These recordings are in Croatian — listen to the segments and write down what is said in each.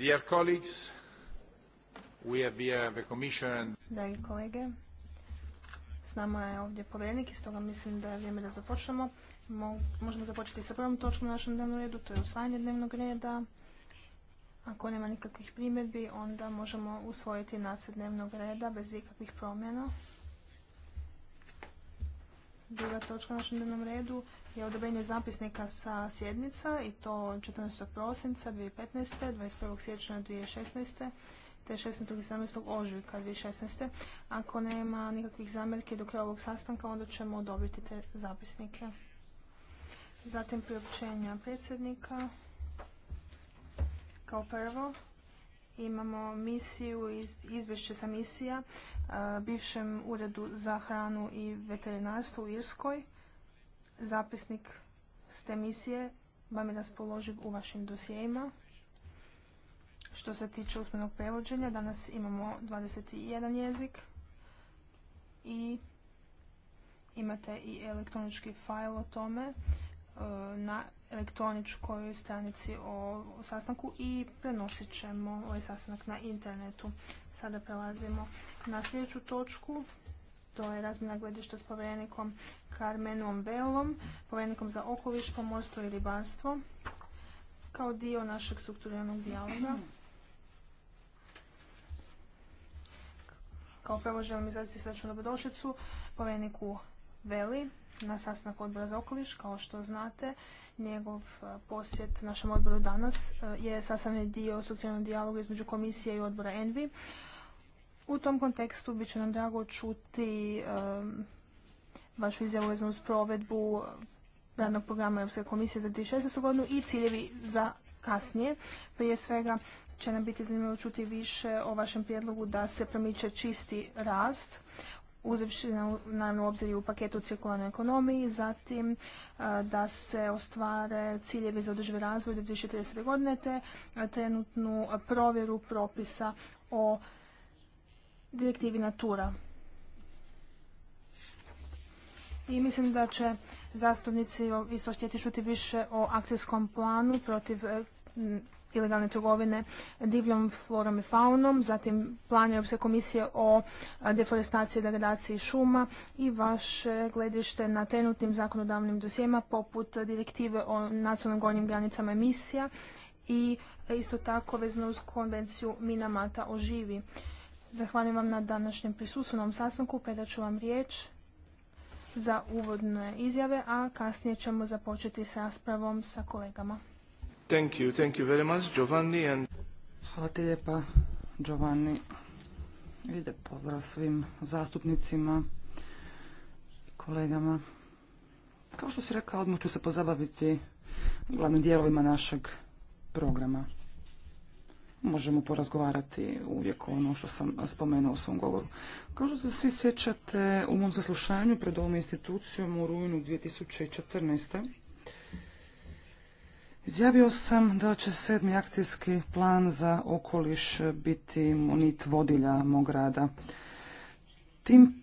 Dear Dragi kolege, s nama je ovdje povjerenik i stoga mislim da je vrijeme da započnemo. možemo započeti sa prvom točkom na našem dnevnom redu, to je usvajanje dnevnog reda. Ako nema nikakvih primjedbi, onda možemo usvojiti nacrt dnevnog reda bez ikakvih promjena. Druga točka na našem dnevnom redu je odobrenje zapisnika sa sjednica i to 14. prosinca 2015. 21. siječnja 2016. te 16. i 17. ožujka 2016. Ako nema nikakvih zamjerki do kraja ovog sastanka, onda ćemo dobiti te zapisnike. Zatim priopćenja predsjednika. Kao prvo, imamo misiju, izvješće sa misija, bivšem uredu za hranu i veterinarstvo u Irskoj Zapisnik s te misije vam je raspoloživ u vašim dosijejima. Što se tiče usmenog prevođenja, danas imamo 21 jezik i imate i elektronički fajl o tome e, na elektroničkoj stranici o sastanku i prenosit ćemo ovaj sastanak na internetu. Sada prelazimo na sljedeću točku to je razmjena gledišta s povjerenikom Carmenom Velom, povjerenikom za okoliš, pomorstvo i ribarstvo, kao dio našeg strukturiranog dijaloga. Kao prvo želim izraziti srdečnu dobrodošlicu povjereniku Veli na sastanak odbora za okoliš. Kao što znate, njegov eh, posjet našem odboru danas eh, je sastavni dio strukturiranog dijaloga između komisije i odbora ENVI u tom kontekstu bit će nam drago čuti um, vašu izjavu vezanu uz provedbu radnog programa Europske komisije za 2016. godinu i ciljevi za kasnije. Prije svega će nam biti zanimljivo čuti više o vašem prijedlogu da se promiče čisti rast, uzevši naravno u obzir u paketu cirkularnoj ekonomiji, zatim uh, da se ostvare ciljevi za održivi razvoj do 2030. godine te uh, trenutnu uh, provjeru propisa o direktivi Natura. I mislim da će zastupnici isto htjeti čuti više o akcijskom planu protiv e, ilegalne trgovine divljom florom i faunom, zatim plan Europske komisije o deforestaciji i degradaciji šuma i vaše gledište na trenutnim zakonodavnim dosijema poput direktive o nacionalnim gornjim granicama emisija i e, isto tako vezano uz konvenciju Minamata o živi. Zahvaljujem vam na današnjem prisustvenom sastanku. Predat ću vam riječ za uvodne izjave, a kasnije ćemo započeti s raspravom sa kolegama. Hvala ti lijepa, Giovanni. vide pozdrav svim zastupnicima, kolegama. Kao što si rekao, odmah ću se pozabaviti glavnim dijelovima našeg programa možemo porazgovarati uvijek o ono što sam spomenuo u svom govoru. Kao što se svi sjećate, u mom saslušanju pred ovom institucijom u rujnu 2014. Izjavio sam da će sedmi akcijski plan za okoliš biti nit vodilja mog rada. Tim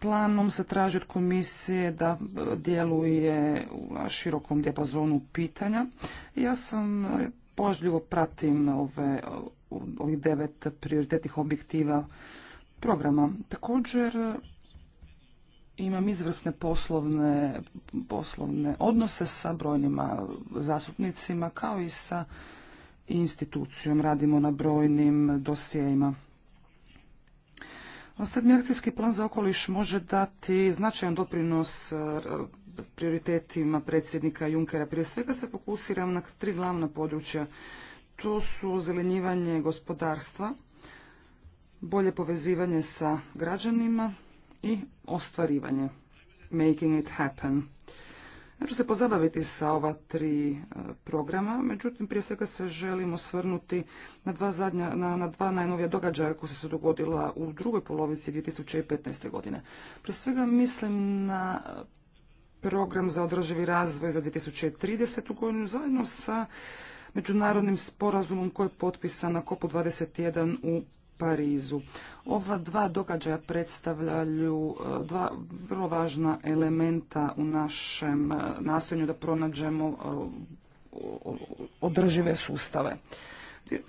planom se traži od komisije da djeluje u širokom dijapazonu pitanja. Ja sam pažljivo pratim ove, ovih devet prioritetnih objektiva programa. Također imam izvrsne poslovne, poslovne odnose sa brojnima zastupnicima kao i sa institucijom. Radimo na brojnim dosijejima. Sedmi akcijski plan za okoliš može dati značajan doprinos prioritetima predsjednika Junkera. Prije svega se fokusiram na tri glavna područja. To su zelenjivanje gospodarstva, bolje povezivanje sa građanima i ostvarivanje, making it happen. Ja ću se pozabaviti sa ova tri e, programa, međutim prije svega se želimo svrnuti na dva, zadnja, na, na dva najnovija događaja koja su se dogodila u drugoj polovici 2015. godine. Prije svega mislim na program za održivi razvoj za 2030. godinu zajedno sa međunarodnim sporazumom koji je potpisan na COP21 u Parizu. Ova dva događaja predstavljaju e, dva vrlo važna elementa u našem e, nastojanju da pronađemo e, održive sustave.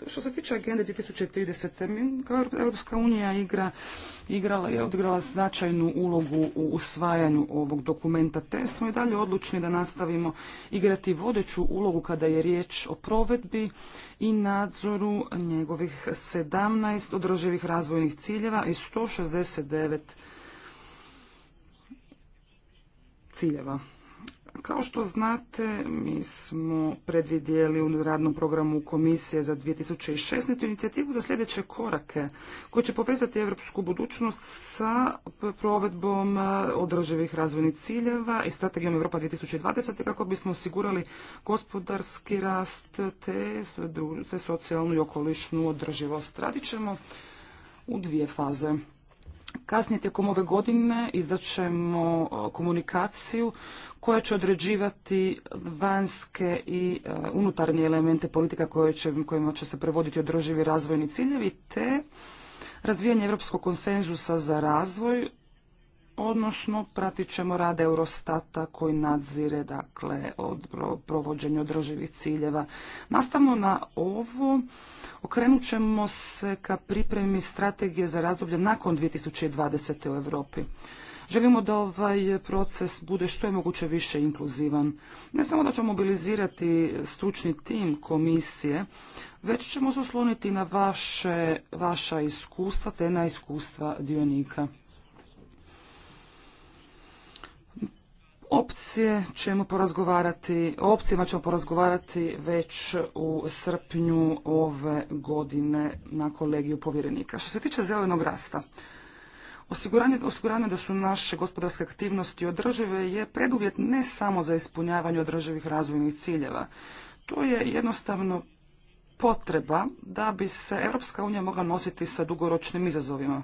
Što se tiče agende 2030. tisuće Europska unija igra, igrala, je odigrala značajnu ulogu u usvajanju ovog dokumenta, te smo i dalje odlučni da nastavimo igrati vodeću ulogu kada je riječ o provedbi i nadzoru njegovih 17 održivih razvojnih ciljeva i 169 ciljeva. Kao što znate, mi smo predvidjeli u radnom programu Komisije za 2016. inicijativu za sljedeće korake koje će povezati europsku budućnost sa provedbom e, održivih razvojnih ciljeva i strategijom Europa 2020. kako bismo osigurali gospodarski rast te socijalnu i okolišnu održivost. Radit ćemo u dvije faze. Kasnije tijekom ove godine izdaćemo e, komunikaciju koja će određivati vanjske i e, unutarnje elemente politika koje će, kojima će se prevoditi održivi razvojni ciljevi te razvijanje europskog konsenzusa za razvoj odnosno pratit ćemo rad Eurostata koji nadzire dakle od provođenja održivih ciljeva. Nastavno na ovo okrenut ćemo se ka pripremi strategije za razdoblje nakon 2020. u Europi. Želimo da ovaj proces bude što je moguće više inkluzivan. Ne samo da ćemo mobilizirati stručni tim komisije, već ćemo se osloniti na vaše, vaša iskustva te na iskustva dionika. Opcije ćemo porazgovarati, o opcijama ćemo porazgovarati već u srpnju ove godine na kolegiju povjerenika. Što se tiče zelenog rasta, Osiguranje, osiguranje da su naše gospodarske aktivnosti održive je preduvjet ne samo za ispunjavanje održivih razvojnih ciljeva. To je jednostavno potreba da bi se Europska unija mogla nositi sa dugoročnim izazovima.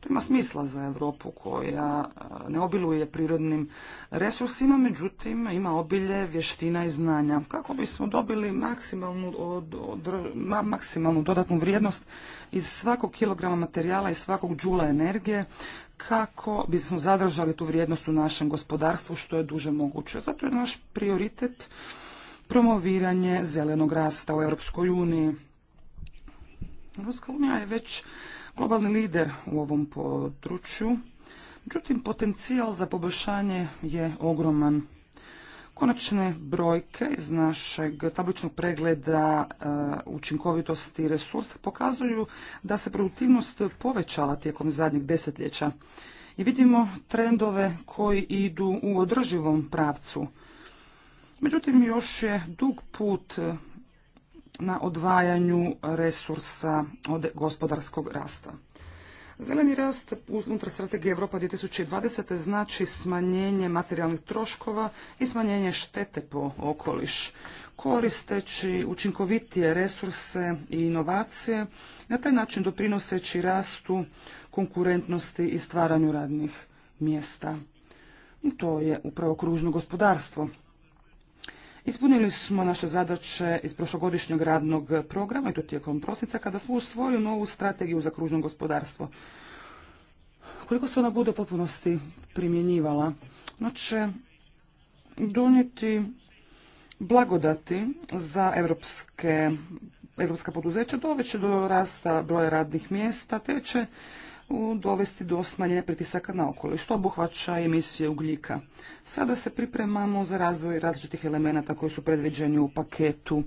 To ima smisla za Europu koja eh, ne obiluje prirodnim resursima, međutim ima obilje vještina i znanja. Kako bismo dobili maksimalnu, od, maksimalnu dodatnu vrijednost iz svakog kilograma materijala i svakog džula energije, kako bismo zadržali tu vrijednost u našem gospodarstvu što je duže moguće. Zato je naš prioritet promoviranje zelenog rasta u Europskoj uniji. Europska unija je već globalni lider u ovom području. Međutim, potencijal za poboljšanje je ogroman. Konačne brojke iz našeg tabličnog pregleda eh, učinkovitosti resursa pokazuju da se produktivnost povećala tijekom zadnjih desetljeća i vidimo trendove koji idu u održivom pravcu. Međutim, još je dug put na odvajanju resursa od gospodarskog rasta. Zeleni rast unutar strategije Europa 2020. znači smanjenje materijalnih troškova i smanjenje štete po okoliš, koristeći učinkovitije resurse i inovacije, na taj način doprinoseći rastu konkurentnosti i stvaranju radnih mjesta. to je upravo kružno gospodarstvo. Ispunili smo naše zadaće iz prošlogodišnjeg radnog programa i to tijekom prosinca kada smo usvojili novu strategiju za kružno gospodarstvo. Koliko se ona bude u potpunosti primjenjivala, ona će donijeti blagodati za evropske, evropska poduzeća doveće do rasta broja radnih mjesta te će dovesti do smanjenja pritisaka na okoliš, što obuhvaća emisije ugljika. Sada se pripremamo za razvoj različitih elemenata koji su predviđeni u paketu.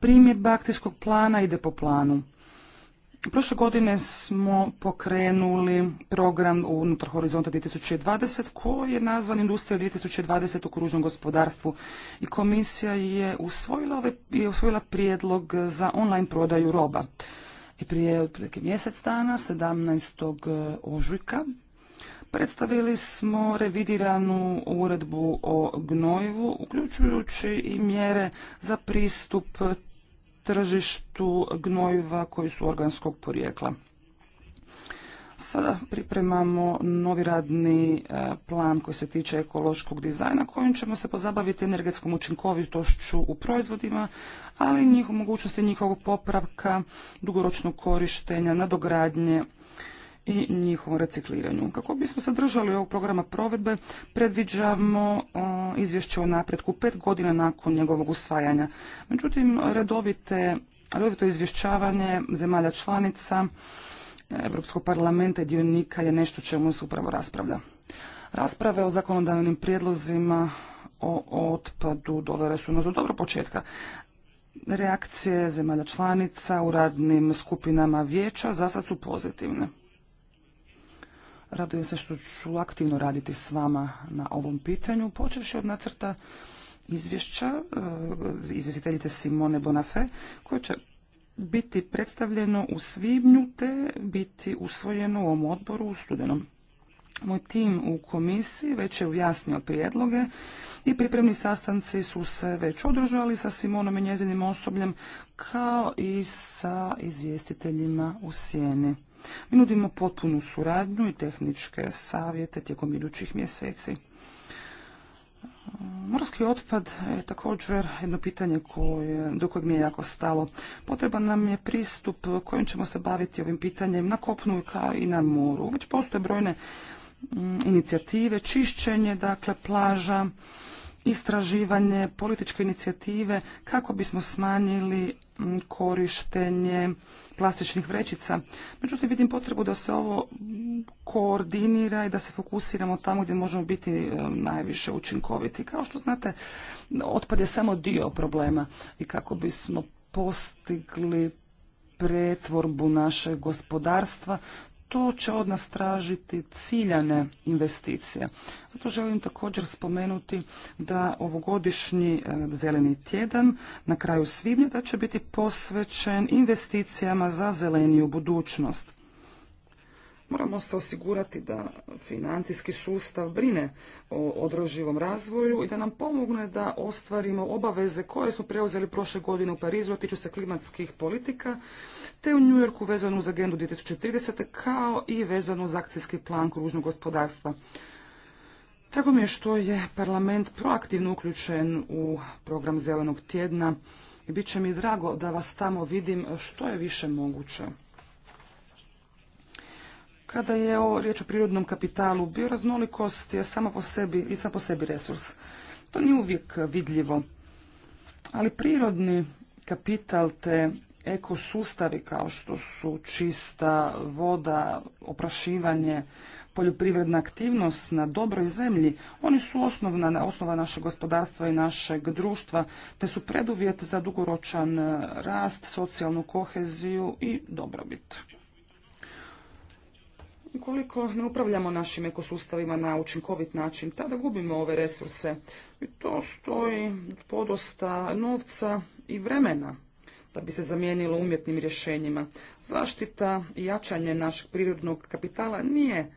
Primjedba akcijskog plana ide po planu. Prošle godine smo pokrenuli program unutar Horizonta 2020 koji je nazvan Industrija 2020 u kružnom gospodarstvu i komisija je usvojila, je usvojila prijedlog za online prodaju roba i prije otprilike mjesec dana, 17. E, ožujka, predstavili smo revidiranu uredbu o gnojivu, uključujući i mjere za pristup tržištu gnojiva koji su organskog porijekla. Sada pripremamo novi radni e, plan koji se tiče ekološkog dizajna kojim ćemo se pozabaviti energetskom učinkovitošću u proizvodima, ali i njihovom mogućnosti njihovog popravka, dugoročnog korištenja, nadogradnje i njihovom recikliranju. Kako bismo se držali ovog programa provedbe, predviđamo e, izvješće o napretku pet godina nakon njegovog usvajanja. Međutim, redovite, redovito izvješćavanje zemalja članica Europskog parlamenta i dionika je nešto čemu se upravo raspravlja. Rasprave o zakonodavnim prijedlozima o otpadu dovele su nas do dobro početka. Reakcije zemalja članica u radnim skupinama vijeća za sad su pozitivne. Radujem se što ću aktivno raditi s vama na ovom pitanju, počevši od nacrta izvješća e, izvjestiteljice Simone Bonafé, koja će biti predstavljeno u svibnju te biti usvojeno u ovom odboru u studenom. Moj tim u komisiji već je ujasnio prijedloge i pripremni sastanci su se već održali sa Simonom i njezinim osobljem kao i sa izvjestiteljima u sjeni. Mi nudimo potpunu suradnju i tehničke savjete tijekom idućih mjeseci. Morski otpad je također jedno pitanje koje, do kojeg mi je jako stalo. Potreban nam je pristup kojim ćemo se baviti ovim pitanjem na kopnu kao i na moru. Već postoje brojne mm, inicijative, čišćenje, dakle, plaža, istraživanje, političke inicijative kako bismo smanjili mm, korištenje plastičnih vrećica. Međutim, vidim potrebu da se ovo koordinira i da se fokusiramo tamo gdje možemo biti e, najviše učinkoviti. Kao što znate, otpad je samo dio problema i kako bismo postigli pretvorbu našeg gospodarstva, to će od nas tražiti ciljane investicije. Zato želim također spomenuti da ovogodišnji e, zeleni tjedan na kraju svibnja da će biti posvećen investicijama za zeleniju budućnost. Moramo se osigurati da financijski sustav brine o održivom razvoju i da nam pomogne da ostvarimo obaveze koje smo preuzeli prošle godine u Parizu, a tiču se klimatskih politika, te u Yorku vezanu za agendu 2030. kao i vezanu za akcijski plan kružnog gospodarstva. Drago mi je što je parlament proaktivno uključen u program Zelenog tjedna i bit će mi drago da vas tamo vidim što je više moguće. Kada je o riječ o prirodnom kapitalu, bioraznolikost je sama po sebi i sam po sebi resurs. To nije uvijek vidljivo. Ali prirodni kapital te ekosustavi kao što su čista voda, oprašivanje, poljoprivredna aktivnost na dobroj zemlji, oni su osnovna, osnova našeg gospodarstva i našeg društva, te su preduvjet za dugoročan eh, rast, socijalnu koheziju i dobrobit. Ukoliko ne upravljamo našim ekosustavima na učinkovit način, tada gubimo ove resurse. I to stoji podosta novca i vremena da bi se zamijenilo umjetnim rješenjima. Zaštita i jačanje našeg prirodnog kapitala nije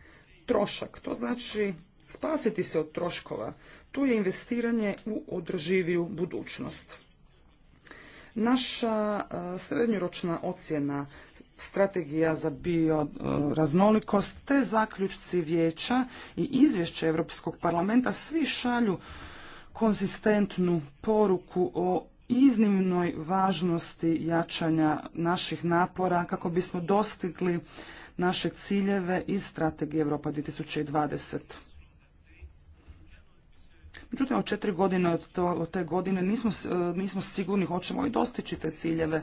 trošak, to znači spasiti se od troškova. Tu je investiranje u održiviju budućnost. Naša srednjoročna ocjena strategija za bioraznolikost, te zaključci vijeća i izvješće Europskog parlamenta svi šalju konzistentnu poruku o iznimnoj važnosti jačanja naših napora kako bismo dostigli naše ciljeve iz strategije Europa 2020. Međutim, od četiri godine od, te godine nismo, nismo sigurni hoćemo i dostići te ciljeve.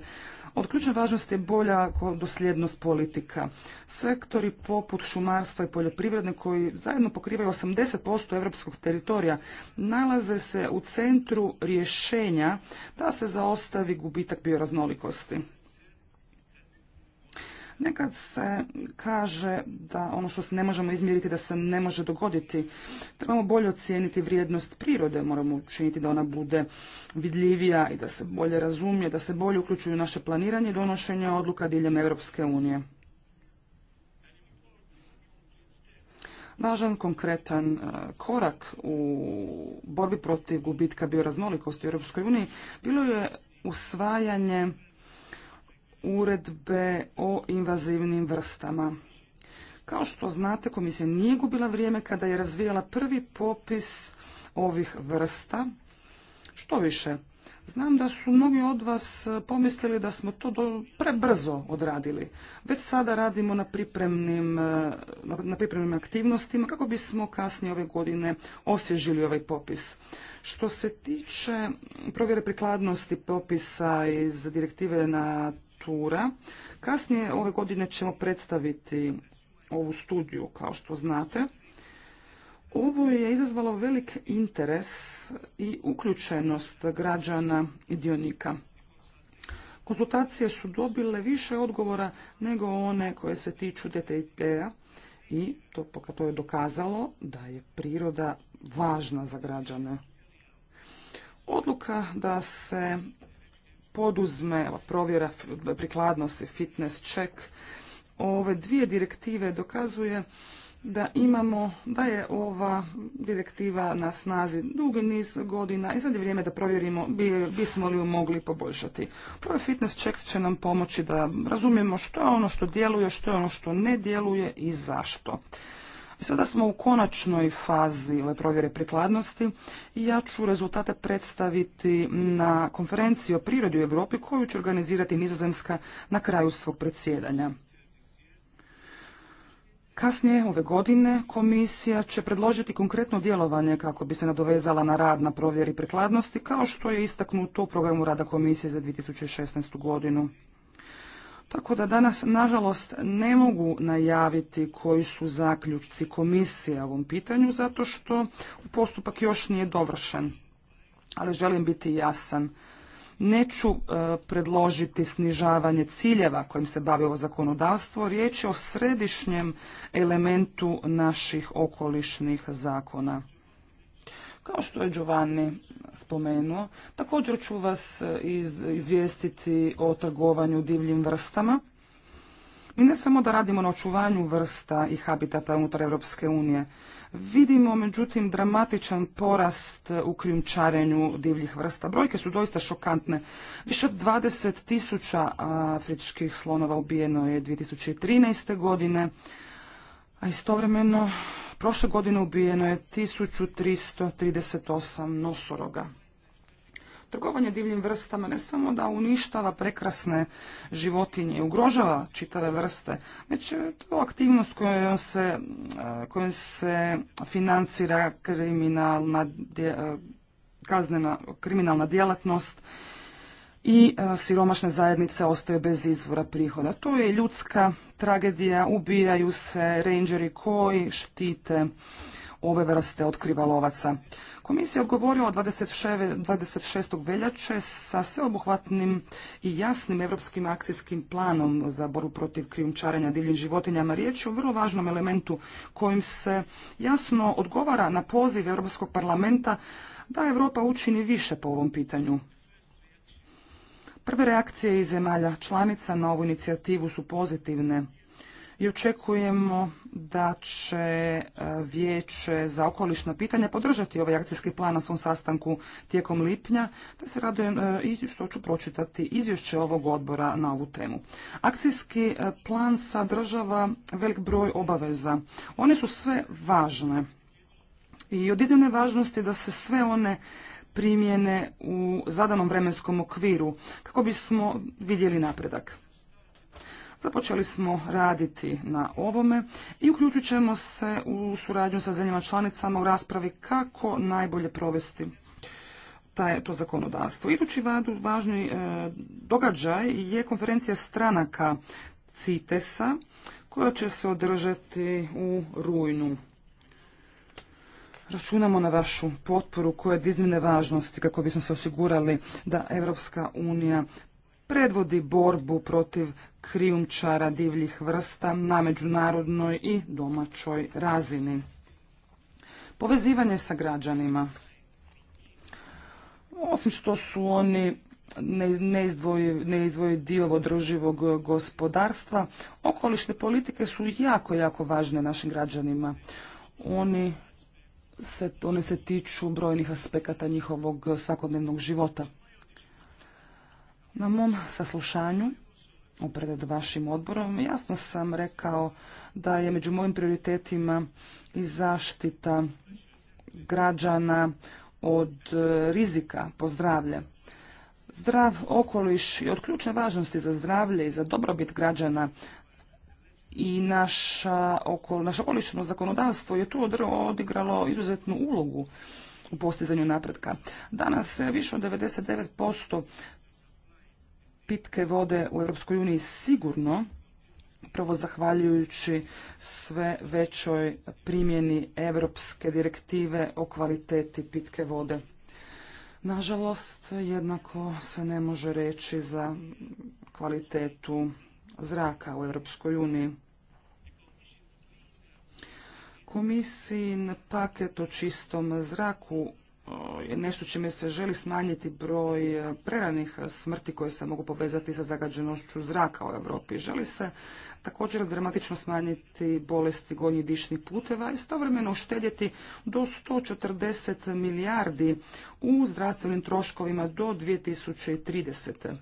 Od ključne važnosti je bolja dosljednost politika. Sektori poput šumarstva i poljoprivredne koji zajedno pokrivaju 80% europskog teritorija nalaze se u centru rješenja da se zaostavi gubitak bioraznolikosti. Nekad se kaže da ono što se ne možemo izmjeriti da se ne može dogoditi. Trebamo bolje ocijeniti vrijednost prirode, moramo učiniti da ona bude vidljivija i da se bolje razumije, da se bolje uključuju naše planiranje i donošenje odluka diljem Europske unije. važan konkretan e, korak u borbi protiv gubitka bioraznolikosti u Europskoj uniji bilo je usvajanje uredbe o invazivnim vrstama. Kao što znate, komisija nije gubila vrijeme kada je razvijala prvi popis ovih vrsta. Što više, znam da su mnogi od vas pomislili da smo to prebrzo odradili. Već sada radimo na pripremnim, na pripremnim aktivnostima kako bismo kasnije ove godine osvježili ovaj popis. Što se tiče provjere prikladnosti popisa iz direktive na kultura. Kasnije ove godine ćemo predstaviti ovu studiju, kao što znate. Ovo je izazvalo velik interes i uključenost građana i dionika. Konzultacije su dobile više odgovora nego one koje se tiču DTIP-a i to, to je dokazalo da je priroda važna za građane. Odluka da se poduzme, provjera prikladnosti, fitness check, ove dvije direktive dokazuje da imamo, da je ova direktiva na snazi dugi niz godina i sad je vrijeme da provjerimo bismo li ju mogli poboljšati. Prvo ovaj fitness check će nam pomoći da razumijemo što je ono što djeluje, što je ono što ne djeluje i zašto sada smo u konačnoj fazi ove provjere prikladnosti i ja ću rezultate predstaviti na konferenciji o prirodi u Europi koju će organizirati Nizozemska na kraju svog predsjedanja. Kasnije ove godine komisija će predložiti konkretno djelovanje kako bi se nadovezala na rad na provjeri prikladnosti kao što je istaknuto u programu rada komisije za 2016. godinu. Tako da danas, nažalost, ne mogu najaviti koji su zaključci komisije ovom pitanju, zato što postupak još nije dovršen. Ali želim biti jasan. Neću e, predložiti snižavanje ciljeva kojim se bavi ovo zakonodavstvo. Riječ je o središnjem elementu naših okolišnih zakona. Kao što je Giovanni spomenuo, također ću vas e, izvijestiti o trgovanju divljim vrstama. Mi ne samo da radimo na očuvanju vrsta i habitata unutar Europske unije, vidimo međutim dramatičan porast u krijumčarenju divljih vrsta. Brojke su doista šokantne. Više od 20.000 tisuća afričkih slonova ubijeno je 2013. godine, a istovremeno prošle godine ubijeno je 1338 nosoroga. Trgovanje divljim vrstama ne samo da uništava prekrasne životinje, ugrožava čitave vrste, već je to aktivnost kojom se, eh, kojom se financira kriminalna, eh, kaznena kriminalna djelatnost i e, siromašne zajednice ostaju bez izvora prihoda. Tu je ljudska tragedija, ubijaju se rangeri koji štite ove vrste otkrivalovaca. Komisija je odgovorila 26. veljače sa sveobuhvatnim i jasnim europskim akcijskim planom za boru protiv krijumčarenja divljim životinjama. Riječ je o vrlo važnom elementu kojim se jasno odgovara na poziv Europskog parlamenta da Europa učini više po ovom pitanju. Prve reakcije iz zemalja članica na ovu inicijativu su pozitivne i očekujemo da će e, Vijeće za okolišna pitanja podržati ovaj akcijski plan na svom sastanku tijekom lipnja, da se radujem e, i što ću pročitati izvješće ovog odbora na ovu temu. Akcijski e, plan sadržava velik broj obaveza. One su sve važne i od iznimne važnosti da se sve one primjene u zadanom vremenskom okviru kako bismo vidjeli napredak. Započeli smo raditi na ovome i uključit ćemo se u suradnju sa zemljama članicama u raspravi kako najbolje provesti taj, to zakonodavstvo. Idući važni e, događaj je konferencija stranaka CITES-a koja će se održati u rujnu. Računamo na vašu potporu koja je od važnosti kako bismo se osigurali da Europska unija predvodi borbu protiv krijumčara divljih vrsta na međunarodnoj i domaćoj razini. Povezivanje sa građanima. Osim što su oni neizdvoji dio održivog gospodarstva, okolišne politike su jako, jako važne našim građanima. Oni se, one se tiču brojnih aspekata njihovog svakodnevnog života. Na mom saslušanju pred vašim odborom jasno sam rekao da je među mojim prioritetima i zaštita građana od e, rizika po zdravlje. Zdrav okoliš je od ključne važnosti za zdravlje i za dobrobit građana i naša oko, naše okolično zakonodavstvo je tu odigralo izuzetnu ulogu u postizanju napretka. Danas više od 99% pitke vode u Europskoj uniji sigurno prvo zahvaljujući sve većoj primjeni europske direktive o kvaliteti pitke vode. Nažalost, jednako se ne može reći za kvalitetu zraka u Europskoj uniji. Komisijin paket o čistom zraku e, je nešto čime se želi smanjiti broj e, preranih smrti koje se mogu povezati sa zagađenošću zraka u Europi. Želi se također dramatično smanjiti bolesti gonjih dišnih puteva i istovremeno uštedjeti do 140 milijardi u zdravstvenim troškovima do 2030.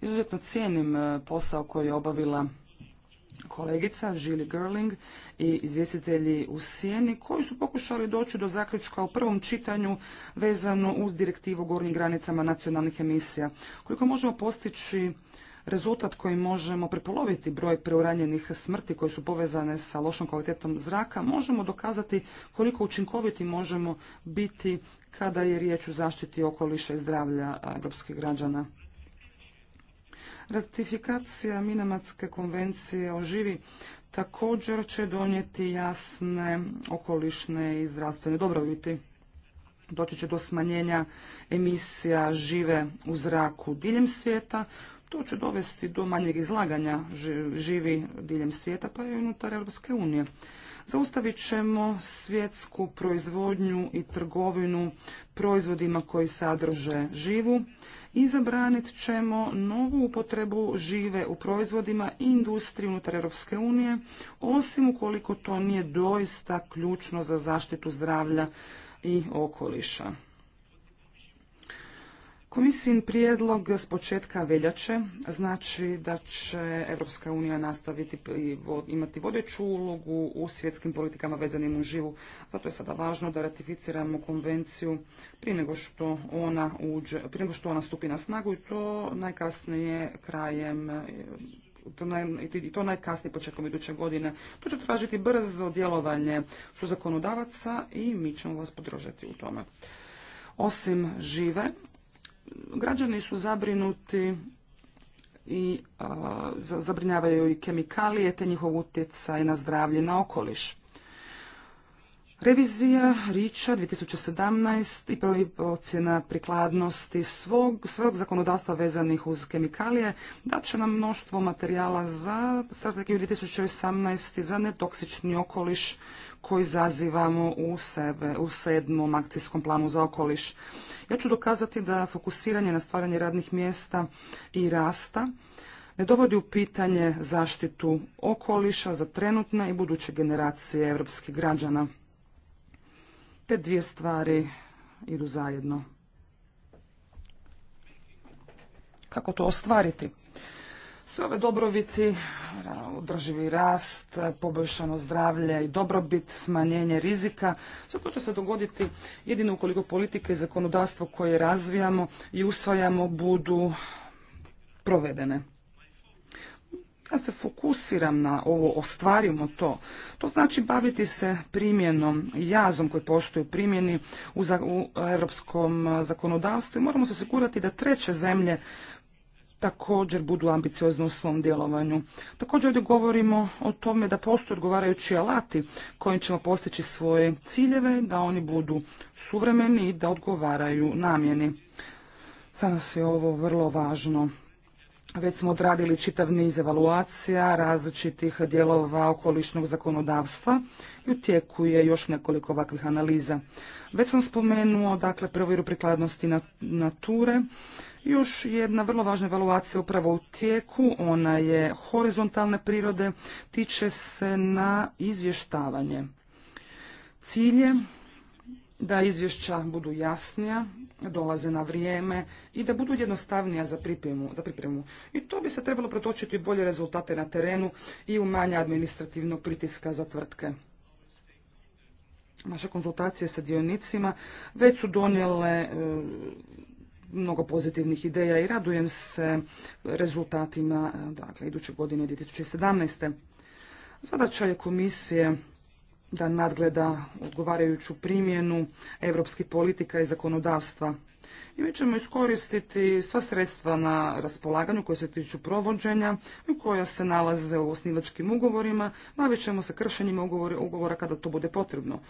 Izuzetno cijenim e, posao koji je obavila kolegica Žili Grling i izvjestitelji u Sijeni koji su pokušali doći do zaključka u prvom čitanju vezano uz direktivu o gornjim granicama nacionalnih emisija. Koliko možemo postići rezultat koji možemo prepoloviti broj preuranjenih smrti koje su povezane sa lošom kvalitetom zraka, možemo dokazati koliko učinkoviti možemo biti kada je riječ o zaštiti okoliša i zdravlja europskih građana. Ratifikacija Minamatske konvencije o živi također će donijeti jasne okolišne i zdravstvene dobrobiti. Doći će do smanjenja emisija žive u zraku diljem svijeta. To će dovesti do manjeg izlaganja živi diljem svijeta, pa i unutar Europske unije. Zaustavit ćemo svjetsku proizvodnju i trgovinu proizvodima koji sadrže živu i zabranit ćemo novu upotrebu žive u proizvodima i industriji unutar Europske unije, osim ukoliko to nije doista ključno za zaštitu zdravlja i okoliša. Komisijin prijedlog s početka veljače znači da će Europska unija nastaviti imati vodeću ulogu u svjetskim politikama vezanim u živu. Zato je sada važno da ratificiramo konvenciju prije nego što ona, prije nego što ona stupi na snagu i to najkasnije krajem e, i to najkasnije početkom iduće godine. To će tražiti brzo djelovanje su zakonodavaca i mi ćemo vas podržati u tome. Osim žive, Građani su zabrinuti i zabrinjavaju i kemikalije te njihov utjecaj na zdravlje na okoliš. Revizija Riča 2017 i prvi ocjena prikladnosti svog, zakonodavstva vezanih uz kemikalije dat nam mnoštvo materijala za strategiju 2018 za netoksični okoliš koji zazivamo u, sebe, u sedmom akcijskom planu za okoliš. Ja ću dokazati da fokusiranje na stvaranje radnih mjesta i rasta ne dovodi u pitanje zaštitu okoliša za trenutne i buduće generacije europskih građana. Te dvije stvari idu zajedno. Kako to ostvariti? Sve ove dobrobiti, održivi rast, poboljšano zdravlje i dobrobit, smanjenje rizika, sve to će se dogoditi jedino ukoliko politike i zakonodavstvo koje razvijamo i usvajamo budu provedene ja se fokusiram na ovo, ostvarimo to. To znači baviti se primjenom, jazom koji postoji u primjeni u, europskom zakonodavstvu i moramo se osigurati da treće zemlje također budu ambiciozne u svom djelovanju. Također ovdje govorimo o tome da postoje odgovarajući alati kojim ćemo postići svoje ciljeve, da oni budu suvremeni i da odgovaraju namjeni. Za nas je ovo vrlo važno. Već smo odradili čitav niz evaluacija različitih dijelova okolišnog zakonodavstva i u tijeku je još nekoliko ovakvih analiza. Već sam spomenuo, dakle, provjeru prikladnosti nature. Još jedna vrlo važna evaluacija upravo u tijeku, ona je horizontalne prirode, tiče se na izvještavanje. Cilj je da izvješća budu jasnija dolaze na vrijeme i da budu jednostavnija za pripremu. Za pripremu. I to bi se trebalo pretočiti u bolje rezultate na terenu i u manje administrativnog pritiska za tvrtke. Naše konzultacije sa dionicima već su donijele e, mnogo pozitivnih ideja i radujem se rezultatima e, dakle, iduće godine 2017. Zadaća je komisije da nadgleda odgovarajuću primjenu europskih politika i zakonodavstva. I mi ćemo iskoristiti sva sredstva na raspolaganju koja se tiču provođenja i koja se nalaze u osnivačkim ugovorima, bavit ćemo se kršenjima ugovora kada to bude potrebno.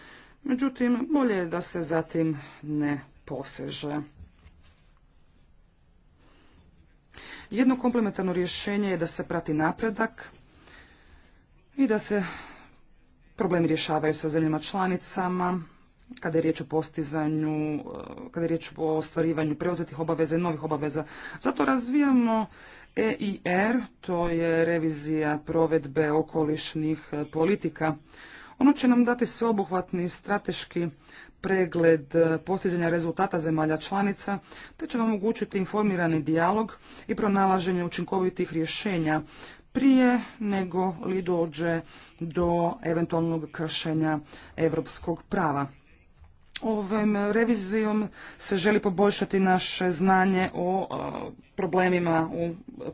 Međutim, bolje je da se zatim ne poseže. Jedno komplementarno rješenje je da se prati napredak i da se Problemi rješavaju sa zemljama članicama, kada je riječ o postizanju, eh, kada je riječ o ostvarivanju preuzetih obaveza i novih obaveza. Zato razvijamo EIR, to je revizija provedbe okolišnih eh, politika. Ono će nam dati sveobuhvatni strateški pregled eh, postizanja rezultata zemalja članica, te će nam omogućiti informirani dijalog i pronalaženje učinkovitih rješenja prije nego li dođe do eventualnog kršenja europskog prava. Ovom revizijom se želi poboljšati naše znanje o e, problemima u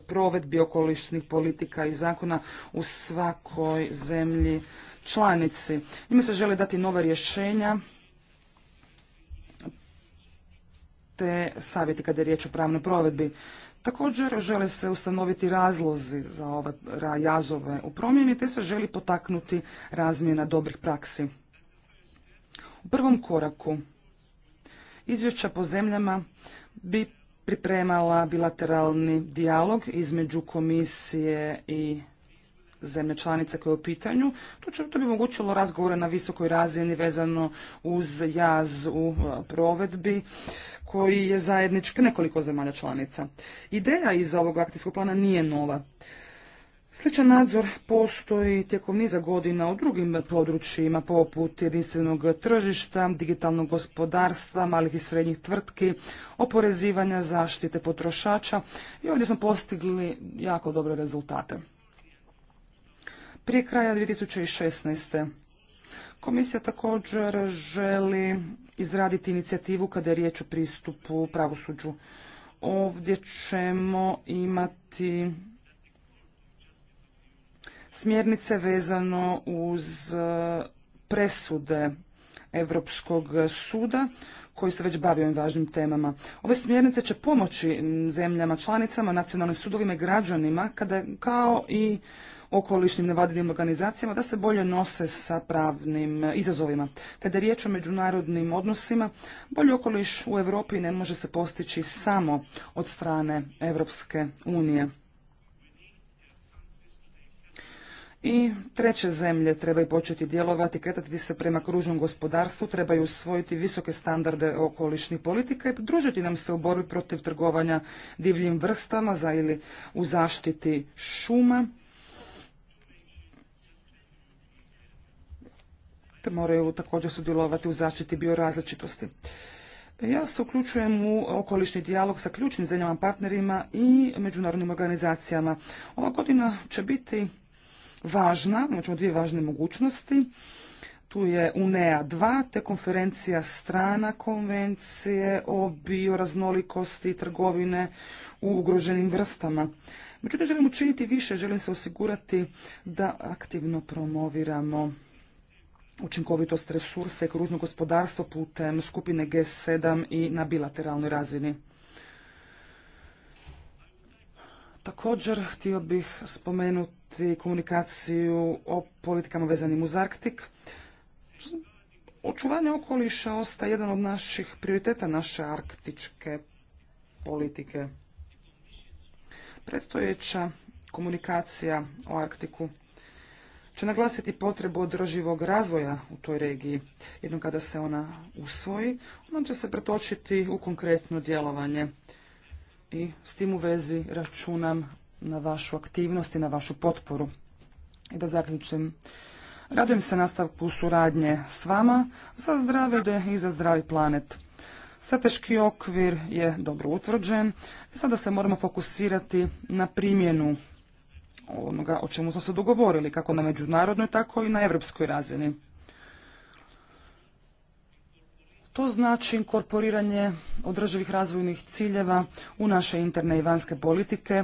provedbi okolišnih politika i zakona u svakoj zemlji članici. Njima se žele dati nova rješenja te savjeti kada je riječ o pravnoj provedbi. Također žele se ustanoviti razlozi za ove jazove u promjeni te se želi potaknuti razmjena dobrih praksi. U prvom koraku izvješća po zemljama bi pripremala bilateralni dijalog između komisije i zemlje članice koje je u pitanju. To, to bi omogućilo razgovore na visokoj razini vezano uz jaz u e, provedbi koji je zajednički nekoliko zemalja članica. Ideja iza ovog akcijskog plana nije nova. Sličan nadzor postoji tijekom niza godina u drugim područjima poput jedinstvenog tržišta, digitalnog gospodarstva, malih i srednjih tvrtki, oporezivanja zaštite potrošača i ovdje smo postigli jako dobre rezultate prije kraja 2016. Komisija također želi izraditi inicijativu kada je riječ o pristupu pravosuđu. Ovdje ćemo imati smjernice vezano uz e, presude Europskog suda koji se već bavi ovim važnim temama. Ove smjernice će pomoći zemljama, članicama, nacionalnim sudovima i građanima kao i okolišnim nevladinim organizacijama da se bolje nose sa pravnim izazovima. Kada je riječ o međunarodnim odnosima, bolji okoliš u Europi ne može se postići samo od strane Europske unije. I treće zemlje trebaju početi djelovati, kretati se prema kružnom gospodarstvu, trebaju usvojiti visoke standarde okolišnih politika i družiti nam se u borbi protiv trgovanja divljim vrstama za ili u zaštiti šuma te moraju također sudjelovati u zaštiti biorazličitosti. Ja se uključujem u okolišni dijalog sa ključnim zemljama partnerima i međunarodnim organizacijama. Ova godina će biti važna, imat dvije važne mogućnosti. Tu je UNEA 2, te konferencija strana konvencije o bioraznolikosti i trgovine u ugroženim vrstama. Međutim, želim učiniti više, želim se osigurati da aktivno promoviramo učinkovitost resursa i kružno gospodarstvo putem skupine G7 i na bilateralnoj razini. Također, htio bih spomenuti komunikaciju o politikama vezanim uz Arktik. Očuvanje okoliša ostaje jedan od naših prioriteta naše arktičke politike. Predstojeća komunikacija o Arktiku će naglasiti potrebu održivog razvoja u toj regiji. Jednom kada se ona usvoji, ona će se pretočiti u konkretno djelovanje. I s tim u vezi računam na vašu aktivnost i na vašu potporu. I da zaključim, radujem se nastavku suradnje s vama za zdrave i za zdravi planet. Strateški okvir je dobro utvrđen sada se moramo fokusirati na primjenu onoga o čemu smo se dogovorili, kako na međunarodnoj, tako i na evropskoj razini. To znači inkorporiranje održivih razvojnih ciljeva u naše interne i vanjske politike,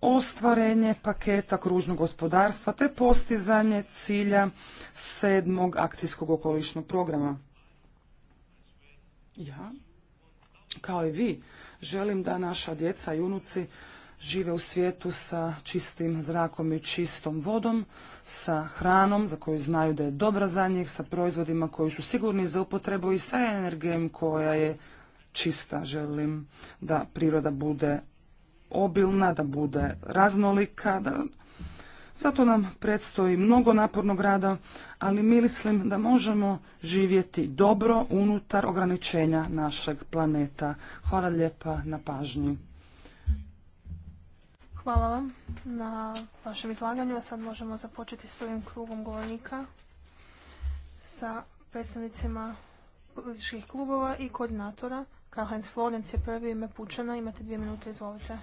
ostvarenje paketa kružnog gospodarstva te postizanje cilja sedmog akcijskog okolišnog programa. Ja, kao i vi, želim da naša djeca i unuci žive u svijetu sa čistim zrakom i čistom vodom, sa hranom za koju znaju da je dobra za njih, sa proizvodima koji su sigurni za upotrebu i sa energijom koja je čista. Želim da priroda bude obilna, da bude raznolika, da zato nam predstoji mnogo napornog rada, ali mislim da možemo živjeti dobro unutar ograničenja našeg planeta. Hvala lijepa na pažnji. Hvala vam na vašem izlaganju. A sad možemo započeti s prvim krugom govornika sa predstavnicima političkih klubova i koordinatora. Karl-Heinz Florenc je prvi ime Pučana. Imate dvije minute, izvolite.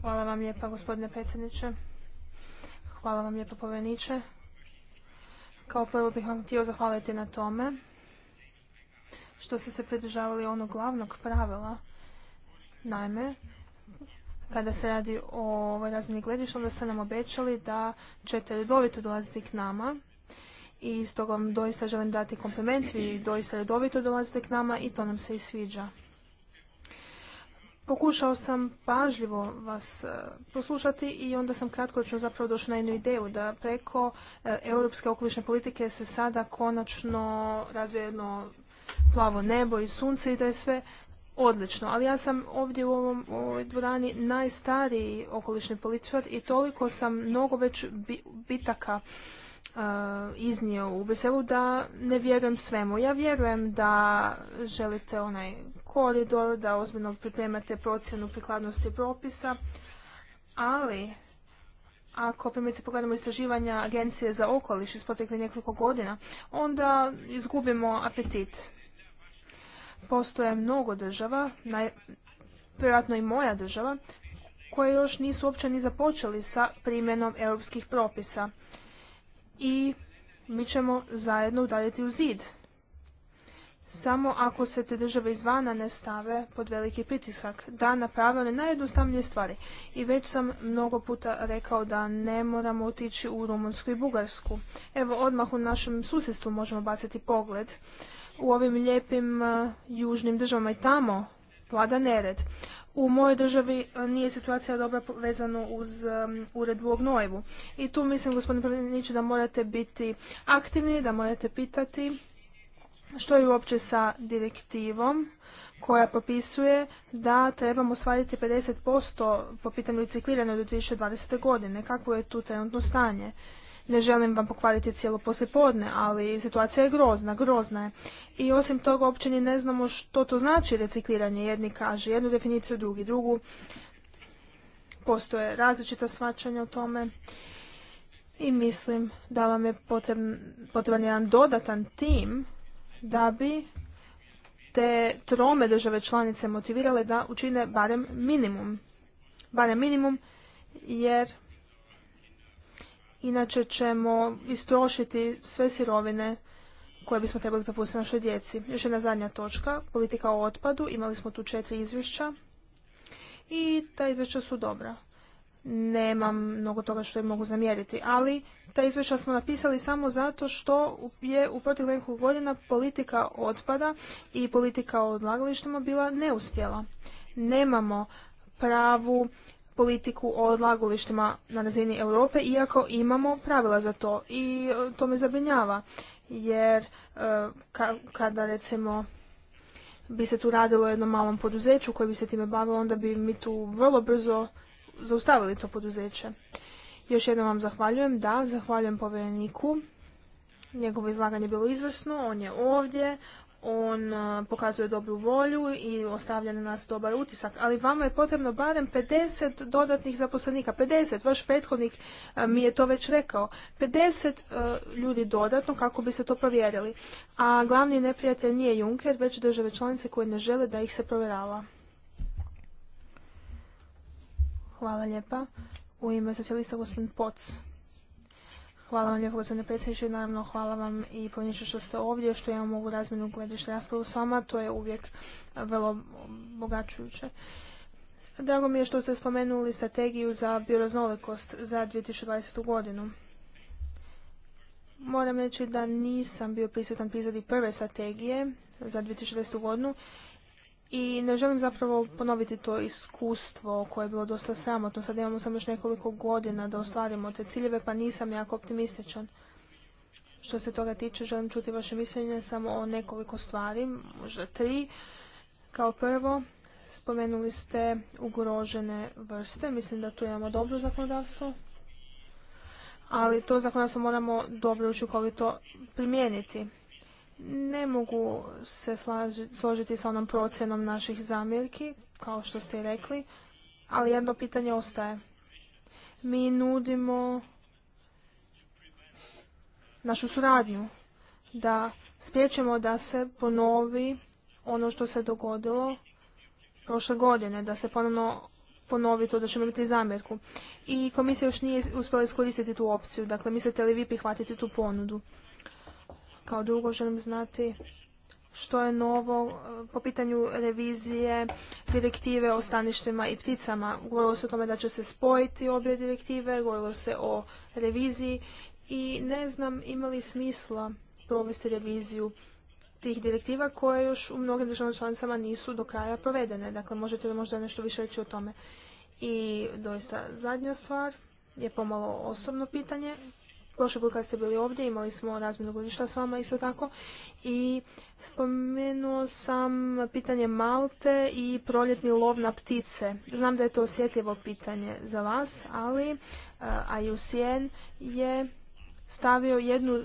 Hvala vam lijepa, gospodine predsjedniče. Hvala vam lijepo, poveniče. Kao prvo bih vam htio zahvaliti na tome što ste se pridržavali onog glavnog pravila. Naime, kada se radi o ovoj razmjeni gledišta, onda ste nam obećali da ćete redovito dolaziti k nama i stoga vam doista želim dati kompliment, vi doista redovito dolazite k nama i to nam se i sviđa. Pokušao sam pažljivo vas e, poslušati i onda sam kratkoročno zapravo došla na jednu ideju da preko e, europske okolišne politike se sada konačno razvije jedno plavo nebo i sunce i da je sve odlično, ali ja sam ovdje u ovom, ovoj dvorani najstariji okolišni političar i toliko sam mnogo već bitaka e, iznio u Briselu da ne vjerujem svemu. Ja vjerujem da želite onaj koridor, da ozbiljno pripremate procjenu prikladnosti propisa, ali ako primjerice pogledamo istraživanja Agencije za okoliš iz proteklih nekoliko godina, onda izgubimo apetit Postoje mnogo država, vjerojatno i moja država, koje još nisu uopće ni započeli sa primjenom europskih propisa. I mi ćemo zajedno udariti u zid. Samo ako se te države izvana ne stave pod veliki pritisak da naprave one najjednostavnije stvari. I već sam mnogo puta rekao da ne moramo otići u Rumunsku i Bugarsku. Evo, odmah u našem susjedstvu možemo baciti pogled u ovim lijepim uh, južnim državama i tamo vlada nered. U mojoj državi uh, nije situacija dobra vezano uz um, uredbu o I tu mislim, gospodine Prveniću, da morate biti aktivni, da morate pitati što je uopće sa direktivom koja propisuje da trebamo pedeset 50% po pitanju recikliranja do 2020. godine. Kakvo je tu trenutno stanje? Ne želim vam pokvariti cijelo poslijepodne, ali situacija je grozna, grozna je. I osim toga uopće ni ne znamo što to znači recikliranje. Jedni kaže jednu definiciju, drugi drugu. Postoje različita svačanja o tome. I mislim da vam je potreban, potreban jedan dodatan tim da bi te trome države članice motivirale da učine barem minimum. Barem minimum jer inače ćemo istrošiti sve sirovine koje bismo trebali prepustiti našoj djeci. Još jedna zadnja točka, politika o otpadu. Imali smo tu četiri izvješća i ta izvješća su dobra. Nemam mnogo toga što je mogu zamjeriti, ali ta izvješća smo napisali samo zato što je u proteklih godina politika otpada i politika o odlagalištima bila neuspjela. Nemamo pravu politiku o odlagalištima na razini Europe, iako imamo pravila za to. I e, to me zabrinjava, jer e, kada recimo bi se tu radilo o jednom malom poduzeću koje bi se time bavilo, onda bi mi tu vrlo brzo zaustavili to poduzeće. Još jednom vam zahvaljujem, da, zahvaljujem povjereniku. Njegovo izlaganje je bilo izvrsno, on je ovdje, on pokazuje dobru volju i ostavlja na nas dobar utisak, ali vama je potrebno barem 50 dodatnih zaposlenika, 50, vaš prethodnik mi je to već rekao, 50 ljudi dodatno kako bi se to provjerili. A glavni neprijatelj nije Juncker, već države članice koje ne žele da ih se provjerava. Hvala lijepa. U ime socijalista gospodin Poc. Hvala vam lijepo gospodine predsjedniče, naravno hvala vam i poniše što ste ovdje, što ja mogu razmjenu gledišta raspravu s vama, to je uvijek vrlo bogačujuće. Drago mi je što ste spomenuli strategiju za bioraznolikost za 2020. godinu. Moram reći da nisam bio prisutan pri izradi prve strategije za 2020. godinu i ne želim zapravo ponoviti to iskustvo koje je bilo dosta sramotno. Sad imamo samo još nekoliko godina da ostvarimo te ciljeve, pa nisam jako optimističan. Što se toga tiče, želim čuti vaše mišljenje samo o nekoliko stvari, možda tri. Kao prvo, spomenuli ste ugrožene vrste. Mislim da tu imamo dobro zakonodavstvo, ali to zakonodavstvo moramo dobro i učinkovito primijeniti ne mogu se složiti sa onom procjenom naših zamjerki, kao što ste i rekli, ali jedno pitanje ostaje. Mi nudimo našu suradnju da spriječemo da se ponovi ono što se dogodilo prošle godine, da se ponovno ponovi to da ćemo imati zamjerku. I komisija još nije uspjela iskoristiti tu opciju, dakle mislite li vi prihvatiti tu ponudu? Kao drugo želim znati što je novo e, po pitanju revizije direktive o staništima i pticama. Govorilo se o tome da će se spojiti obje direktive, govorilo se o reviziji i ne znam ima li smisla provesti reviziju tih direktiva koje još u mnogim državnim članicama nisu do kraja provedene. Dakle, možete li možda nešto više reći o tome? I doista zadnja stvar je pomalo osobno pitanje Prošli put kad ste bili ovdje imali smo razmjenu godišta s vama isto tako i spomenuo sam pitanje Malte i proljetni lov na ptice. Znam da je to osjetljivo pitanje za vas, ali e, IUCN je stavio jednu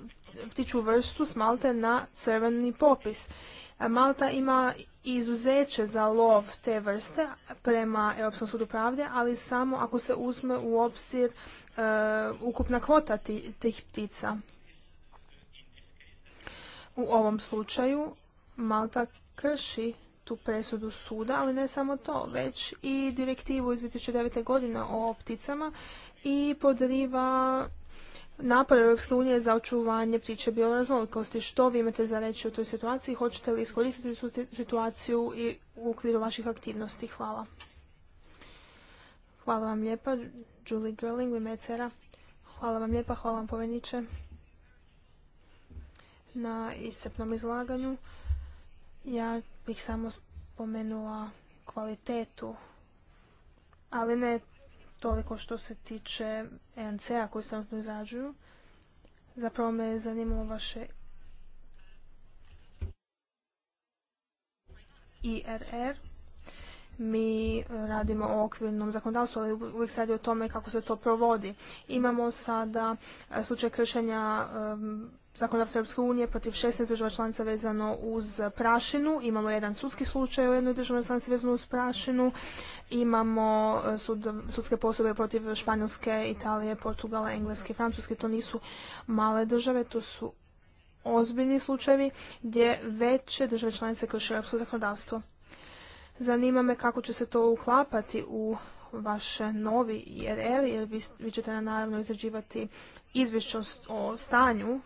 ptiču vrstu s Malte na crveni popis. E, Malta ima izuzeće za lov te vrste prema Europskom sudu pravde, ali samo ako se uzme u obzir Uh, ukupna kvota tih ptica. U ovom slučaju Malta krši tu presudu suda, ali ne samo to, već i direktivu iz 2009. godine o pticama i podriva napor Europske unije za očuvanje priče bioraznolikosti. Što vi imate za reći u toj situaciji? Hoćete li iskoristiti situaciju i u okviru vaših aktivnosti? Hvala. Hvala vam lijepa, Julie Gerling u ime e Hvala vam lijepa, hvala vam poveniče na iscrpnom izlaganju. Ja bih samo spomenula kvalitetu, ali ne toliko što se tiče ENC-a koji se izrađuju. Zapravo me zanimalo vaše IRR mi radimo o okvirnom zakonodavstvu, ali uvijek se radi o tome kako se to provodi. Imamo sada e, slučaj kršenja zakonodavstva Europske unije protiv 16 država članica vezano uz prašinu. Imamo jedan sudski slučaj u jednoj državnoj članici vezano uz prašinu. Imamo e, sudske posobe protiv Španjolske, Italije, Portugala, Engleske, Francuske. To nisu male države, to su ozbiljni slučajevi gdje veće države članice krše europsko zakonodavstvo. Zanima me kako će se to uklapati u vaš novi IRL, jer vi, vi ćete naravno izrađivati izvješće o stanju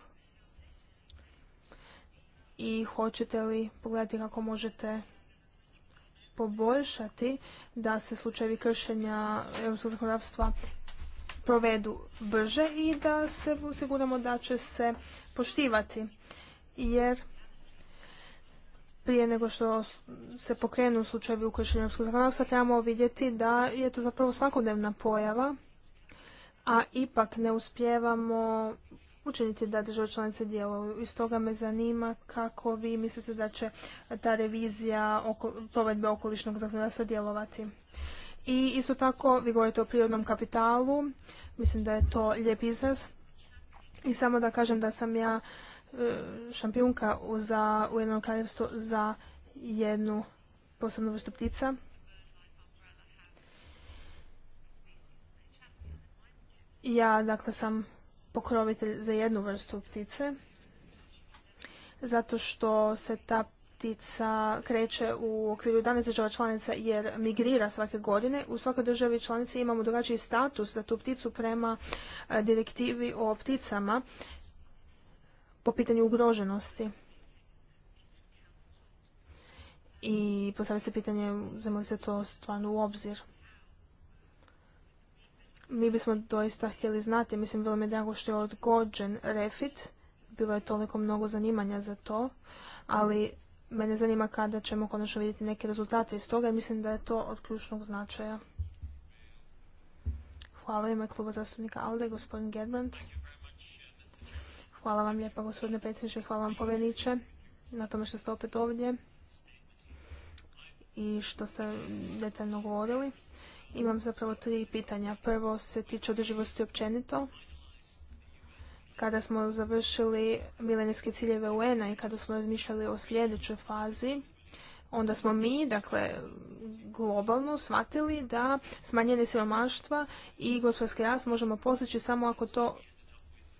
i hoćete li pogledati kako možete poboljšati da se slučajevi kršenja europskog zakonodavstva provedu brže i da se osiguramo da će se poštivati. Jer prije nego što se pokrenu u u kršenju europskog zakonodavstva, trebamo vidjeti da je to zapravo svakodnevna pojava, a ipak ne uspijevamo učiniti da države članice djeluju. I stoga me zanima kako vi mislite da će ta revizija oko, provedbe okolišnog zakonodavstva djelovati. I isto tako, vi govorite o prirodnom kapitalu, mislim da je to lijep izraz. I samo da kažem da sam ja e, šampionka za jednom kraljevstvu za jednu posebnu vrstu ptica. Ja, dakle, sam pokrovitelj za jednu vrstu ptice, zato što se ta ptica kreće u okviru 11 država članica jer migrira svake godine. U svakoj državi članici imamo drugačiji status za tu pticu prema eh, direktivi o pticama po pitanju ugroženosti i postavlja se pitanje uzme li se to stvarno u obzir. Mi bismo doista htjeli znati, mislim bilo mi je drago što je odgođen refit, bilo je toliko mnogo zanimanja za to, ali mene zanima kada ćemo konačno vidjeti neke rezultate iz toga i mislim da je to od ključnog značaja. Hvala ime kluba zastupnika ALDE, gospodin Gerbrandt. Hvala vam lijepa gospodine predsjedniče, hvala vam povjereniče na tome što ste opet ovdje i što ste detaljno govorili. Imam zapravo tri pitanja. Prvo se tiče održivosti općenito. Kada smo završili milenijske ciljeve UN-a i kada smo razmišljali o sljedećoj fazi, onda smo mi, dakle, globalno shvatili da smanjenje siromaštva i gospodarski rast možemo postići samo ako to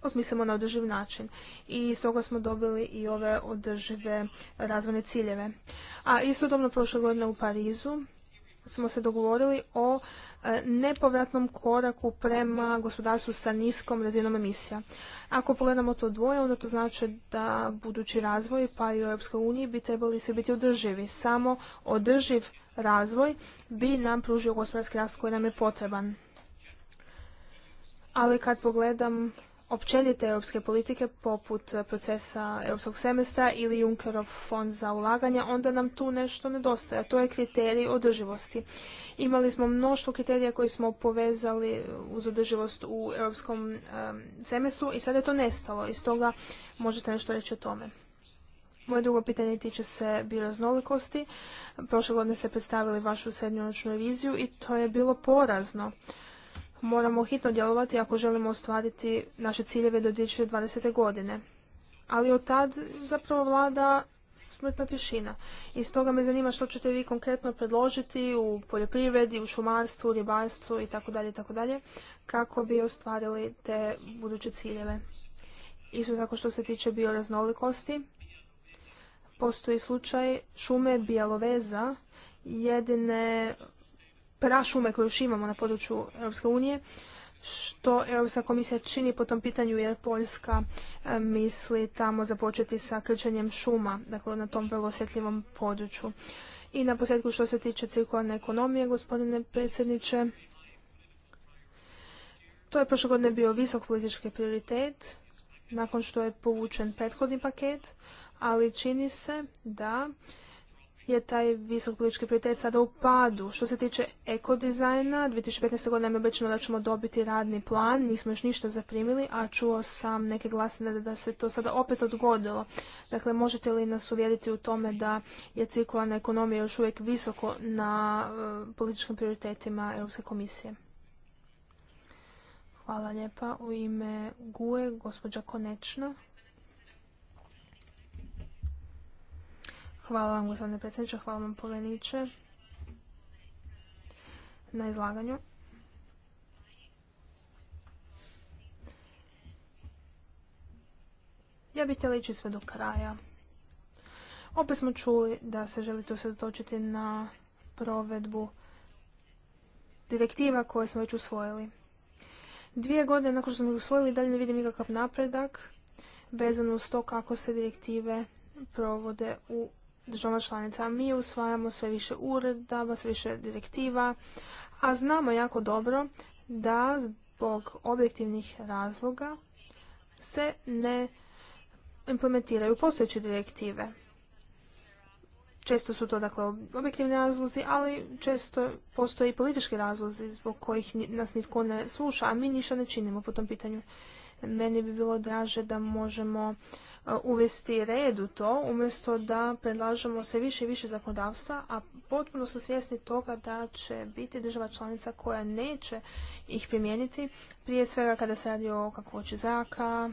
osmislimo na održiv način. I stoga smo dobili i ove održive razvojne ciljeve. A istodobno prošle godine u Parizu smo se dogovorili o e, nepovratnom koraku prema gospodarstvu sa niskom razinom emisija. Ako pogledamo to dvoje, onda to znači da budući razvoj pa i u EU bi trebali svi biti održivi. Samo održiv razvoj bi nam pružio gospodarski rast koji nam je potreban. Ali kad pogledam općenite europske politike poput procesa europskog semestra ili Junckerov fond za ulaganje, onda nam tu nešto nedostaje. To je kriterij održivosti. Imali smo mnoštvo kriterija koji smo povezali uz održivost u europskom semestru i sada je to nestalo. I stoga možete nešto reći o tome. Moje drugo pitanje tiče se bioraznolikosti. Prošle godine ste predstavili vašu srednjoročnu reviziju i to je bilo porazno moramo hitno djelovati ako želimo ostvariti naše ciljeve do 2020. godine. Ali od tad zapravo vlada smrtna tišina. I stoga me zanima što ćete vi konkretno predložiti u poljoprivredi, u šumarstvu, u ribarstvu i tako dalje, tako dalje, kako bi ostvarili te buduće ciljeve. Isto tako što se tiče bioraznolikosti, postoji slučaj šume bijeloveza, jedine prašume koje još imamo na području Europske unije, što Europska komisija čini po tom pitanju jer Poljska e, misli tamo započeti sa krčenjem šuma, dakle na tom vrlo osjetljivom području. I na posljedku što se tiče cirkularne ekonomije, gospodine predsjedniče, to je prošle godine bio visok politički prioritet, nakon što je povučen prethodni paket, ali čini se da je taj visok politički prioritet sada u padu. Što se tiče ekodizajna, 2015. godine je obećano da ćemo dobiti radni plan, nismo još ništa zaprimili, a čuo sam neke glasine da, se to sada opet odgodilo. Dakle, možete li nas uvjeriti u tome da je cirkularna ekonomija još uvijek visoko na e, političkim prioritetima Europske komisije? Hvala lijepa. U ime GUE, gospođa Konečna. Hvala vam, gospodine predsjedniče, hvala vam, poveniče, na izlaganju. Ja bih htjela ići sve do kraja. Opet smo čuli da se želite usredotočiti na provedbu direktiva koje smo već usvojili. Dvije godine nakon što smo ih usvojili dalje ne vidim nikakav napredak vezano uz to kako se direktive provode u država članica. Mi usvajamo sve više uredaba, sve više direktiva, a znamo jako dobro da zbog objektivnih razloga se ne implementiraju postojeće direktive. Često su to dakle objektivni razlozi, ali često postoje i politički razlozi zbog kojih nas nitko ne sluša, a mi ništa ne činimo po tom pitanju. Meni bi bilo draže da možemo uvesti red u to, umjesto da predlažemo sve više i više zakonodavstva, a potpuno su svjesni toga da će biti država članica koja neće ih primijeniti, prije svega kada se radi o kakvoći zraka,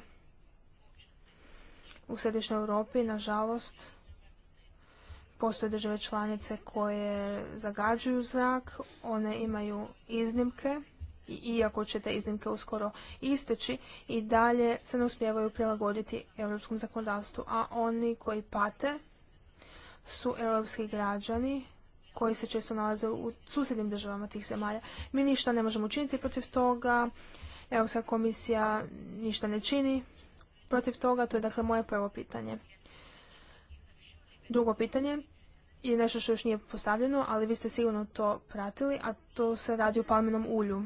u središnjoj Europi, nažalost, postoje države članice koje zagađuju zrak, one imaju iznimke iako će te iznimke uskoro isteći i dalje se ne uspijevaju prilagoditi europskom zakonodavstvu, a oni koji pate su europski građani koji se često nalaze u susjednim državama tih zemalja. Mi ništa ne možemo učiniti protiv toga, Europska komisija ništa ne čini protiv toga, to je dakle moje prvo pitanje. Drugo pitanje je nešto što još nije postavljeno, ali vi ste sigurno to pratili, a to se radi o palminom ulju.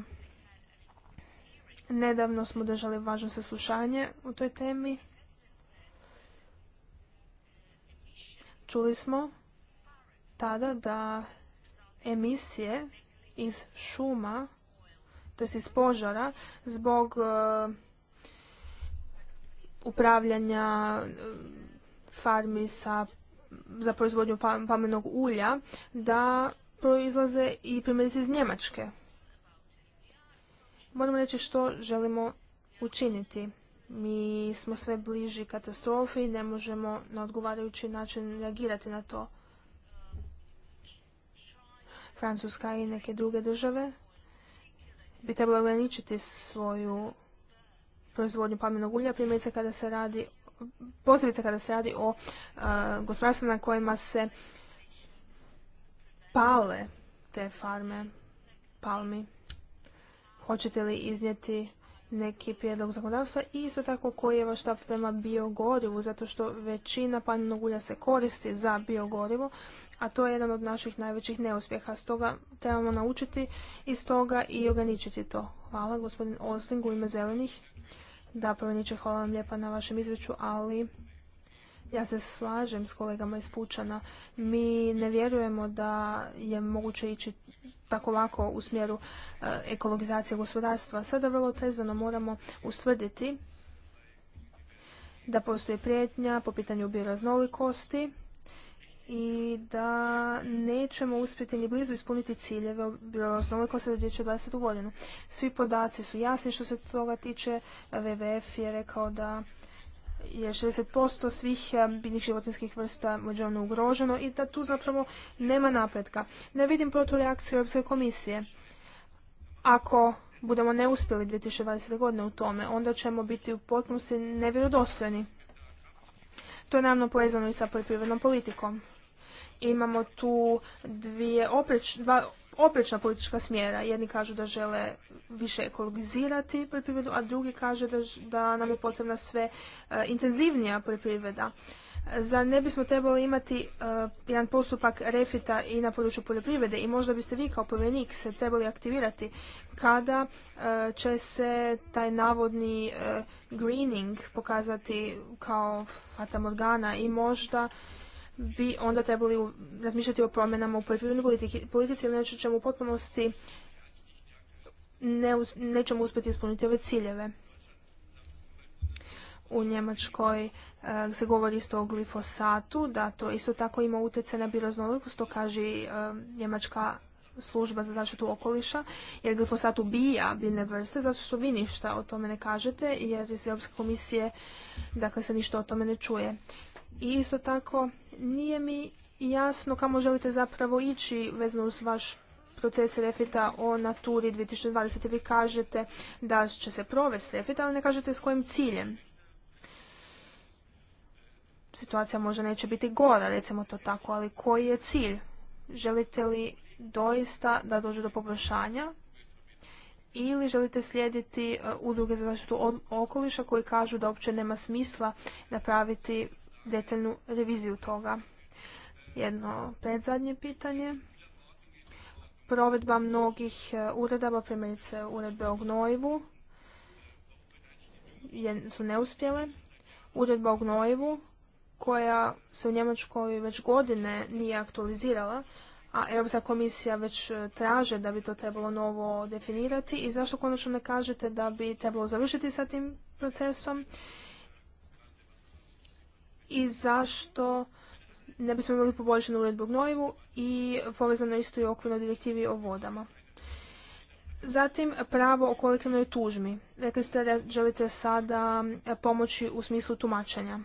Nedavno smo držali važno saslušanje u toj temi. Čuli smo tada da emisije iz šuma, to iz požara, zbog e, upravljanja e, farmi za proizvodnju pa-, pamenog ulja, da proizlaze i primjerice iz Njemačke. Moramo reći što želimo učiniti. Mi smo sve bliži katastrofi ne možemo na odgovarajući način reagirati na to. Francuska i neke druge države bi trebalo ograničiti svoju proizvodnju palminog ulja, primjerice kada se radi, posebice kada se radi o gospodarstvima na kojima se pale te farme palmi. Hoćete li iznijeti neki prijedlog zakonodavstva i isto tako koji je vaš stav prema biogorivu, zato što većina paninogulja ulja se koristi za biogorivo, a to je jedan od naših najvećih neuspjeha. Stoga trebamo naučiti iz toga i ograničiti to. Hvala gospodin Osling u ime zelenih. Da, prvenjiče, hvala vam lijepa na vašem izveću, ali ja se slažem s kolegama iz Pučana. Mi ne vjerujemo da je moguće ići tako lako u smjeru e, ekologizacije gospodarstva. Sada vrlo trezveno moramo ustvrditi da postoji prijetnja po pitanju bioraznolikosti i da nećemo uspjeti ni blizu ispuniti ciljeve bioraznolikosti za 2020. godinu. Svi podaci su jasni što se toga tiče. E, WWF je rekao da je 60% svih eh, biljnih životinskih vrsta međunarodno ugroženo i da tu zapravo nema napretka. Ne vidim protureakciju Europske komisije. Ako budemo neuspjeli 2020. godine u tome, onda ćemo biti u potpunosti nevjerodostojni. To je naravno povezano i sa poljoprivrednom politikom. Imamo tu dvije opreč, dva oprečna politička smjera. Jedni kažu da žele više ekologizirati poljoprivredu, a drugi kaže da, da nam je potrebna sve e, intenzivnija poljoprivreda. Zar ne bismo trebali imati e, jedan postupak refita i na području poljoprivrede i možda biste vi kao povjerenik se trebali aktivirati kada e, će se taj navodni greening pokazati kao fatamorgana i možda bi onda trebali razmišljati o promjenama u poljoprivrednoj politici ili nešto ćemo u potpunosti nećemo uspjeti ispuniti ove ciljeve. U Njemačkoj e, se govori isto o glifosatu, da to isto tako ima utjecaj na bioraznolikost, to kaže e, Njemačka služba za zaštitu okoliša, jer glifosat ubija biljne vrste, zato što vi ništa o tome ne kažete, jer iz Europske komisije dakle, se ništa o tome ne čuje. I isto tako nije mi jasno kamo želite zapravo ići vezno uz vaš proces refita o naturi 2020. Vi kažete da će se provesti refit, ali ne kažete s kojim ciljem. Situacija možda neće biti gora, recimo to tako, ali koji je cilj? Želite li doista da dođe do poboljšanja ili želite slijediti e, udruge za zaštitu okoliša koji kažu da uopće nema smisla napraviti detaljnu reviziju toga. Jedno predzadnje pitanje. Provedba mnogih e, uredaba, primjerice uredbe o gnojivu, su neuspjele. Uredba o gnojivu koja se u Njemačkoj već godine nije aktualizirala, a Europska komisija već e, traže da bi to trebalo novo definirati i zašto konačno ne kažete da bi trebalo završiti sa tim procesom i zašto ne bismo imali poboljšanu uredbu gnojivu i povezano isto i okvirno direktivi o vodama. Zatim pravo o kolektivnoj tužbi. Rekli ste da želite sada pomoći u smislu tumačenja.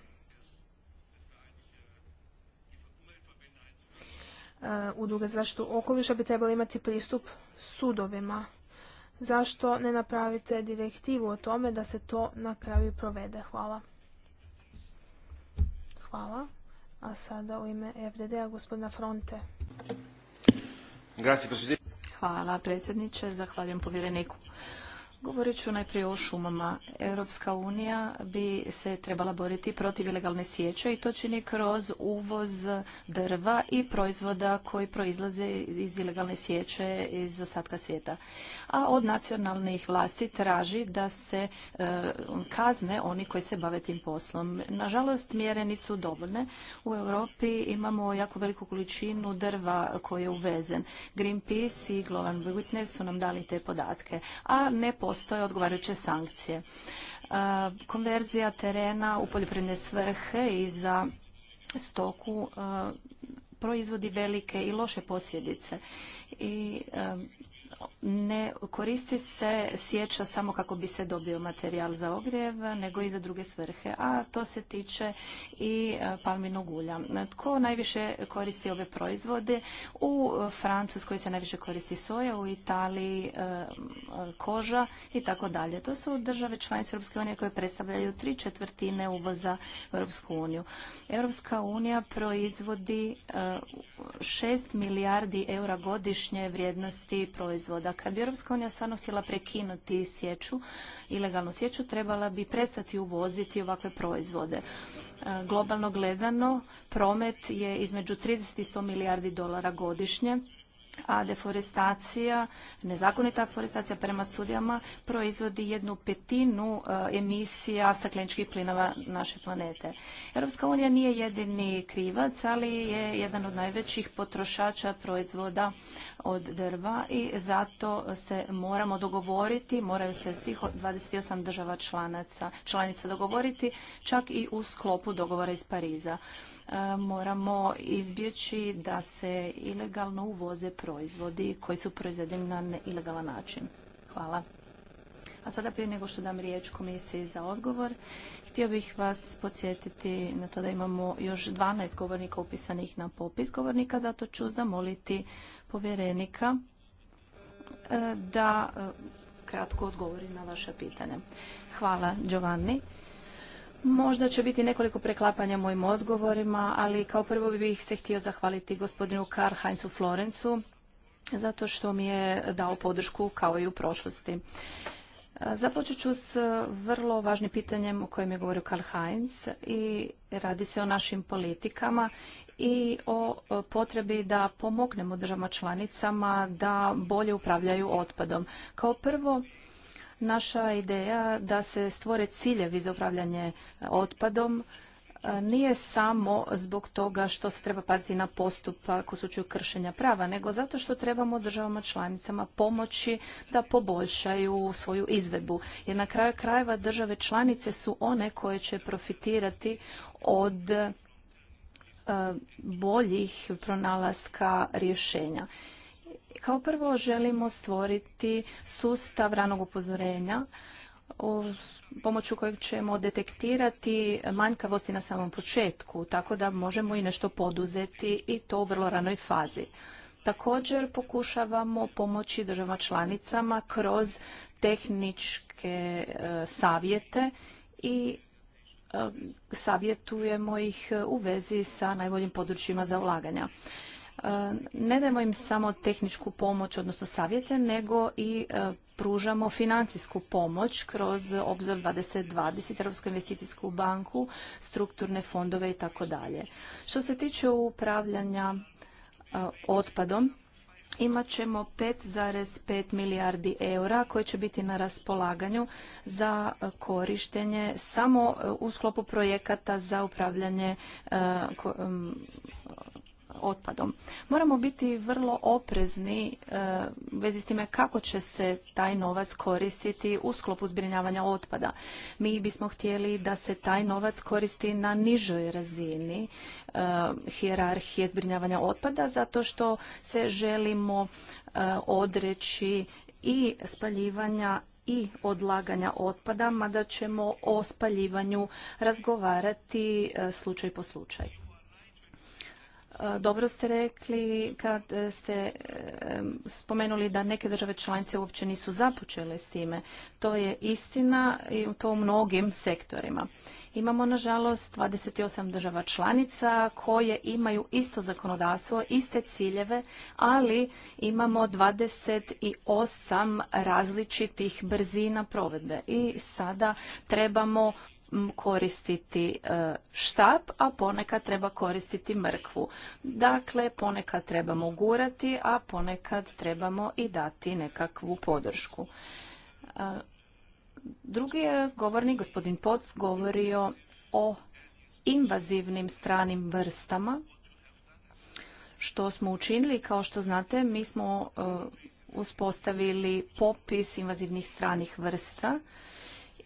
U uh, za zaštitu okoliša bi trebali imati pristup sudovima. Zašto ne napravite direktivu o tome da se to na kraju provede? Hvala. Hvala. A sada u ime FDD-a gospodina Fronte. Hvala predsjedniče, zahvaljujem povjereniku. Govorit ću najprije o šumama. Europska unija bi se trebala boriti protiv ilegalne sječe i to čini kroz uvoz drva i proizvoda koji proizlaze iz ilegalne sjeće iz ostatka svijeta. A od nacionalnih vlasti traži da se e, kazne oni koji se bave tim poslom. Nažalost, mjere nisu dovoljne. U Europi imamo jako veliku količinu drva koji je uvezen. Greenpeace i Global Witness su nam dali te podatke, a ne postoje odgovarajuće sankcije. E, konverzija terena u poljoprivredne svrhe i za stoku e, proizvodi velike i loše posljedice i e, ne koristi se sjeća samo kako bi se dobio materijal za ogrijev, nego i za druge svrhe, a to se tiče i e, palminog ulja. Tko najviše koristi ove proizvode? U Francuskoj se najviše koristi soja, u Italiji e, koža i tako dalje. To su države članice Europske unije koje predstavljaju tri četvrtine uvoza u Europsku uniju. Europska unija proizvodi e, 6 milijardi eura godišnje vrijednosti proizvoda. Kad bi Europska unija stvarno htjela prekinuti sjeću, ilegalnu sjeću, trebala bi prestati uvoziti ovakve proizvode. E, globalno gledano, promet je između 30 i 100 milijardi dolara godišnje a deforestacija, nezakonita forestacija prema studijama proizvodi jednu petinu e, emisija stakleničkih plinova naše planete. Europska unija nije jedini krivac, ali je jedan od najvećih potrošača proizvoda od drva i zato se moramo dogovoriti, moraju se svih 28 država članaca, članica dogovoriti, čak i u sklopu dogovora iz Pariza. E, moramo izbjeći da se ilegalno uvoze proizvodi koji su proizvedeni na ilegalan način. Hvala. A sada prije nego što dam riječ komisiji za odgovor, htio bih vas podsjetiti na to da imamo još 12 govornika upisanih na popis govornika, zato ću zamoliti povjerenika e, da e, kratko odgovori na vaše pitanje. Hvala Giovanni. Možda će biti nekoliko preklapanja mojim odgovorima, ali kao prvo bih se htio zahvaliti gospodinu Karl Heinzu Florencu zato što mi je dao podršku kao i u prošlosti. E, započet ću s vrlo važnim pitanjem o kojem je govorio Karl Heinz i radi se o našim politikama i o potrebi da pomognemo državama članicama da bolje upravljaju otpadom. Kao prvo, naša ideja da se stvore ciljevi za upravljanje otpadom e, nije samo zbog toga što se treba paziti na postupak u slučaju kršenja prava, nego zato što trebamo državama članicama pomoći da poboljšaju svoju izvedbu. Jer na kraju krajeva države članice su one koje će profitirati od E, boljih pronalaska rješenja. Kao prvo želimo stvoriti sustav ranog upozorenja pomoću kojeg ćemo detektirati manjkavosti na samom početku, tako da možemo i nešto poduzeti i to u vrlo ranoj fazi. Također pokušavamo pomoći državama članicama kroz tehničke e, savjete i E, savjetujemo ih u vezi sa najboljim područjima za ulaganja. E, ne dajemo im samo tehničku pomoć, odnosno savjete, nego i e, pružamo financijsku pomoć kroz obzor 2020, Europsku investicijsku banku, strukturne fondove i tako dalje. Što se tiče upravljanja otpadom, imat ćemo 5,5 milijardi eura koje će biti na raspolaganju za e, korištenje samo e, u sklopu projekata za upravljanje e, otpadom. Moramo biti vrlo oprezni e, u vezi s time kako će se taj novac koristiti u sklopu zbrinjavanja otpada. Mi bismo htjeli da se taj novac koristi na nižoj razini e, hijerarhije zbrinjavanja otpada zato što se želimo e, odreći i spaljivanja i odlaganja otpada, mada ćemo o spaljivanju razgovarati slučaj po slučaju. E, dobro ste rekli kad ste e, spomenuli da neke države članice uopće nisu započele s time. To je istina i to u mnogim sektorima. Imamo nažalost 28 država članica koje imaju isto zakonodavstvo, iste ciljeve, ali imamo 28 različitih brzina provedbe i sada trebamo koristiti e, štap, a ponekad treba koristiti mrkvu. Dakle, ponekad trebamo gurati, a ponekad trebamo i dati nekakvu podršku. E, drugi je govornik, gospodin Poc, govorio o invazivnim stranim vrstama. Što smo učinili, kao što znate, mi smo e, uspostavili popis invazivnih stranih vrsta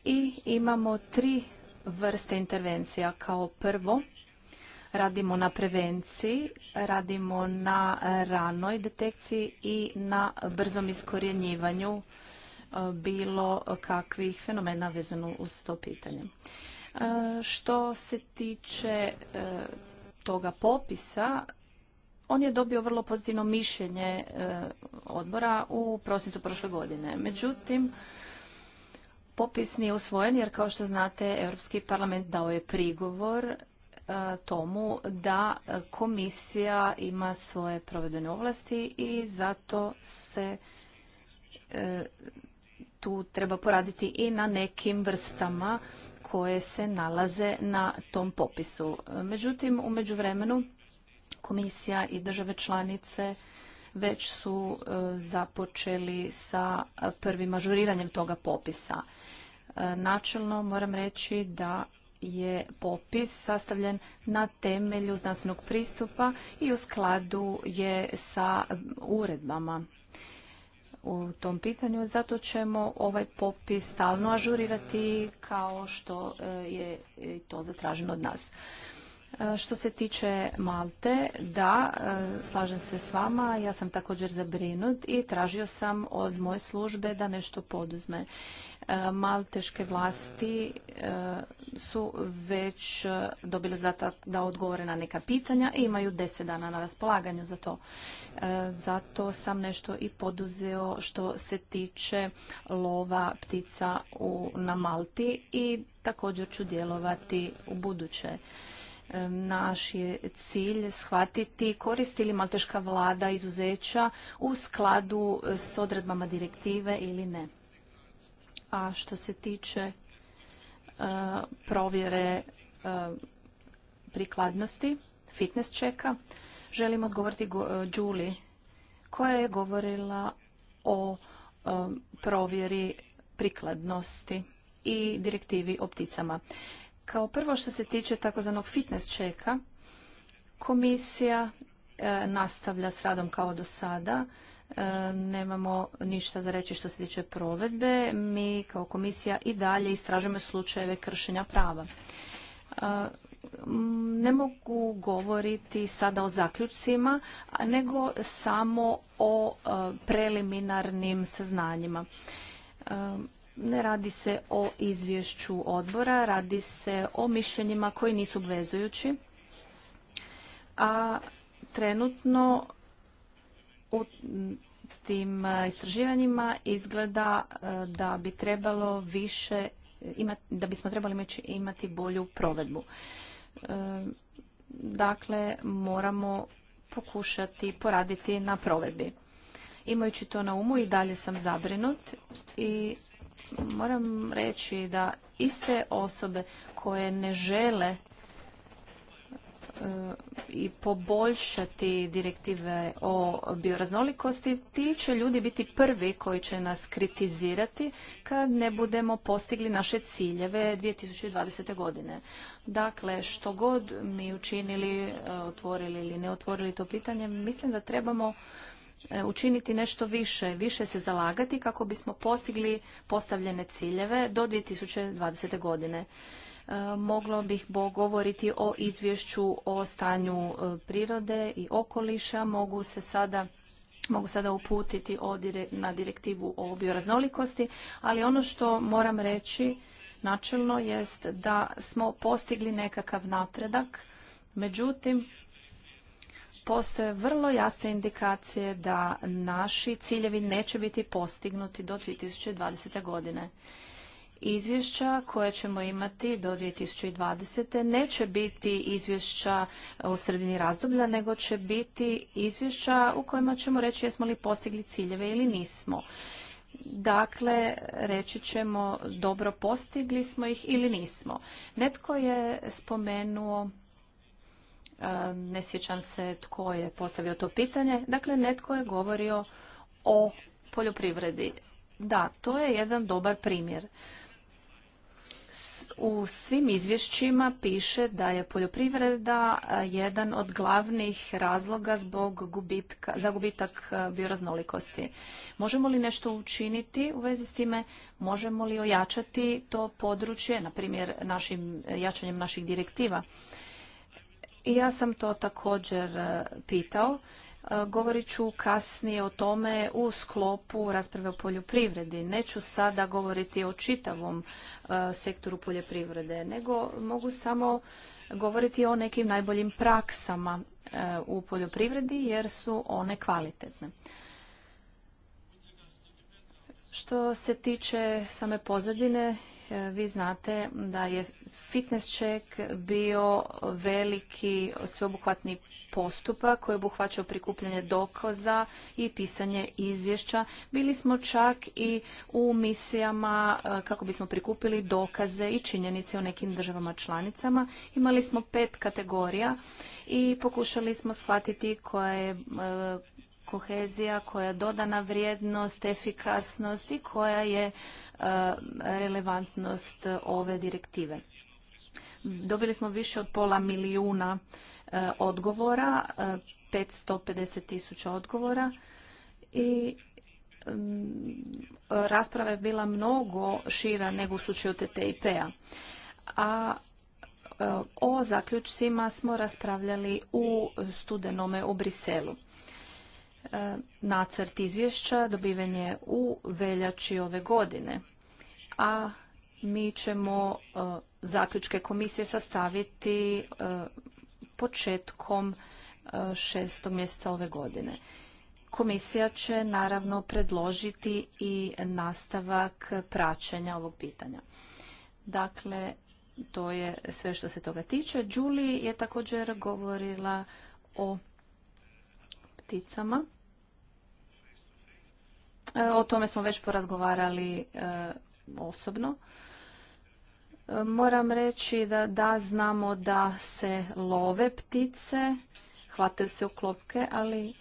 i imamo tri vrste intervencija. Kao prvo, radimo na prevenciji, radimo na ranoj detekciji i na brzom iskorjenjivanju e, bilo kakvih fenomena vezano uz to pitanje. E, što se tiče e, toga popisa, on je dobio vrlo pozitivno mišljenje odbora u prosincu prošle godine. Međutim, Popis nije usvojen jer kao što znate Europski parlament dao je prigovor e, tomu da komisija ima svoje provedbene ovlasti i zato se e, tu treba poraditi i na nekim vrstama koje se nalaze na tom popisu. Međutim, u međuvremenu komisija i države članice već su e, započeli sa prvim ažuriranjem toga popisa. E, načelno moram reći da je popis sastavljen na temelju znanstvenog pristupa i u skladu je sa uredbama u tom pitanju. Zato ćemo ovaj popis stalno ažurirati kao što e, je to zatraženo od nas. E, što se tiče Malte, da, e, slažem se s vama, ja sam također zabrinut i tražio sam od moje službe da nešto poduzme. E, malteške vlasti su već dobile zadatak da odgovore na neka pitanja i imaju deset dana na raspolaganju za to. Zato sam nešto i poduzeo što se tiče lova ptica na Malti i također ću djelovati u buduće naš je cilj shvatiti koristi li malteška vlada izuzeća u skladu e, s odredbama direktive ili ne. A što se tiče e, provjere e, prikladnosti, fitness čeka, želim odgovoriti đuli koja je govorila o provjeri prikladnosti i direktivi o pticama. Kao prvo što se tiče takozvanog fitness čeka, komisija e, nastavlja s radom kao do sada. E, nemamo ništa za reći što se tiče provedbe. Mi kao komisija i dalje istražujemo slučajeve kršenja prava. E, ne mogu govoriti sada o zaključcima, nego samo o preliminarnim saznanjima. Ne radi se o izvješću odbora, radi se o mišljenjima koji nisu obvezujući. A trenutno u tim istraživanjima izgleda e, da bi trebalo više imati, da bismo trebali imati bolju provedbu. E, dakle, moramo pokušati poraditi na provedbi. Imajući to na umu i dalje sam zabrinut i moram reći da iste osobe koje ne žele e, i poboljšati direktive o bioraznolikosti, ti će ljudi biti prvi koji će nas kritizirati kad ne budemo postigli naše ciljeve 2020. godine. Dakle, što god mi učinili, e, otvorili ili ne otvorili to pitanje, mislim da trebamo E, učiniti nešto više, više se zalagati kako bismo postigli postavljene ciljeve do 2020. godine. E, moglo bih govoriti o izvješću o stanju e, prirode i okoliša. Mogu se sada mogu sada uputiti na direktivu o bioraznolikosti, ali ono što moram reći načelno jest da smo postigli nekakav napredak, međutim postoje vrlo jasne indikacije da naši ciljevi neće biti postignuti do 2020. godine. Izvješća koje ćemo imati do 2020. neće biti izvješća u sredini razdoblja, nego će biti izvješća u kojima ćemo reći jesmo li postigli ciljeve ili nismo. Dakle, reći ćemo dobro postigli smo ih ili nismo. Netko je spomenuo ne sjećam se tko je postavio to pitanje, dakle netko je govorio o poljoprivredi. Da, to je jedan dobar primjer. U svim izvješćima piše da je poljoprivreda jedan od glavnih razloga zbog gubitka, za gubitak bioraznolikosti. Možemo li nešto učiniti u vezi s time? Možemo li ojačati to područje, na primjer našim, jačanjem naših direktiva? ja sam to također e, pitao. E, govorit ću kasnije o tome u sklopu rasprave o poljoprivredi. Neću sada govoriti o čitavom e, sektoru poljoprivrede, nego mogu samo govoriti o nekim najboljim praksama u poljoprivredi jer su one kvalitetne. Što se tiče same pozadine, E, vi znate da je fitness check bio veliki sveobuhvatni postupak koji je obuhvaćao prikupljanje dokaza i pisanje izvješća. Bili smo čak i u misijama e, kako bismo prikupili dokaze i činjenice u nekim državama članicama. Imali smo pet kategorija i pokušali smo shvatiti koja je e, kohezija koja je dodana vrijednost, efikasnost i koja je e, relevantnost ove direktive. Dobili smo više od pola milijuna e, odgovora, 550 e, tisuća odgovora i mm, rasprava je bila mnogo šira nego u slučaju TTIP-a. A o zaključcima smo raspravljali u studenome u Briselu. E, nacrt izvješća dobiven je u veljači ove godine, a mi ćemo e, zaključke komisije sastaviti e, početkom šestog mjeseca ove godine. Komisija će naravno predložiti i nastavak praćenja ovog pitanja. Dakle, to je sve što se toga tiče. Julie je također govorila o pticama. E, o tome smo već porazgovarali e, osobno. E, moram reći da, da znamo da se love ptice, hvataju se u klopke, ali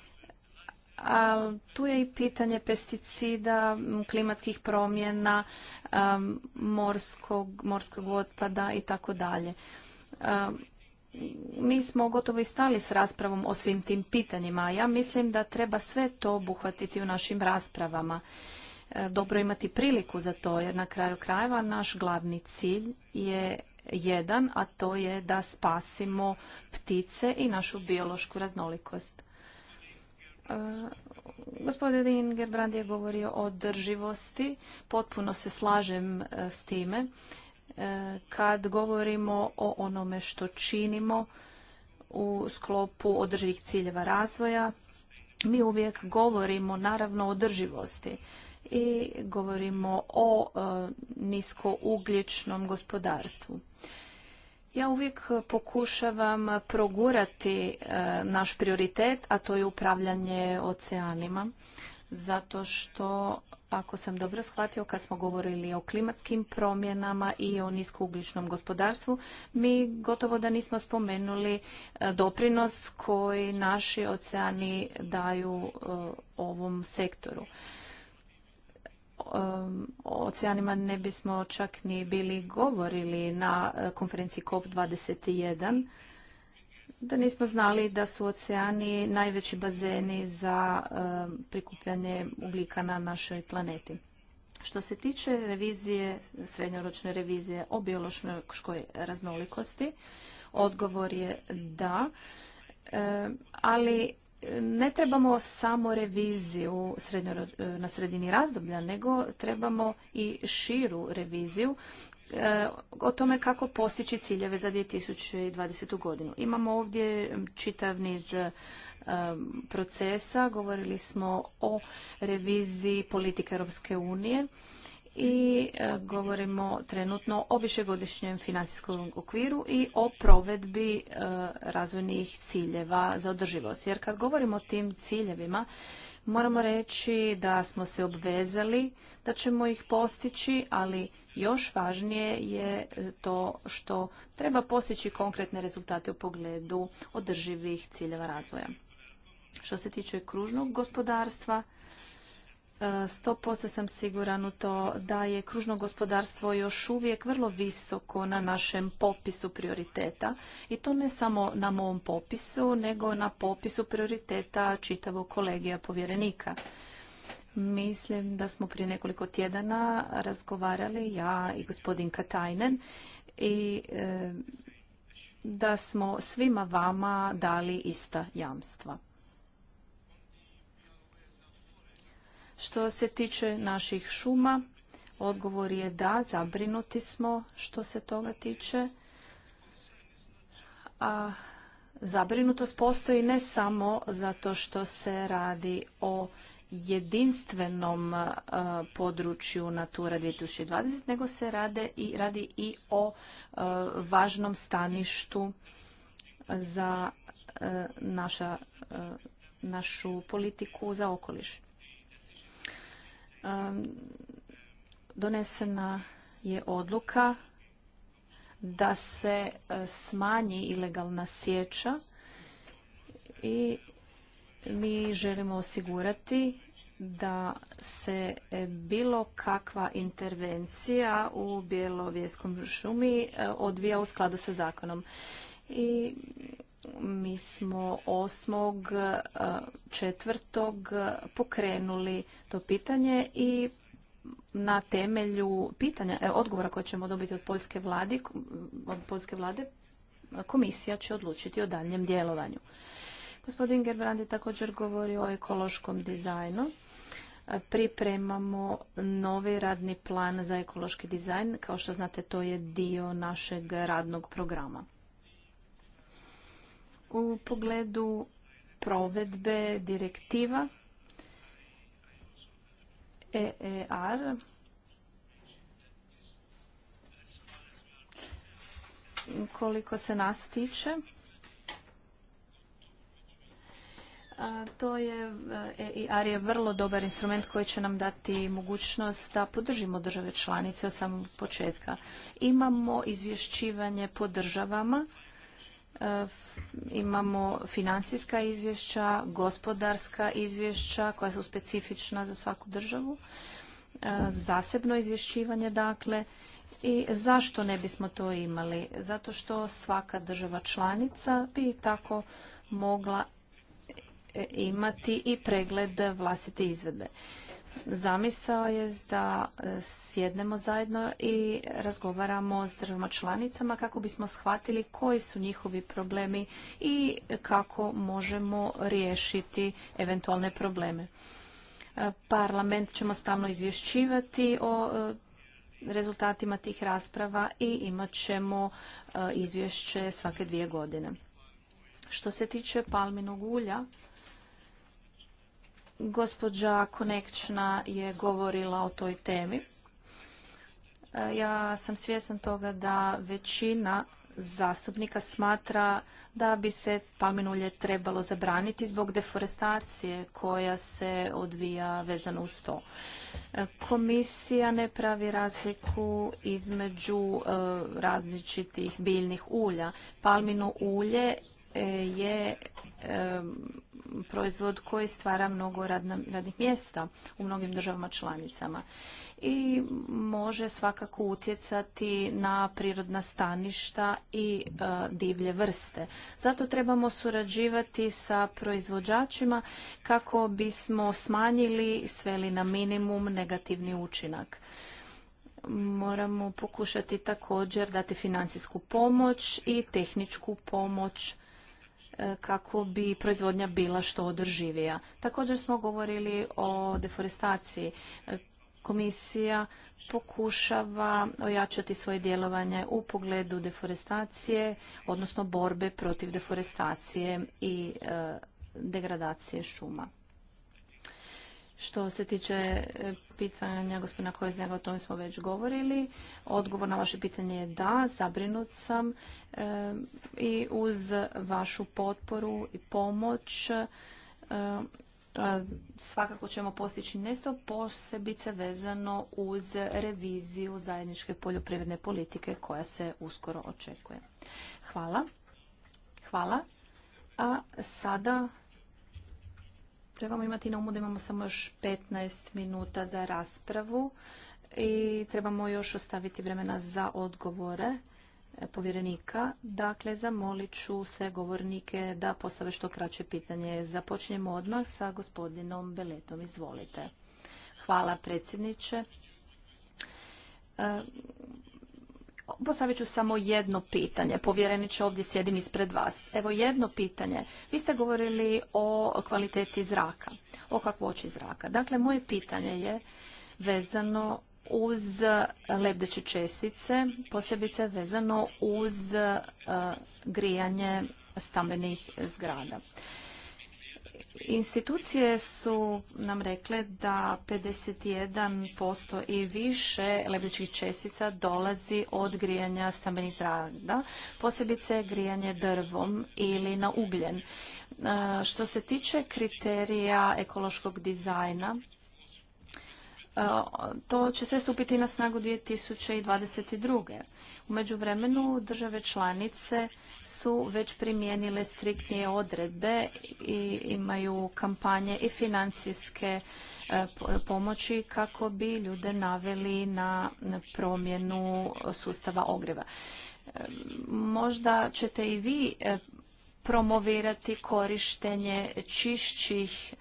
tu je i pitanje pesticida, klimatskih promjena, morskog, morskog otpada i tako dalje mi smo gotovo i stali s raspravom o svim tim pitanjima. Ja mislim da treba sve to obuhvatiti u našim raspravama. E, dobro imati priliku za to, jer na kraju krajeva naš glavni cilj je jedan, a to je da spasimo ptice i našu biološku raznolikost. E, gospodin Gerbrand je govorio o drživosti, potpuno se slažem e, s time E, kad govorimo o onome što činimo u sklopu održivih ciljeva razvoja. Mi uvijek govorimo naravno o održivosti i govorimo o e, niskougljičnom gospodarstvu. Ja uvijek pokušavam progurati e, naš prioritet, a to je upravljanje oceanima zato što ako sam dobro shvatio kad smo govorili o klimatskim promjenama i o niskougljičnom gospodarstvu, mi gotovo da nismo spomenuli e, doprinos koji naši oceani daju e, ovom sektoru. O oceanima ne bismo čak ni bili govorili na e, konferenciji COP21 da nismo znali da su oceani najveći bazeni za e, prikupljanje ugljika na našoj planeti. Što se tiče revizije, srednjoročne revizije o biološkoj raznolikosti, odgovor je da, e, ali ne trebamo samo reviziju na sredini razdoblja, nego trebamo i širu reviziju E, o tome kako postići ciljeve za 2020. godinu. Imamo ovdje čitav niz e, procesa, govorili smo o reviziji politike Europske unije i e, govorimo trenutno o višegodišnjem financijskom okviru i o provedbi razvojnih ciljeva za održivost. Jer kad govorimo o tim ciljevima, Moramo reći da smo se obvezali da ćemo ih postići, ali još važnije je to što treba postići konkretne rezultate u pogledu održivih ciljeva razvoja. Što se tiče kružnog gospodarstva, 100% sam siguran u to da je kružno gospodarstvo još uvijek vrlo visoko na našem popisu prioriteta i to ne samo na mom popisu, nego na popisu prioriteta čitavog kolegija povjerenika. Mislim da smo prije nekoliko tjedana razgovarali, ja i gospodin Katajnen, i e, da smo svima vama dali ista jamstva. Što se tiče naših šuma, odgovor je da, zabrinuti smo što se toga tiče. A zabrinutost postoji ne samo zato što se radi o jedinstvenom području Natura 2020, nego se rade i, radi i o važnom staništu za naša, našu politiku za okoliš donesena je odluka da se e, smanji ilegalna sjeća i mi želimo osigurati da se e, bilo kakva intervencija u Bjelovijeskom šumi e, odvija u skladu sa zakonom. I mi smo 8. pokrenuli to pitanje i na temelju pitanja, e, odgovora koje ćemo dobiti od poljske, vlade, od poljske vlade, komisija će odlučiti o daljem djelovanju. Gospodin Gerbrand je također govorio o ekološkom dizajnu. Pripremamo novi radni plan za ekološki dizajn. Kao što znate, to je dio našeg radnog programa u pogledu provedbe direktiva EER koliko se nas tiče to je e, e e je vrlo dobar instrument koji će nam dati mogućnost da podržimo države članice od samog početka. Imamo izvješćivanje po državama Eh, imamo financijska izvješća, gospodarska izvješća koja su specifična za svaku državu, eh, zasebno izvješćivanje dakle. I zašto ne bismo to imali? Zato što svaka država članica bi tako mogla eh, imati i pregled vlastite izvedbe zamisao je da e, sjednemo zajedno i razgovaramo s državama članicama kako bismo shvatili koji su njihovi problemi i kako možemo riješiti eventualne probleme. E, parlament ćemo stalno izvješćivati o e, rezultatima tih rasprava i imat ćemo izvješće svake dvije godine. Što se tiče palminog ulja, Gospođa Konekčna je govorila o toj temi. E, ja sam svjesna toga da većina zastupnika smatra da bi se palmino trebalo zabraniti zbog deforestacije koja se odvija vezano uz to. E, komisija ne pravi razliku između e, različitih biljnih ulja. Palmino ulje E, je e, proizvod koji stvara mnogo radnih mjesta u mnogim državama članicama i može svakako utjecati na prirodna staništa i e, divlje vrste. Zato trebamo surađivati sa proizvođačima kako bismo smanjili sveli na minimum negativni učinak moramo pokušati također dati financijsku pomoć i tehničku pomoć E, kako bi proizvodnja bila što održivija. Također smo govorili o deforestaciji. E, Komisija pokušava ojačati svoje djelovanje u pogledu deforestacije, odnosno borbe protiv deforestacije i e, degradacije šuma. Što se tiče e, pitanja gospodina Kojeznjega, o tome smo već govorili. Odgovor na vaše pitanje je da, zabrinut sam e, i uz vašu potporu i pomoć e, svakako ćemo postići nešto posebice vezano uz reviziju zajedničke poljoprivredne politike koja se uskoro očekuje. Hvala. Hvala. A sada Trebamo imati na umu da imamo samo još 15 minuta za raspravu i trebamo još ostaviti vremena za odgovore e, povjerenika. Dakle, zamolit ću sve govornike da postave što kraće pitanje. Započnemo odmah sa gospodinom Beletom. Izvolite. Hvala predsjedniče. E, Postavit ću samo jedno pitanje. Povjereniče, ovdje sjedim ispred vas. Evo jedno pitanje. Vi ste govorili o kvaliteti zraka, o kakvoći zraka. Dakle, moje pitanje je vezano uz lebdeće čestice, posebice vezano uz eh, grijanje stambenih zgrada. Institucije su nam rekle da 51% i više lebljičkih čestica dolazi od grijanja stambenih zrada posebice grijanje drvom ili na ugljen. E, što se tiče kriterija ekološkog dizajna, E, to će sve stupiti na snagu 2022. U međuvremenu države članice su već primijenile striktnije odredbe i imaju kampanje i financijske e, pomoći kako bi ljude naveli na promjenu sustava ogreva. E, možda ćete i vi promovirati korištenje čišćih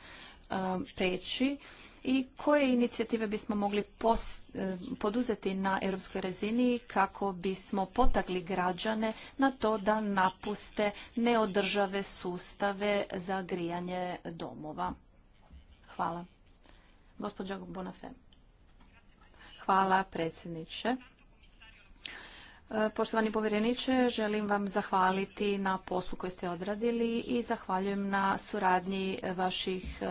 peći i koje inicijative bismo mogli e, poduzeti na europskoj razini kako bismo potakli građane na to da napuste neodržave sustave za grijanje domova. Hvala. Gospođa Bonafem. Hvala predsjedniče. Poštovani povjereniče, želim vam zahvaliti na poslu koji ste odradili i zahvaljujem na suradnji vaših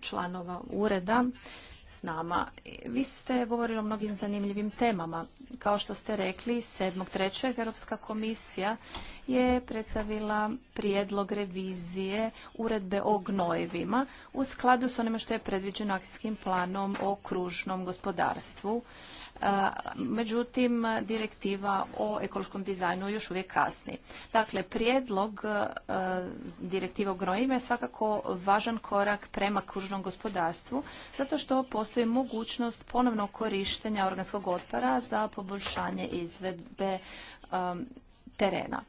članova ureda s nama. Vi ste govorili o mnogim zanimljivim temama. Kao što ste rekli, 7.3. Europska komisija je predstavila prijedlog revizije uredbe o gnojevima u skladu s onime što je predviđeno akcijskim planom o kružnom gospodarstvu Međutim, direktiva o ekološkom dizajnu još uvijek kasni. Dakle, prijedlog direktiva o grojima je svakako važan korak prema kružnom gospodarstvu, zato što postoji mogućnost ponovnog korištenja organskog otpara za poboljšanje izvedbe terena.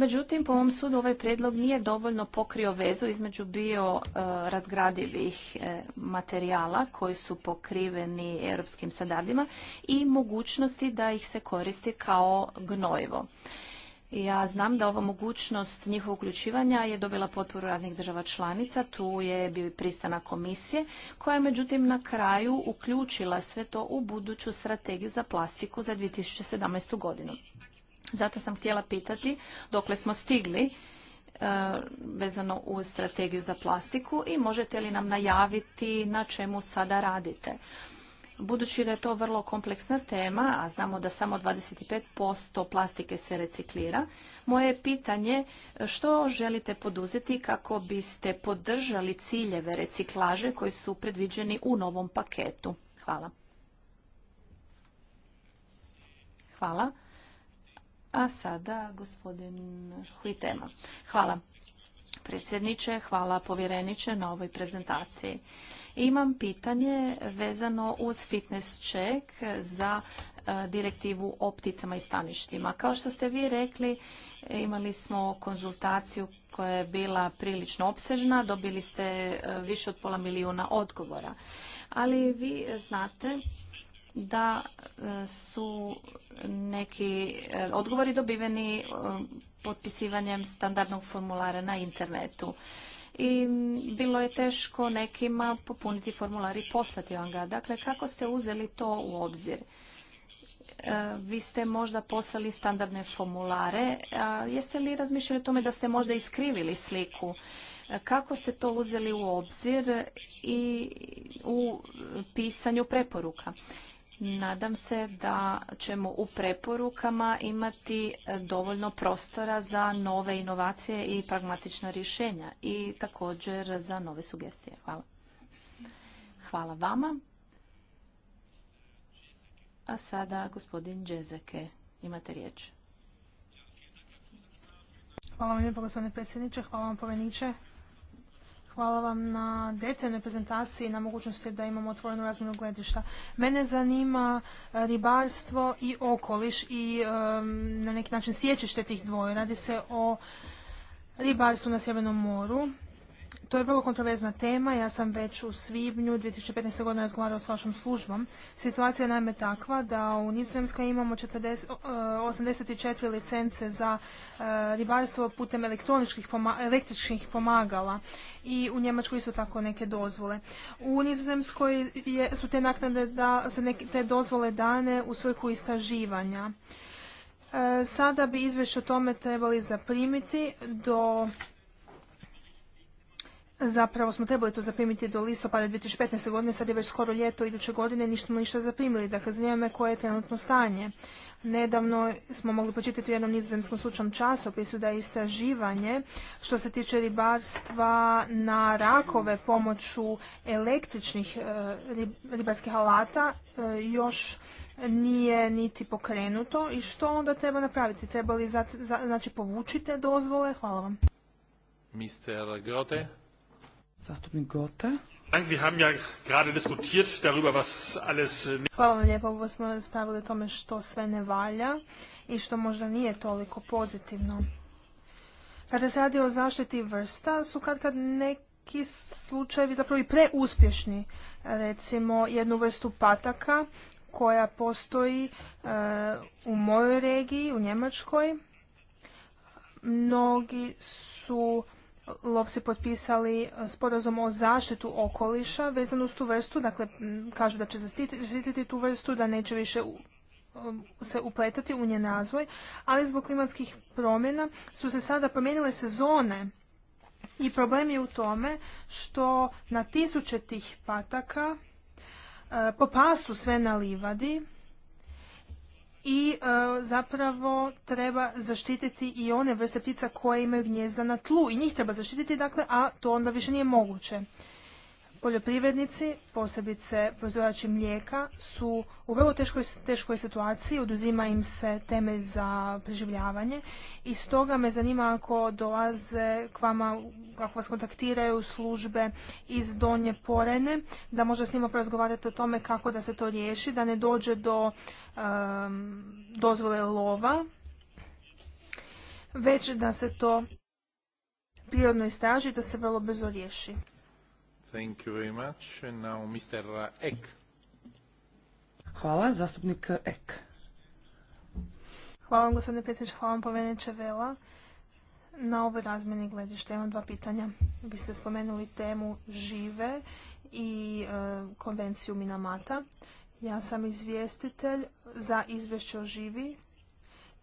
Međutim, po mom sudu ovaj predlog nije dovoljno pokrio vezu između bio e, razgradivih e, materijala koji su pokriveni europskim standardima i mogućnosti da ih se koristi kao gnojivo. Ja znam da ova mogućnost njihovog uključivanja je dobila potporu raznih država članica, tu je bio i pristana komisije, koja je međutim na kraju uključila sve to u buduću strategiju za plastiku za 2017. godinu. Zato sam htjela pitati dokle smo stigli e, vezano uz strategiju za plastiku i možete li nam najaviti na čemu sada radite. Budući da je to vrlo kompleksna tema, a znamo da samo 25% plastike se reciklira, moje pitanje što želite poduzeti kako biste podržali ciljeve reciklaže koji su predviđeni u novom paketu? Hvala. Hvala. A sada gospodin Huitema. Hvala predsjedniče, hvala povjereniče na ovoj prezentaciji. Imam pitanje vezano uz fitness check za e, direktivu o pticama i staništima. Kao što ste vi rekli, imali smo konzultaciju koja je bila prilično opsežna, dobili ste e, više od pola milijuna odgovora. Ali vi znate da e, su neki e, odgovori dobiveni e, potpisivanjem standardnog formulara na internetu. I bilo je teško nekima popuniti formular i poslati vam ga. Dakle, kako ste uzeli to u obzir? vi ste možda poslali standardne formulare. jeste li razmišljali o tome da ste možda iskrivili sliku? Kako ste to uzeli u obzir i u pisanju preporuka? Nadam se da ćemo u preporukama imati e, dovoljno prostora za nove inovacije i pragmatična rješenja i također za nove sugestije. Hvala. Hvala vama. A sada gospodin Džezeke, imate riječ. Hvala vam lijepo gospodine predsjedniče, hvala vam poveniče Hvala vam na detaljnoj prezentaciji i na mogućnosti da imamo otvorenu razmjenu gledišta. Mene zanima e, ribarstvo i okoliš i na neki način sjećište tih dvoje. Radi se o ribarstvu na Sjevernom moru to je vrlo kontroverzna tema. Ja sam već u svibnju 2015. godine razgovarao s vašom službom. Situacija je naime takva da u Nizozemskoj imamo 40, 84 e, licence za e, ribarstvo putem elektroničkih električnih pomagala i u Njemačkoj su tako neke dozvole. U Nizozemskoj je, su te naknade da, su te dozvole dane u svrhu istraživanja. E, sada bi izvješće o tome trebali zaprimiti do Zapravo smo trebali to zaprimiti do listopada 2015. godine, sad je već skoro ljeto iduće godine, ništa ništa zaprimili. Dakle, zanima me koje je trenutno stanje. Nedavno smo mogli početiti u jednom nizozemskom slučnom časopisu da je istraživanje što se tiče ribarstva na rakove pomoću električnih e, ribarskih alata e, još nije niti pokrenuto i što onda treba napraviti? Treba li znači povući te dozvole? Hvala vam. Mr. Grote. Zastupnik Gote. Äh, Hvala vam lijepo. Ovo smo spravili o tome što sve ne valja i što možda nije toliko pozitivno. Kada se radi o zaštiti vrsta su kad kad neki slučajevi zapravo i preuspješni. Recimo jednu vrstu pataka koja postoji eh, u mojoj regiji, u Njemačkoj. Mnogi su lovci potpisali eh, sporazum o zaštitu okoliša vezano uz tu vrstu, dakle kažu da će zaštititi tu vrstu, da neće više um, se upletati u njen razvoj, ali zbog klimatskih promjena su se sada promijenile sezone i problem je u tome što na tisuće tih pataka eh, po pasu sve na livadi, i e, zapravo treba zaštititi i one vrste ptica koje imaju gnjezda na tlu i njih treba zaštititi, dakle, a to onda više nije moguće. Poljoprivrednici, posebice proizvođači mlijeka, su u vrlo teškoj, teškoj situaciji, oduzima im se temelj za preživljavanje i stoga me zanima ako dolaze k vama, kako vas kontaktiraju službe iz Donje Porene, da možda s njima porazgovarate o tome kako da se to riješi, da ne dođe do dozvole lova, već da se to prirodno istraži i da se vrlo brzo riješi. Thank you very much. And now Mr. Hvala, zastupnik gospodine predsjedniče, hvala vam Vela. Na ovoj razmjeni gledište imam dva pitanja. Vi ste spomenuli temu žive i e, konvenciju Minamata. Ja sam izvjestitelj za izvješće o živi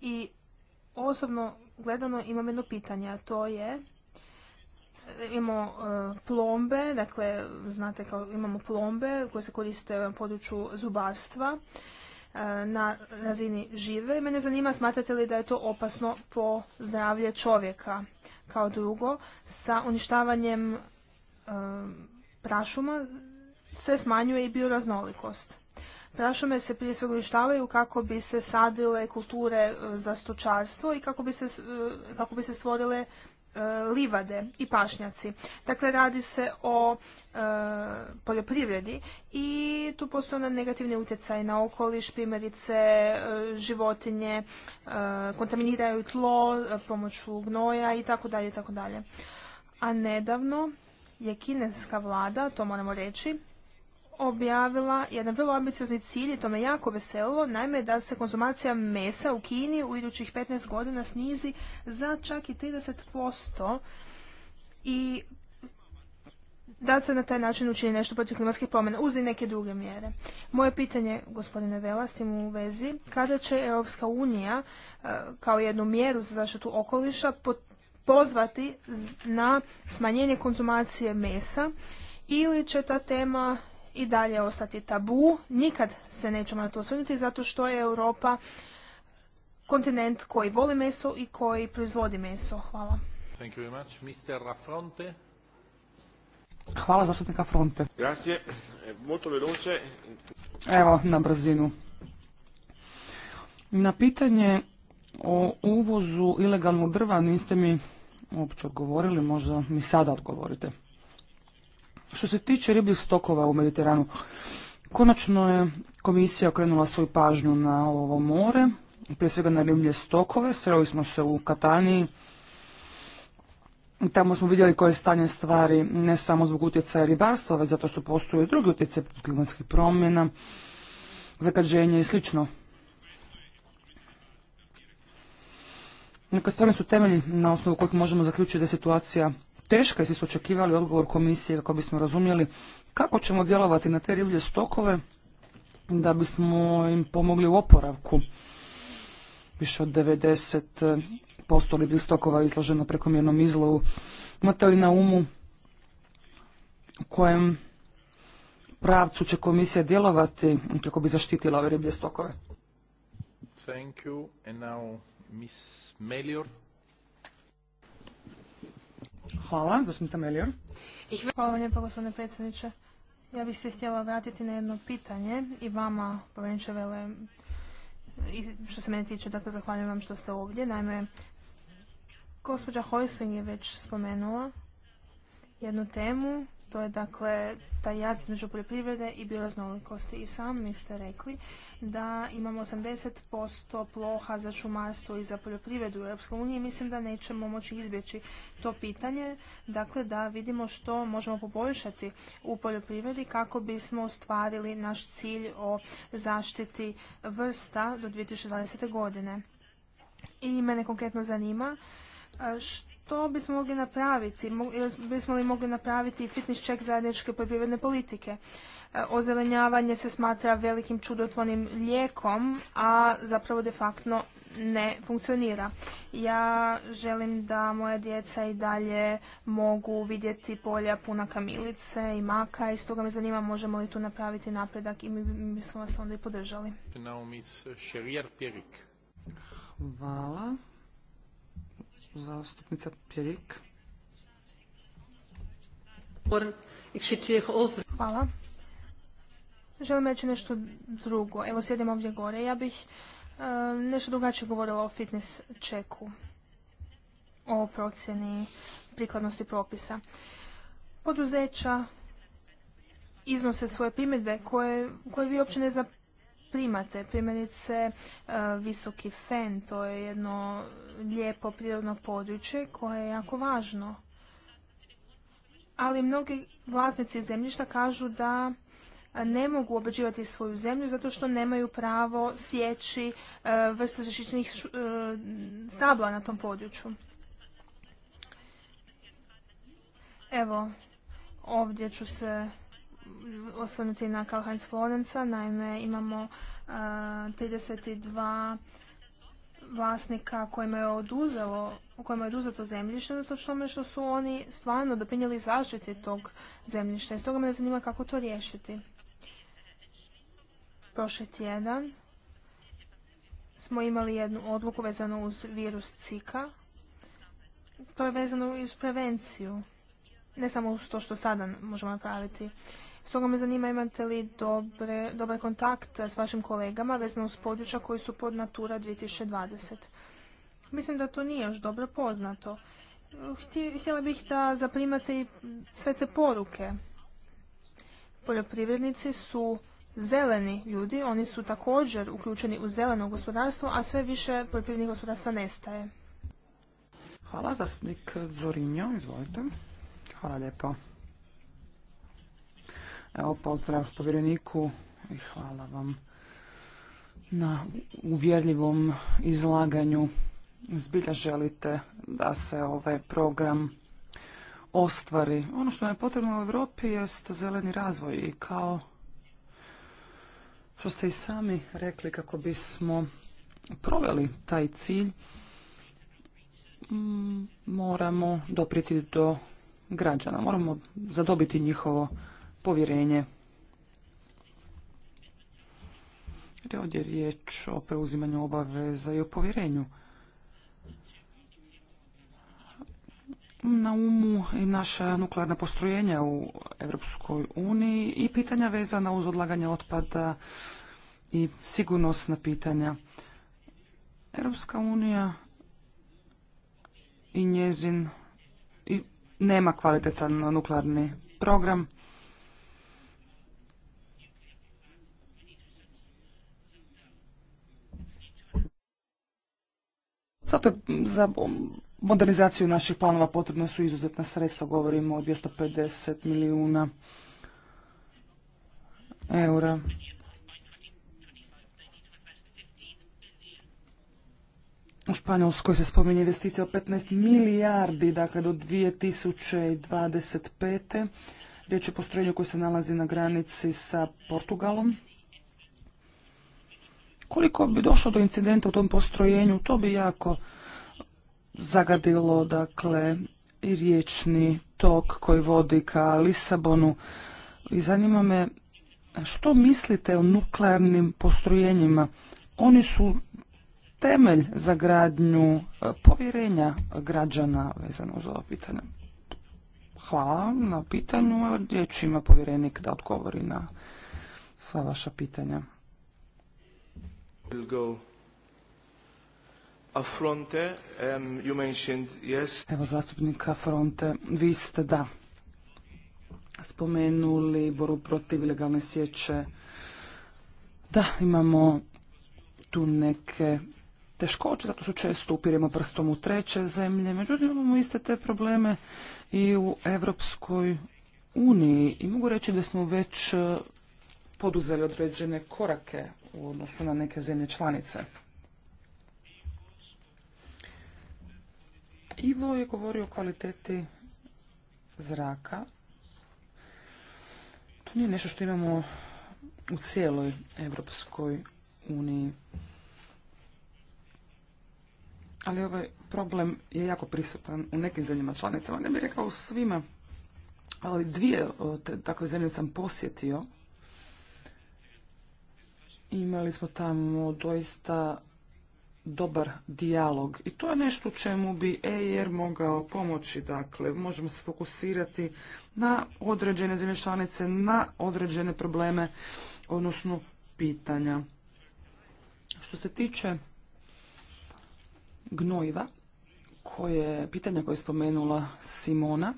i osobno gledano imam jedno pitanje, a to je imamo e, plombe, dakle znate kao imamo plombe koje se koriste u području zubarstva e, na razini žive. Mene zanima smatrate li da je to opasno po zdravlje čovjeka kao drugo sa uništavanjem e, prašuma se smanjuje i bioraznolikost. Prašume se prije svega uništavaju kako bi se sadile kulture za stočarstvo i kako bi se, kako bi se stvorile E, livade i pašnjaci. Dakle, radi se o e, poljoprivredi i tu postoje negativni utjecaj na okoliš, primjerice e, životinje, kontaminiraju tlo pomoću gnoja i tako dalje, tako dalje. A nedavno je kineska vlada, to moramo reći, objavila jedan vrlo ambiciozni cilj i to me jako veselilo, naime da se konzumacija mesa u Kini u idućih 15 godina snizi za čak i 30% i da se na taj način učini nešto protiv klimatskih promjena uz i neke druge mjere. Moje pitanje, gospodine Vela, s tim u vezi, kada će Europska unija e, kao jednu mjeru za zaštitu okoliša pozvati na smanjenje konzumacije mesa ili će ta tema i dalje ostati tabu. Nikad se nećemo na to osvrnuti zato što je Europa kontinent koji voli meso i koji proizvodi meso. Hvala. Hvala zastupnika Fronte. Evo, na brzinu. Na pitanje o uvozu ilegalnog drva niste mi uopće odgovorili, možda mi sada odgovorite. Što se tiče ribljih stokova u Mediteranu, konačno je komisija okrenula svoju pažnju na ovo more, prije svega na riblje stokove. Sreli smo se u Kataniji, Tamo smo vidjeli koje je stanje stvari, ne samo zbog utjecaja ribarstva, već zato što postoje i drugi utjecaj klimatskih promjena, zakađenje i slično. Neka stvarno su temelji na osnovu kojih možemo zaključiti da je situacija Teško je, su očekivali odgovor komisije kako bismo razumjeli kako ćemo djelovati na te riblje stokove da bismo im pomogli u oporavku. Više od 90% ribljih stokova izloženo prekomjernom izlovu. Imate li na umu u kojem pravcu će komisija djelovati kako bi zaštitila ove riblje stokove? Thank you. And now, Miss Melior. Hvala, Hvala gospodine predsjedniče. Ja bih se htjela vratiti na jedno pitanje i vama, povenče Vele, što se mene tiče, dakle, zahvaljujem vam što ste ovdje. Naime, gospođa Hojsling je već spomenula jednu temu to je dakle taj jaz između poljoprivrede i bioraznolikosti. I sami ste rekli da imamo 80% ploha za šumarstvo i za poljoprivredu u EU i mislim da nećemo moći izbjeći to pitanje. Dakle, da vidimo što možemo poboljšati u poljoprivredi kako bismo ostvarili naš cilj o zaštiti vrsta do 2020. godine. I mene konkretno zanima što to bismo mogli napraviti? Bismo li mogli napraviti fitness check zajedničke poljoprivredne politike? E, ozelenjavanje se smatra velikim čudotvornim lijekom, a zapravo de facto ne funkcionira. Ja želim da moja djeca i dalje mogu vidjeti polja puna kamilice i maka i stoga me zanima možemo li tu napraviti napredak i mi bismo vas onda i podržali. Eh, Hvala. Zastupnica Pjerik. Hvala. Želim reći nešto drugo. Evo sjedim ovdje gore. Ja bih e, nešto drugačije govorila o fitness čeku. O procjeni prikladnosti propisa. Poduzeća iznose svoje primjedbe koje, vi uopće ne, znate primate. Primjerice e, Visoki Fen, to je jedno lijepo prirodno područje koje je jako važno. Ali mnogi vlasnici zemljišta kažu da ne mogu obađivati svoju zemlju zato što nemaju pravo sjeći e, vrste zaštićenih e, stabla na tom području. Evo, ovdje ću se osvrnuti na Karl-Heinz Florenca. Naime, imamo 32 e, vlasnika kojima je oduzelo u kojima je oduzeto zemljište, zato tome što su oni stvarno doprinijeli zaštiti tog zemljišta. I stoga me zanima kako to riješiti. Prošli tjedan smo imali jednu odluku vezanu uz virus Cika. To je vezano uz prevenciju. Ne samo uz to što sada možemo napraviti. Stoga me zanima imate li dobre, dobar kontakt s vašim kolegama vezano uz područja koji su pod Natura 2020. Mislim da to nije još dobro poznato. Htjela bih da zaprimate i sve te poruke. Poljoprivrednici su zeleni ljudi, oni su također uključeni u zeleno gospodarstvo, a sve više poljoprivrednih gospodarstva nestaje. Hvala, zastupnik Zorinjo, izvolite. Hvala lijepo. Evo, pozdrav povjereniku i hvala vam na uvjerljivom izlaganju. Zbilja želite da se ovaj program ostvari. Ono što je potrebno u Europi jest zeleni razvoj i kao što ste i sami rekli kako bismo proveli taj cilj, mm, moramo doprijeti do građana, moramo zadobiti njihovo povjerenje. ovdje je riječ o preuzimanju obaveza i o povjerenju. Na umu i naša nuklearna postrojenja u Europskoj uniji i pitanja vezana uz odlaganje otpada i sigurnosna pitanja. Europska unija i njezin nema kvalitetan nuklearni program. Zato je za modernizaciju naših planova potrebna su izuzetna sredstva, govorimo o 250 milijuna eura. U Španjolskoj se spominje investicija o 15 milijardi, dakle do 2025. Riječ je o postrojenju koje se nalazi na granici sa Portugalom. Koliko bi došlo do incidenta u tom postrojenju, to bi jako zagadilo, dakle, i riječni tok koji vodi ka Lisabonu. I zanima me što mislite o nuklearnim postrojenjima? Oni su temelj za gradnju e, povjerenja građana vezano za ovo pitanje. Hvala na pitanju. Riječ ima povjerenik da odgovori na sva vaša pitanja will go um, Evo zastupnika Fronte, vi ste da spomenuli boru protiv ilegalne sječe. Da, imamo tu neke teškoće, zato što često upiremo prstom u treće zemlje. Međutim, imamo iste te probleme i u Evropskoj uniji. I mogu reći da smo već poduzeli određene korake u odnosu na neke zemlje članice. Ivo je govorio o kvaliteti zraka. To nije nešto što imamo u cijeloj Evropskoj uniji. Ali ovaj problem je jako prisutan u nekim zemljama članicama. Ne bih rekao svima, ali dvije takve zemlje sam posjetio Imali smo tamo doista dobar dijalog i to je nešto čemu bi EIR mogao pomoći. Dakle, možemo se fokusirati na određene zemlje članice, na određene probleme, odnosno pitanja. Što se tiče gnojiva, koje, pitanja koje je spomenula Simona,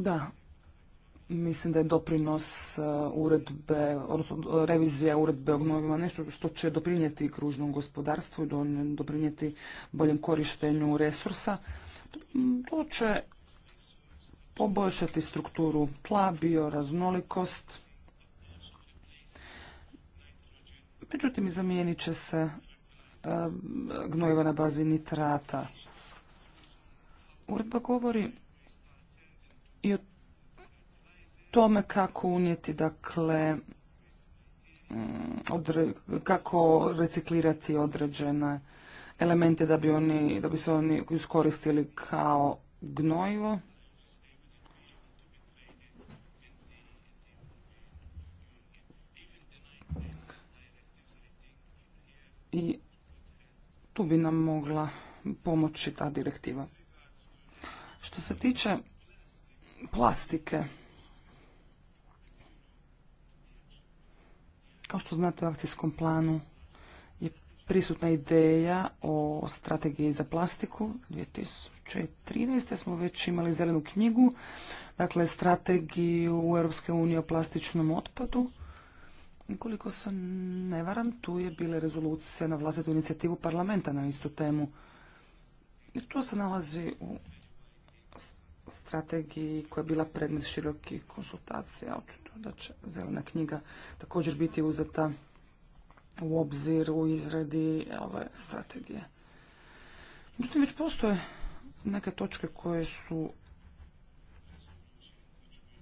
Da, mislim da je doprinos e, uredbe, odnosno e, revizija uredbe o gnojivima nešto što će doprinijeti kružnom gospodarstvu i doprinijeti boljem korištenju resursa. To će poboljšati strukturu tla, bioraznolikost. Međutim, i zamijenit će se e, gnojiva na bazi nitrata. Uredba govori i o tome kako unijeti, dakle, mm, kako reciklirati određene elemente da bi, oni, da bi se oni iskoristili kao gnojivo. I tu bi nam mogla pomoći ta direktiva. Što se tiče plastike. Kao što znate u akcijskom planu je prisutna ideja o strategiji za plastiku. 2013. smo već imali zelenu knjigu, dakle strategiju Europske unije o plastičnom otpadu. Nikoliko se ne varam, tu je bile rezolucije na vlastitu inicijativu parlamenta na istu temu. I to se nalazi u strategiji koja je bila predmet širokih konsultacija. Očito da će zelena knjiga također biti uzeta u obzir u izradi ove strategije. Međutim, već postoje neke točke koje su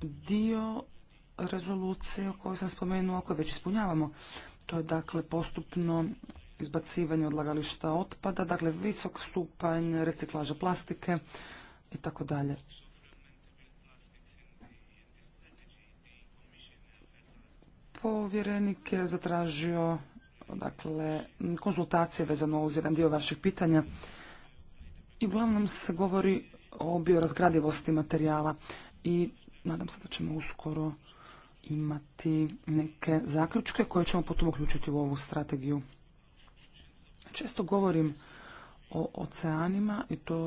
dio rezolucije o kojoj sam spomenuo, koje već ispunjavamo. To je dakle postupno izbacivanje odlagališta otpada, dakle visok stupanj reciklaža plastike, i tako dalje. Povjerenik je zatražio dakle, konzultacije vezano uz jedan dio vaših pitanja i uglavnom se govori o biorazgradivosti materijala i nadam se da ćemo uskoro imati neke zaključke koje ćemo potom uključiti u ovu strategiju. Često govorim o oceanima i to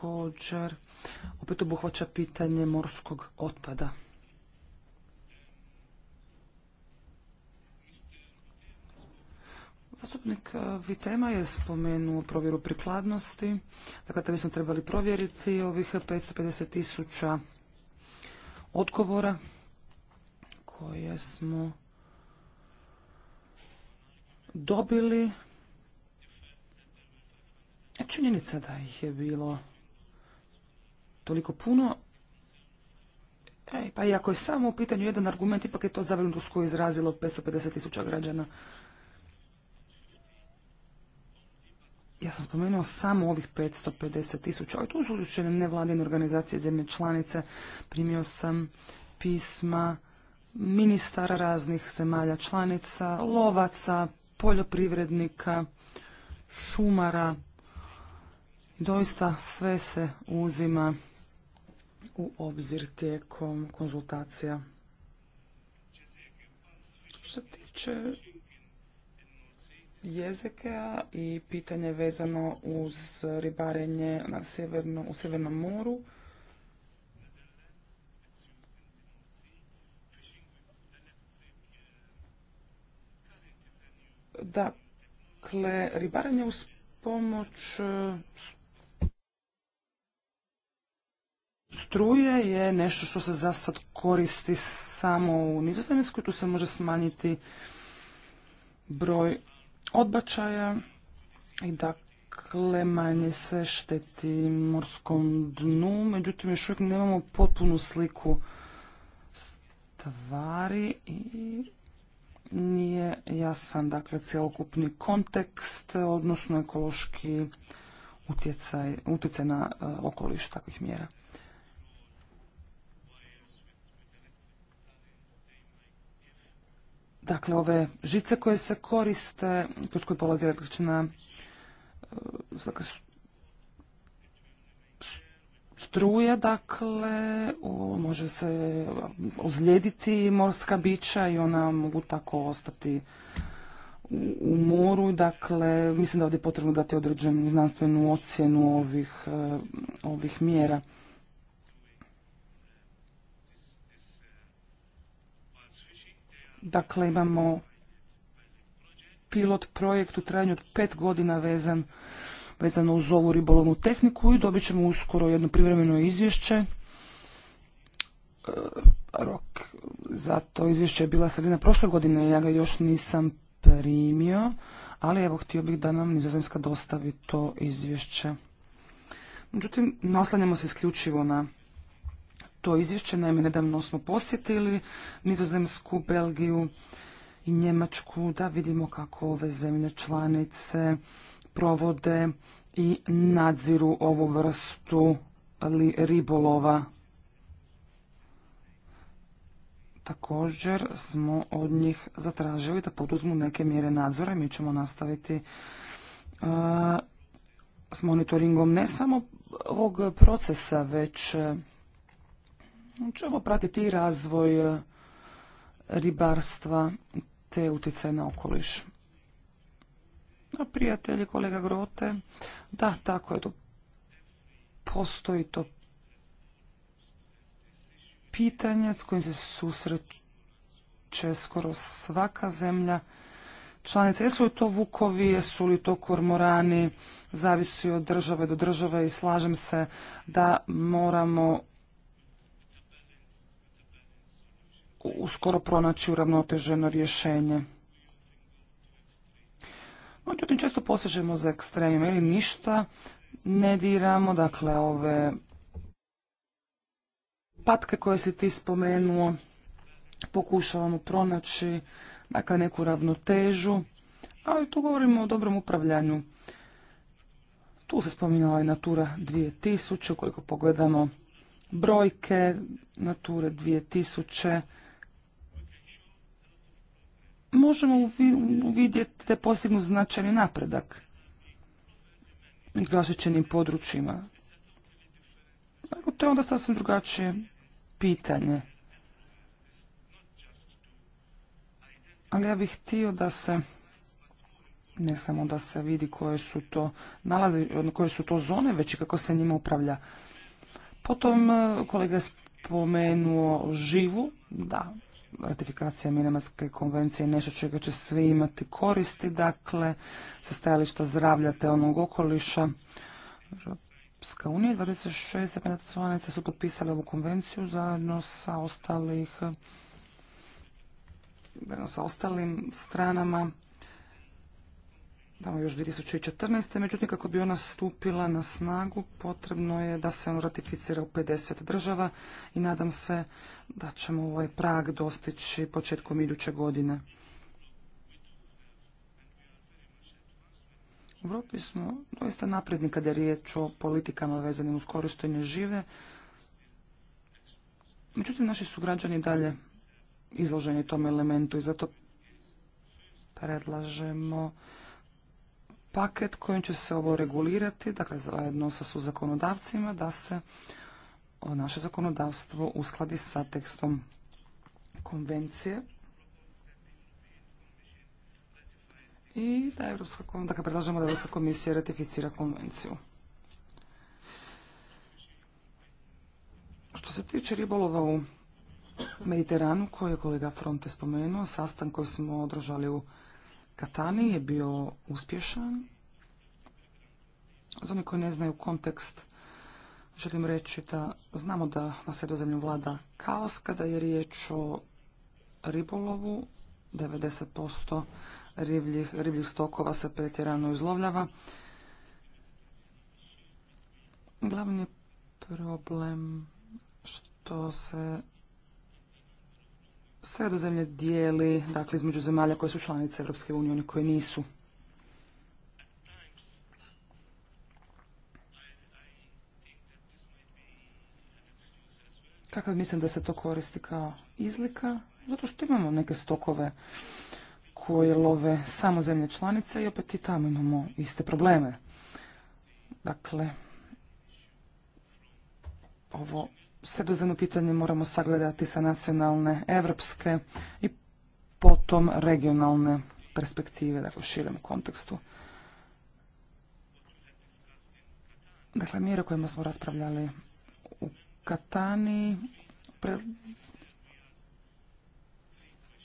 također opet obuhvaća pitanje morskog otpada. Zastupnik Vitema je spomenuo provjeru prikladnosti. Dakle, da bismo trebali provjeriti ovih 550 tisuća odgovora koje smo dobili. Činjenica da ih je bilo toliko puno. E, pa pa ako je samo u pitanju jedan argument, ipak je to zabrinutost koju je izrazilo 550 tisuća građana. Ja sam spomenuo samo ovih 550 tisuća, ali tu su uključene nevladine organizacije zemlje članice. Primio sam pisma ministara raznih zemalja članica, lovaca, poljoprivrednika, šumara. Doista sve se uzima u obzir tijekom konzultacija. Što se tiče jezika i pitanje vezano uz ribarenje na sjeverno, u Sjevernom moru, Dakle, ribarenje uz pomoć struje je nešto što se za sad koristi samo u Nizozemskoj. Tu se može smanjiti broj odbačaja i dakle manje se šteti morskom dnu. Međutim, još uvijek nemamo potpunu sliku stvari i nije jasan dakle cjelokupni kontekst, odnosno ekološki utjecaj, utjecaj na e, okoliš takvih mjera. Dakle, ove žice koje se koriste, kroz koje polazi električna e, struja, dakle, može se ozlijediti morska bića i ona mogu tako ostati u moru. Dakle, mislim da ovdje je potrebno dati određenu znanstvenu ocjenu ovih e, mjera. Dakle, imamo pilot projekt u trajanju od pet godina vezan vezano uz ovu ribolovnu tehniku i dobit ćemo uskoro jedno privremeno izvješće. E, rok za to izvješće je bila sredina prošle godine, ja ga još nisam primio, ali evo htio bih da nam Nizozemska dostavi to izvješće. Međutim, naslanjamo se isključivo na to izvješće. Naime, nedavno smo posjetili Nizozemsku, Belgiju i Njemačku da vidimo kako ove zemlje članice provode i nadziru ovu vrstu ribolova. Također smo od njih zatražili da poduzmu neke mjere nadzora. Mi ćemo nastaviti e, s monitoringom ne samo ovog procesa, već ćemo pratiti i razvoj e, ribarstva te utjecaj na okoliš. A prijatelji, kolega Grote, da, tako je, to postoji to pitanje s kojim se susreće skoro svaka zemlja članice. Jesu li to vukovi, jesu li to kormorani, zavisi od države do države i slažem se da moramo uskoro pronaći uravnoteženo rješenje. Međutim, često posežemo za ekstremima ili ništa ne diramo, dakle ove patke koje si ti spomenuo, pokušavamo pronaći dakle, neku ravnotežu, ali tu govorimo o dobrom upravljanju. Tu se spominjala i Natura 2000, koliko pogledamo brojke Nature 2000, možemo vidjeti da je postignut značajni napredak u zaštićenim područjima. to je onda sasvim drugačije pitanje. Ali ja bih htio da se ne samo da se vidi koje su to nalazi, koje su to zone, već i kako se njima upravlja. Potom e, kolega je spomenuo živu, da, ratifikacija Minamatske konvencije nešto čega će svi imati koristi, dakle, sa stajališta zdravlja te onog okoliša. Europska unija, 26 članica su potpisale ovu konvenciju zajedno sa ostalih zajedno sa ostalim stranama tamo još 2014. Međutim, kako bi ona stupila na snagu, potrebno je da se on ratificira u 50 država i nadam se da ćemo ovaj prag dostići početkom iduće godine. U Europi smo doista napredni kada je riječ o politikama vezanim uz korištenje žive. Međutim, naši su građani dalje izloženi tom elementu i zato predlažemo paket kojim će se ovo regulirati, dakle zajedno sa suzakonodavcima, da se naše zakonodavstvo uskladi sa tekstom konvencije i da Evropska, dakle predlažemo da Europska komisija ratificira konvenciju. Što se tiče ribolova u Mediteranu, koji je kolega Fronte spomenuo, sastan koji smo održali u Katani je bio uspješan. Za one koji ne znaju kontekst, želim reći da znamo da na sredozemlju vlada kaos kada je riječ o ribolovu. 90% ribljih, ribljih stokova se pretjerano izlovljava. Glavni problem što se sredozemlje dijeli dakle, između zemalja koje su članice Europske unije, one koje nisu. Kakav mislim da se to koristi kao izlika? Zato što imamo neke stokove koje love samo zemlje članice i opet i tamo imamo iste probleme. Dakle, ovo sredozemno pitanje moramo sagledati sa nacionalne, evropske i potom regionalne perspektive, dakle u širem kontekstu. Dakle, mjere kojima smo raspravljali u Katani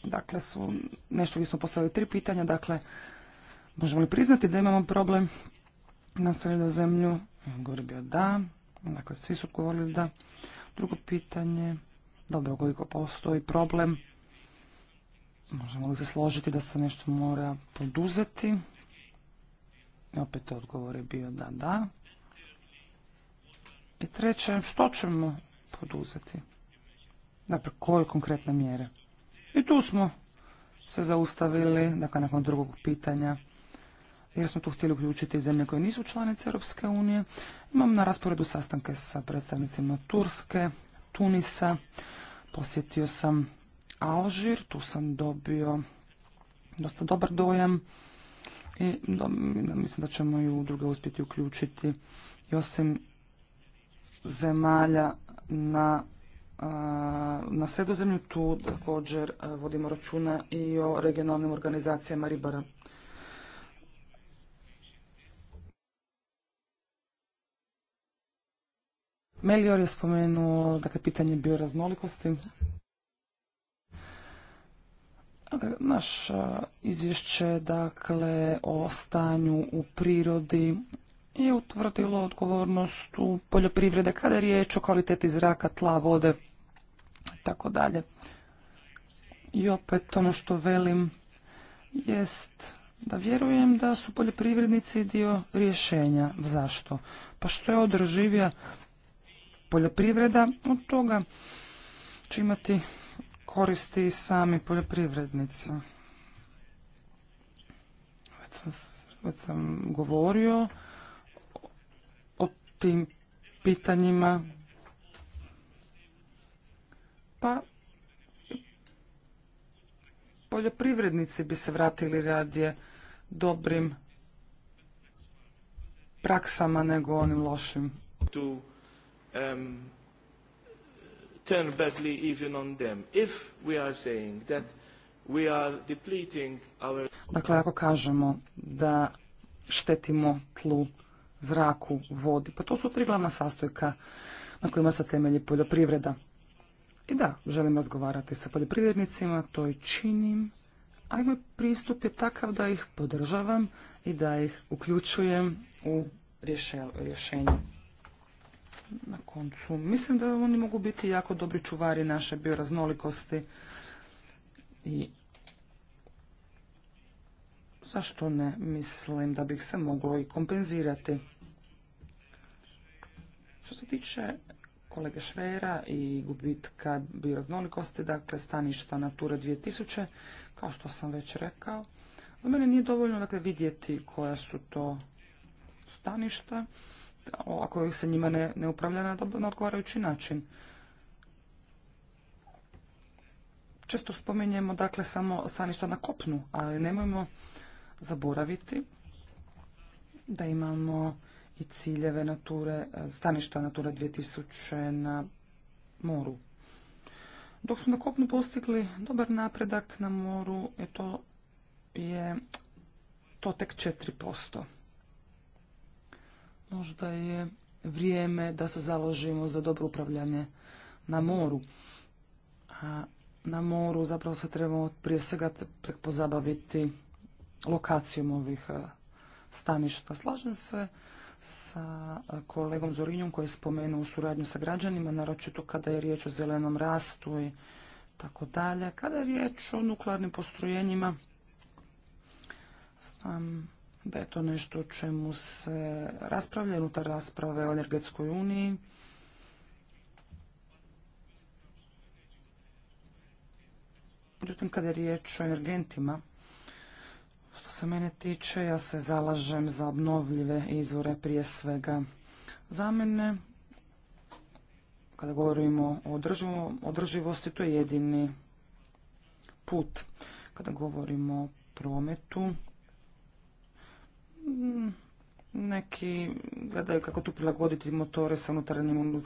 dakle su nešto gdje smo postavili tri pitanja, dakle možemo li priznati da imamo problem na sredozemlju? Govori bio da, dakle svi su govorili da. Drugo pitanje, dobro, ukoliko postoji problem, možemo li se složiti da se nešto mora poduzeti? I opet odgovor je bio da da. I treće, što ćemo poduzeti? Dakle, koje konkretne mjere? I tu smo se zaustavili, dakle, nakon drugog pitanja, jer smo tu htjeli uključiti zemlje koje nisu članice Europske unije, imam na rasporedu sastanke sa predstavnicima Turske, Tunisa, posjetio sam Alžir, tu sam dobio dosta dobar dojam i mislim da ćemo i u druge uspjeti uključiti. I osim zemalja na, na sredozemlju tu također vodimo računa i o regionalnim organizacijama ribara. Melior je spomenuo dakle, pitanje bioraznolikosti. Dakle, naš izvješće dakle, o stanju u prirodi je utvrdilo odgovornost u poljoprivrede kada je riječ o kvaliteti zraka, tla, vode tako dalje. I opet ono što velim jest da vjerujem da su poljoprivrednici dio rješenja. Zašto? Pa što je održivija poljoprivreda, od toga će imati koristi i sami poljoprivrednici. Već sam, već sam govorio o tim pitanjima. Pa poljoprivrednici bi se vratili radije dobrim praksama nego onim lošim. Tu Um, turn badly even on them. If we are saying that we are depleting Dakle, ako kažemo da štetimo tlu, zraku, vodi, pa to su tri glavna sastojka na kojima se temelji poljoprivreda. I da, želim razgovarati sa poljoprivrednicima, to i činim, a moj pristup je takav da ih podržavam i da ih uključujem u rješenje na koncu. Mislim da oni mogu biti jako dobri čuvari naše bioraznolikosti i zašto ne mislim da bih se moglo i kompenzirati. Što se tiče kolege Švera i gubitka bioraznolikosti, dakle staništa Natura 2000, kao što sam već rekao, za mene nije dovoljno dakle, vidjeti koja su to staništa, ako se njima ne, ne upravlja na, odgovarajući način. Često spominjemo dakle samo staništa na kopnu, ali nemojmo zaboraviti da imamo i ciljeve nature, staništa Natura 2000 na moru. Dok smo na kopnu postigli dobar napredak na moru, je to, je to tek 4%. Možda je vrijeme da se založimo za dobro upravljanje na moru. A na moru zapravo se trebamo prije svega pozabaviti lokacijom ovih e, staništa. Slažem se sa e, kolegom Zorinjom koji je spomenuo suradnju sa građanima, naročito kada je riječ o zelenom rastu i tako dalje. Kada je riječ o nuklearnim postrojenjima, sam da je to nešto o čemu se raspravlja unutar rasprave o energetskoj uniji. Međutim, kada je riječ o energentima, što se mene tiče, ja se zalažem za obnovljive izvore prije svega. Za mene, kada govorimo o održivosti, to je jedini put. Kada govorimo o prometu, Mm, neki gledaju kako tu prilagoditi motore sa unutarnjim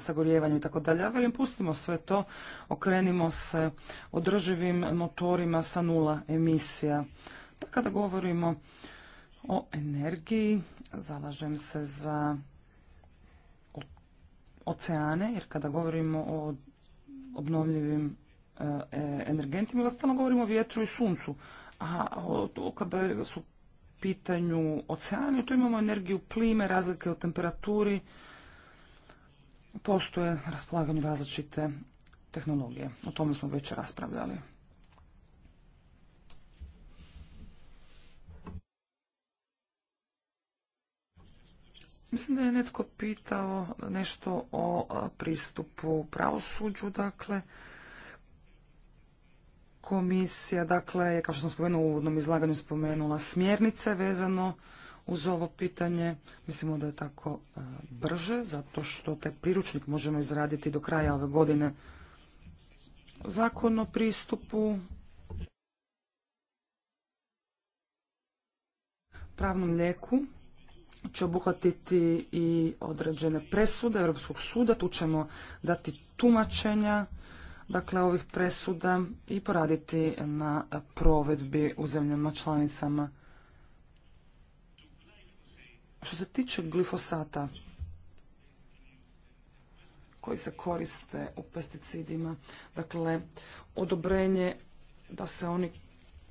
sagorjevanjem i tako dalje. Ja velim, pustimo sve to, okrenimo se održivim motorima sa nula emisija. Pa kada govorimo o energiji, zalažem se za oceane, jer kada govorimo o obnovljivim e, e, energentima, stalno govorimo o vjetru i suncu. A kada su pitanju oceani, tu imamo energiju plime, razlike u temperaturi, postoje raspolaganje različite tehnologije. O tome smo već raspravljali. Mislim da je netko pitao nešto o pristupu pravosuđu, dakle, Komisija, dakle, kao što sam spomenula u uvodnom izlaganju, spomenula smjernice vezano uz ovo pitanje. Mislimo da je tako e, brže, zato što taj priručnik možemo izraditi do kraja ove godine. Zakon o pristupu pravnom lijeku će obuhvatiti i određene presude Europskog suda. Tu ćemo dati tumačenja dakle ovih presuda i poraditi na provedbi u zemljama članicama. Što se tiče glifosata koji se koriste u pesticidima, dakle odobrenje da se oni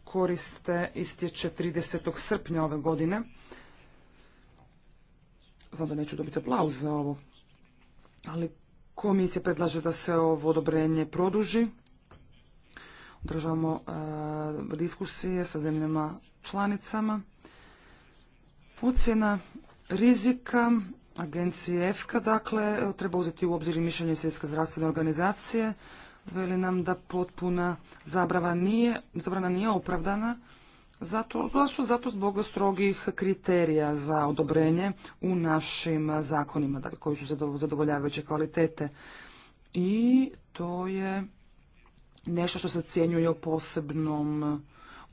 koriste istječe 30. srpnja ove godine. Znam da neću dobiti aplauz za ovo, ali Komisija predlaže da se ovo odobrenje produži. Održavamo e, diskusije sa zemljama članicama. Ocjena rizika agencije EFKA, dakle, treba uzeti u obzir i mišljenje Svjetske zdravstvene organizacije. Veli nam da potpuna zabrava nije, zabrana nije opravdana zato, zašto? Zato zbog strogih kriterija za odobrenje u našim zakonima, dakle, koji su zadovoljavajuće kvalitete. I to je nešto što se ocjenjuje o posebnom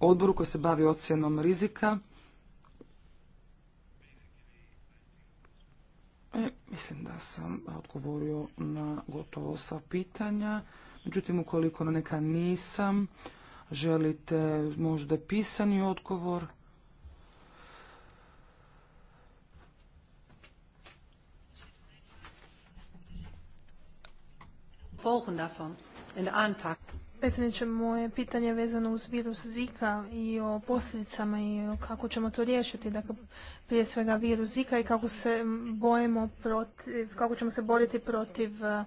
odboru koji se bavi ocjenom rizika. E, mislim da sam odgovorio na gotovo sva pitanja. Međutim, ukoliko na neka nisam, Želite možda pisani odgovor? Predsjedniče, moje pitanje je vezano uz virus Zika i o posljedicama i kako ćemo to riješiti. Dakle, prije svega virus Zika i kako se bojimo kako ćemo se boriti protiv eh,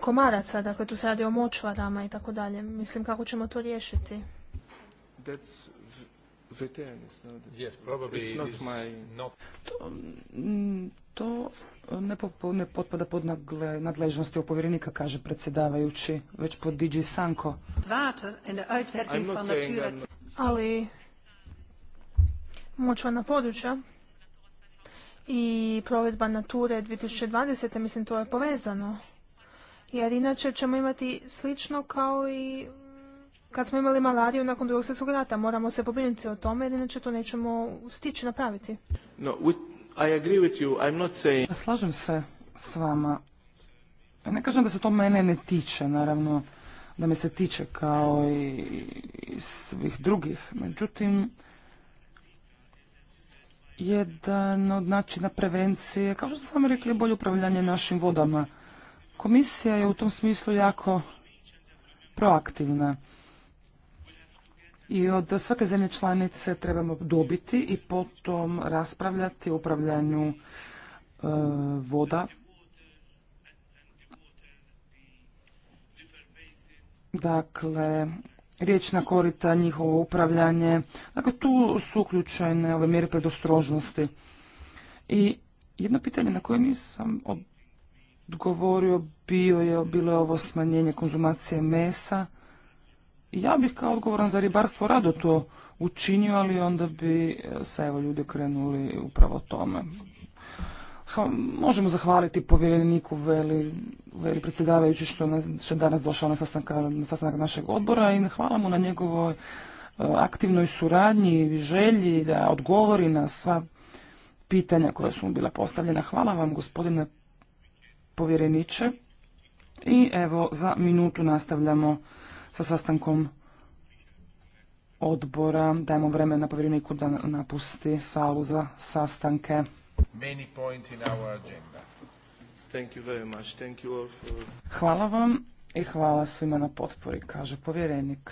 komaraca, dakle tu se radi o močvarama i tako dalje. Mislim kako ćemo to riješiti. to ne potpada pod nadležnosti u povjerenika, kaže predsjedavajući, već pod DG Sanko. Ali močvana područja i provedba Nature 2020. mislim to je povezano jer inače ćemo imati slično kao i kad smo imali malariju nakon drugog svjetskog rata. Moramo se pobrinuti o tome jer inače to nećemo stići napraviti. Slažem se s vama. Ne kažem da se to mene ne tiče, naravno da me se tiče kao i, svih drugih. Međutim, jedan od načina prevencije, kao što sam rekli, bolje upravljanje našim vodama. Komisija je u tom smislu jako proaktivna. I od svake zemlje članice trebamo dobiti i potom raspravljati o upravljanju e, voda. Dakle, riječna korita, njihovo upravljanje. Dakle, tu su uključene ove mjere predostrožnosti. I jedno pitanje na koje nisam od govorio bio je, bilo je ovo smanjenje konzumacije mesa. Ja bih kao odgovoran za ribarstvo rado to učinio, ali onda bi se evo ljudi krenuli upravo tome. Ha, možemo zahvaliti povjereniku Veli, Veli predsjedavajući što je danas došao na sastanak, na sastanak našeg odbora i hvala mu na njegovoj e, aktivnoj suradnji i želji da odgovori na sva pitanja koja su mu bila postavljena. Hvala vam gospodine povjereniče. I evo, za minutu nastavljamo sa sastankom odbora. Dajemo na povjereniku da napusti salu za sastanke. Hvala vam i hvala svima na potpori, kaže povjerenik.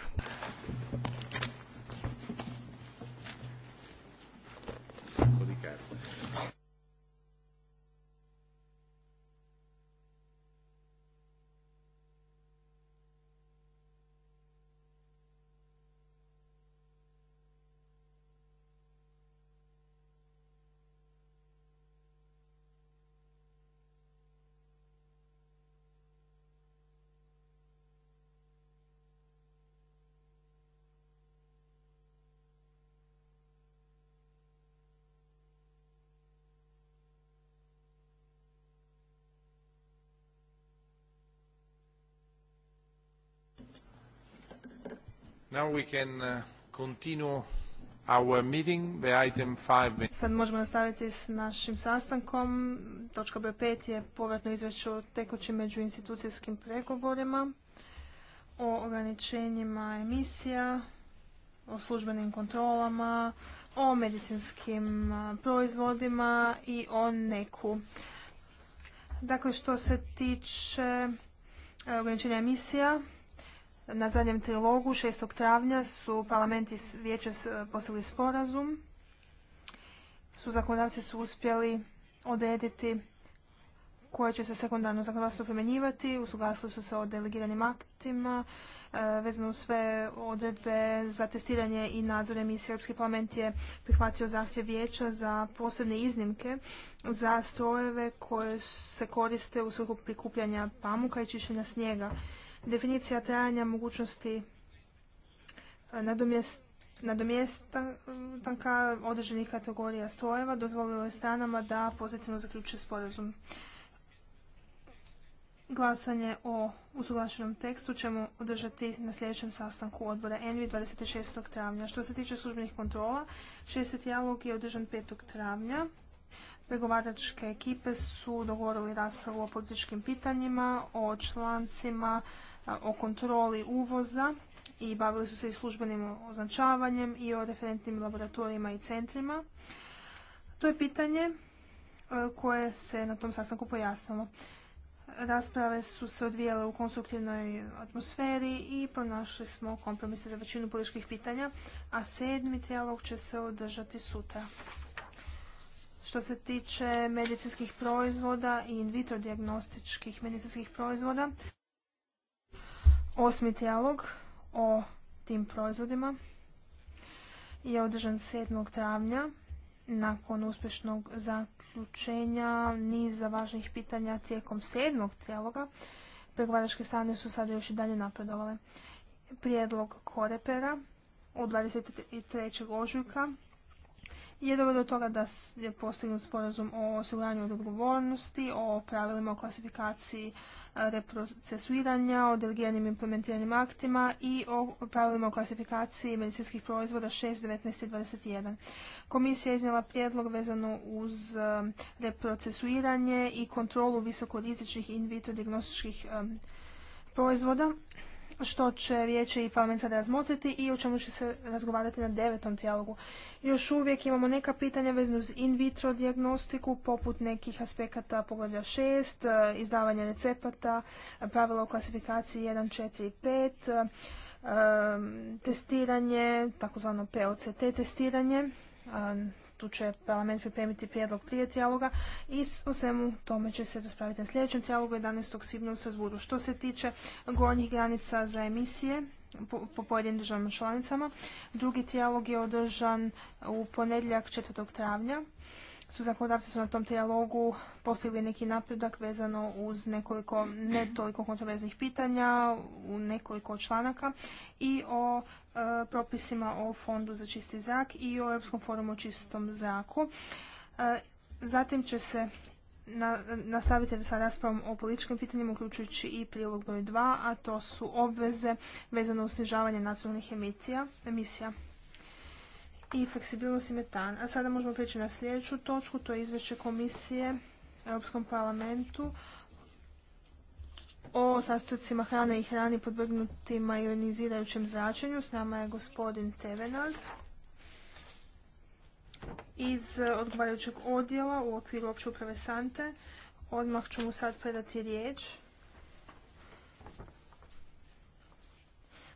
Sad možemo nastaviti s našim sastankom. Točka B5 je povratno izvješće o tekućim međuinstitucijskim pregovorima, o ograničenjima emisija, o službenim kontrolama, o medicinskim proizvodima i o neku. Dakle, što se tiče e, ograničenja emisija, na zadnjem trilogu 6. travnja su parlament i vijeće poslali sporazum. Su zakonodavci su uspjeli odrediti koje će se sekundarno zakonodavstvo primjenjivati, usuglasili su se o delegiranim aktima, e, vezano u sve odredbe za testiranje i nadzor emisije. Europski parlament je prihvatio zahtjev vijeća za posebne iznimke za strojeve koje se koriste u svrhu prikupljanja pamuka i čišćenja snijega definicija trajanja mogućnosti eh, nadomjestanka određenih kategorija strojeva dozvolilo je stranama da pozitivno zaključe sporazum. Glasanje o usuglašenom tekstu ćemo održati na sljedećem sastanku odbora ENVI 26. travnja. Što se tiče službenih kontrola, šest dijalog je održan 5. travnja. Pregovaračke ekipe su dogovorili raspravu o političkim pitanjima, o člancima o kontroli uvoza i bavili su se i službenim označavanjem i o referentnim laboratorijima i centrima. To je pitanje e, koje se na tom sastanku pojasnilo. Rasprave su se odvijale u konstruktivnoj atmosferi i pronašli smo kompromise za većinu političkih pitanja, a sedmi trijalog će se održati sutra. Što se tiče medicinskih proizvoda i in vitro diagnostičkih medicinskih proizvoda, Osmi dijalog o tim proizvodima je održan 7. travnja nakon uspješnog zaključenja niza važnih pitanja tijekom sedmog trijaloga, pregovaračke strane su sada još i dalje napredovale. Prijedlog Korepera od 23. ožujka je dobro do toga da je postignut sporazum o osiguranju odgovornosti, o pravilima o klasifikaciji reprocesuiranja, o delegiranim implementiranim aktima i o pravilima o klasifikaciji medicinskih proizvoda 6, i Komisija je iznijela prijedlog vezano uz um, reprocesuiranje i kontrolu visokorizičnih in vitro diagnostičkih um, proizvoda što će vijeće i parlament sada razmotriti i o čemu će se razgovarati na devetom dijalogu Još uvijek imamo neka pitanja veznu uz in vitro diagnostiku, poput nekih aspekata poglavlja šest, e, izdavanje recepata, pravila o klasifikaciji 1, 4 i 5, e, testiranje, takozvano POCT testiranje, tu će parlament pripremiti prijedlog prije trijaloga i o svemu tome će se raspraviti na sljedećem trijalogu 11. svibnja u Sazbudu. Što se tiče gornjih granica za emisije, po pojedinim državama članicama. Drugi trijalog je održan u ponedjeljak 4. travnja su zakonodavci su na tom trijalogu postigli neki napredak vezano uz nekoliko ne toliko kontroverznih pitanja u nekoliko članaka i o e, propisima o Fondu za čisti zrak i o Europskom forumu o čistom zraku. E, zatim će se nastaviti sa raspravom o političkim pitanjima, uključujući i prilog broj 2, a to su obveze vezano uz snižavanje nacionalnih emisija. emisija i fleksibilnost i metan. A sada možemo prijeći na sljedeću točku, to je izvješće komisije Europskom parlamentu o sastojcima hrane i hrani podvrgnutima ionizirajućem zračenju. S nama je gospodin Tevenard iz odgovarajućeg odjela u okviru opće uprave Sante. Odmah ću mu sad predati riječ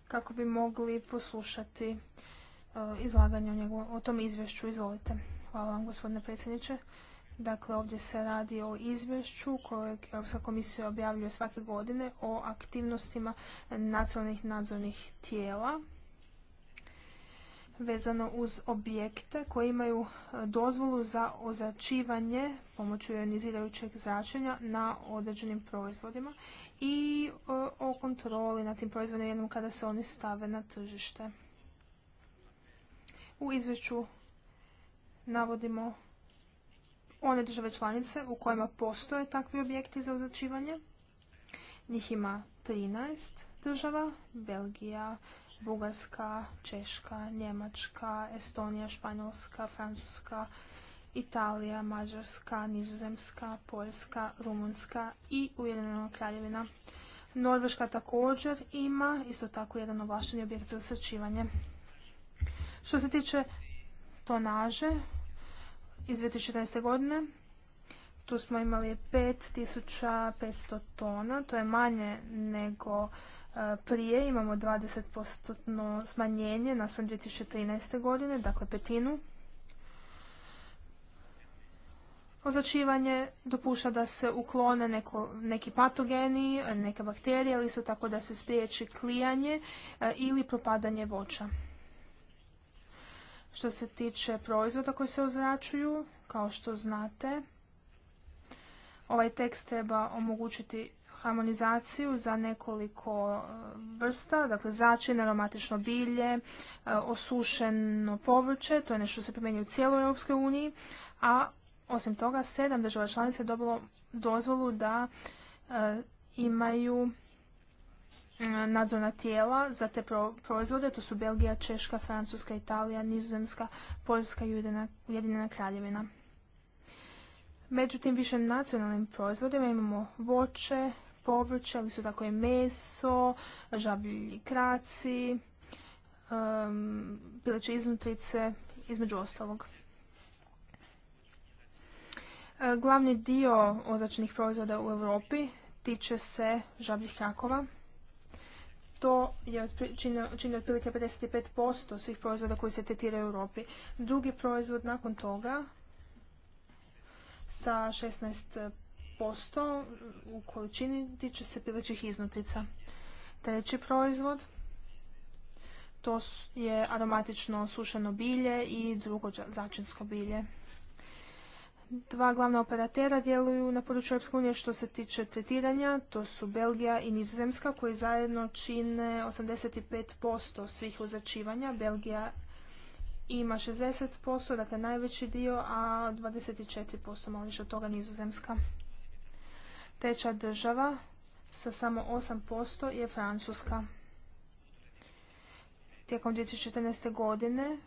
kako bi mogli poslušati E, izlaganje o, o tom izvješću. Izvolite. Hvala vam gospodine predsjedniče. Dakle, ovdje se radi o izvješću kojeg Europska komisija objavljuje svake godine o aktivnostima nacionalnih nadzornih tijela vezano uz objekte koji imaju e, dozvolu za ozračivanje pomoću ionizirajućeg zračenja na određenim proizvodima i e, o kontroli na tim proizvodima jednom kada se oni stave na tržište. U izvješću navodimo one države članice u kojima postoje takvi objekti za označivanje. Njih ima 13 država, Belgija, Bugarska, Češka, Njemačka, Estonija, Španjolska, Francuska, Italija, Mađarska, Nizozemska, Poljska, Rumunska i Ujedinjena kraljevina. Norveška također ima isto tako jedan ovlašteni objekt za osjećivanje što se tiče tonaže iz 2014. godine, tu smo imali 5500 tona, to je manje nego e, prije, imamo 20% smanjenje naspram 2013. godine, dakle petinu. Označivanje dopušta da se uklone neki patogeni, neke bakterije, ali su tako da se spriječi klijanje e, ili propadanje voća. Što se tiče proizvoda koji se ozračuju, kao što znate, ovaj tekst treba omogućiti harmonizaciju za nekoliko e, vrsta, dakle začin, aromatično bilje, e, osušeno povrće, to je nešto što se primjenjuje u cijeloj Europskoj uniji, a osim toga sedam država članica je dobilo dozvolu da e, imaju Mm, nadzorna tijela za te proizvode, to su Belgija, Češka, Francuska, Italija, Nizozemska, Poljska i Ujedinjena Kraljevina. Međutim, više nacionalnim proizvodima imamo voće, povrće, ali su tako i meso, žablji kraci, um, pileće iznutrice, između ostalog. E, glavni dio označenih proizvoda u Europi tiče se žabljih krakova to je čini otprilike 55% svih proizvoda koji se tetiraju u Europi. Drugi proizvod nakon toga sa 16% u količini tiče se pilećih iznutrica. Treći proizvod to je aromatično sušeno bilje i drugo začinsko bilje dva glavna operatera djeluju na području Europske unije što se tiče tretiranja, to su Belgija i Nizozemska koji zajedno čine 85% svih uzačivanja. Belgija ima 60%, dakle najveći dio, a 24% malo više od toga Nizozemska. Treća država sa samo 8% je Francuska. Tijekom 2014. godine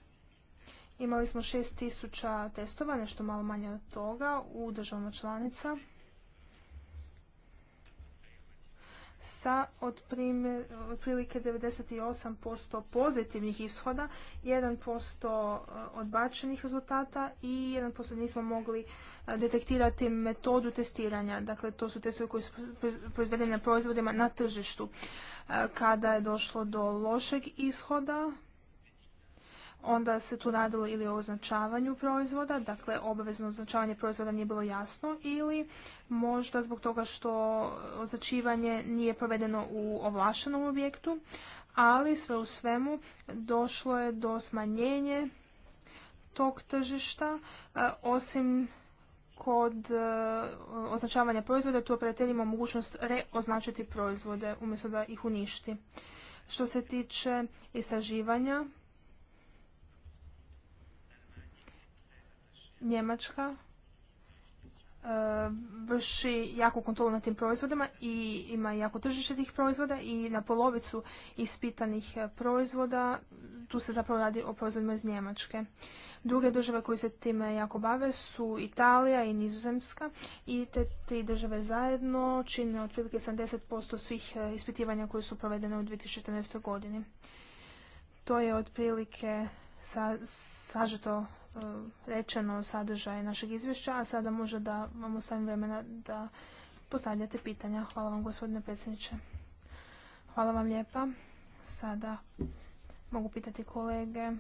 Imali smo 6000 testova, nešto malo manje od toga, u državama članica. Sa otprilike 98% pozitivnih ishoda, 1% eh, odbačenih rezultata i 1% nismo mogli eh, detektirati metodu testiranja. Dakle, to su testovi koji su proizvedeni na proizvodima na tržištu. Eh, kada je došlo do lošeg ishoda, onda se tu radilo ili o označavanju proizvoda, dakle obavezno označavanje proizvoda nije bilo jasno ili možda zbog toga što označivanje nije provedeno u ovlašenom objektu, ali sve u svemu došlo je do smanjenje tog tržišta, e, osim kod e, označavanja proizvoda tu operateljima mogućnost reoznačiti proizvode umjesto da ih uništi. Što se tiče istraživanja, Njemačka e, vrši jako kontrolu na tim proizvodima i ima jako tržište tih proizvoda i na polovicu ispitanih e, proizvoda tu se zapravo radi o proizvodima iz Njemačke. Druge države koje se time jako bave su Italija i Nizozemska i te tri države zajedno čine otprilike 70% svih e, ispitivanja koje su provedene u 2014. godini. To je otprilike sa, sažeto E, rečeno sadržaj našeg izvješća, a sada možda da vam ostavim vremena da postavljate pitanja. Hvala vam gospodine predsjedniče. Hvala vam lijepa. Sada mogu pitati kolege.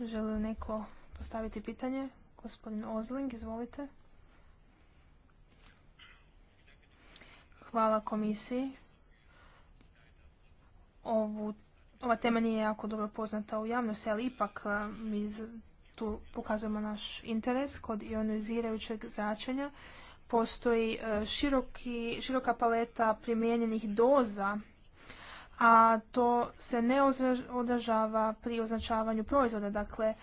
Želi li neko postaviti pitanje? Gospodin Ozling, izvolite. Hvala komisiji. ova tema nije jako dobro poznata u javnosti, ali ipak e, mi tu pokazujemo naš interes kod ionizirajućeg zračenja. Postoji e, široki, široka paleta primijenjenih doza, a to se ne odražava pri označavanju proizvoda, dakle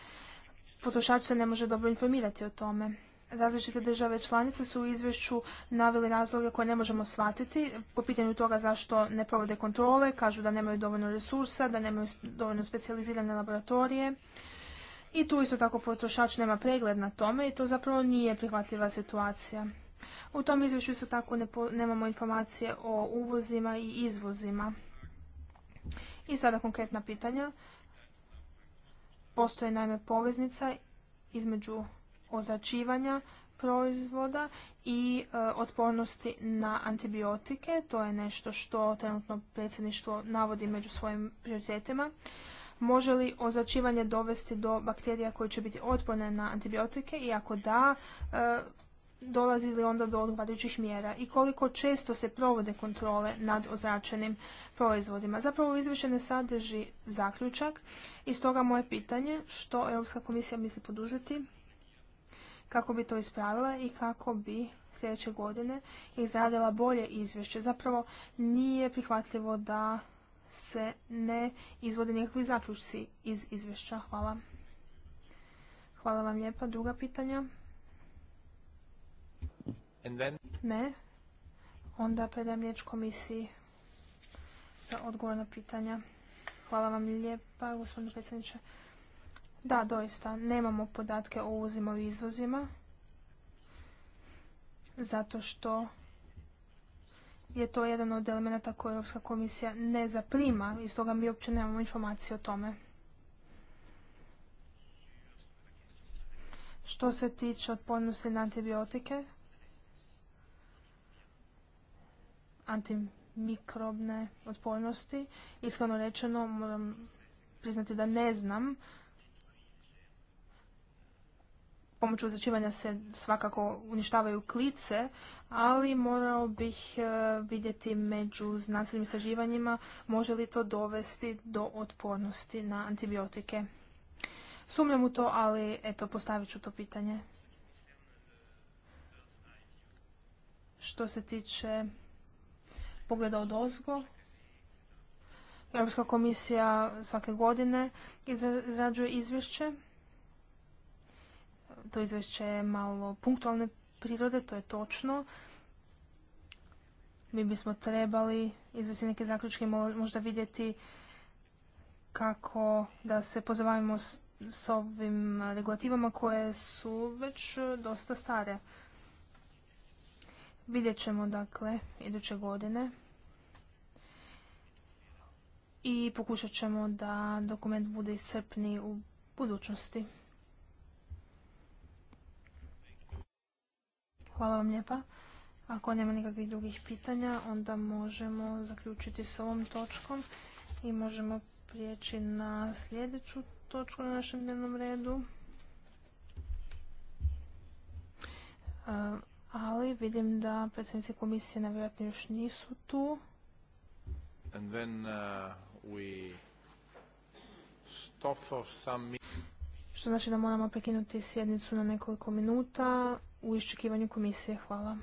potrošač se ne može dobro informirati o tome. Različite države članice su u izvješću naveli razloge koje ne možemo shvatiti po pitanju toga zašto ne provode kontrole, kažu da nemaju dovoljno resursa, da nemaju dovoljno specijalizirane laboratorije, i tu isto tako potrošač nema pregled na tome i to zapravo nije prihvatljiva situacija. U tom izvješću isto tako nemamo informacije o uvozima i izvozima. I sada konkretna pitanja. Postoje naime poveznica između označivanja proizvoda i e, otpornosti na antibiotike. To je nešto što trenutno predsjedništvo navodi među svojim prioritetima. Može li ozračivanje dovesti do bakterija koje će biti otporne na antibiotike i ako da, e, dolazi li onda do odgovarajućih mjera i koliko često se provode kontrole nad ozračenim proizvodima. Zapravo izvješće ne sadrži zaključak i stoga moje pitanje što Europska komisija misli poduzeti kako bi to ispravila i kako bi sljedeće godine izradila bolje izvješće. Zapravo nije prihvatljivo da se ne izvode nikakvi zaključci iz izvješća. Hvala. Hvala vam lijepa. Druga pitanja? Ne. Onda predajem riječ komisiji za odgovor na pitanja. Hvala vam lijepa, gospodine predsjedniče. Da, doista, nemamo podatke o uvozima i izvozima, zato što je to jedan od elemenata koje Europska komisija ne zaprima i stoga mi uopće nemamo informacije o tome. Što se tiče otpornosti na antibiotike, antimikrobne otpornosti, iskreno rečeno moram priznati da ne znam pomoću uzračivanja se svakako uništavaju klice, ali morao bih e, vidjeti među znanstvenim istraživanjima može li to dovesti do otpornosti na antibiotike. Sumnjam u to, ali eto, postavit ću to pitanje. Što se tiče pogleda od ozgo, Europska komisija svake godine izrađuje izvješće to izvješće je malo punktualne prirode, to je točno. Mi bismo trebali izvesti neke zaključke, možda vidjeti kako da se pozabavimo s, ovim regulativama koje su već dosta stare. Vidjet ćemo dakle iduće godine i pokušat ćemo da dokument bude iscrpni u budućnosti. Hvala vam lijepa. Ako nema nikakvih drugih pitanja, onda možemo zaključiti s ovom točkom i možemo prijeći na sljedeću točku na našem dnevnom redu. Eh, ali vidim da predsjednici komisije nevjerojatno još nisu tu. Uh, Što znači da moramo prekinuti sjednicu na nekoliko minuta u iščekivanju komisije. Hvala.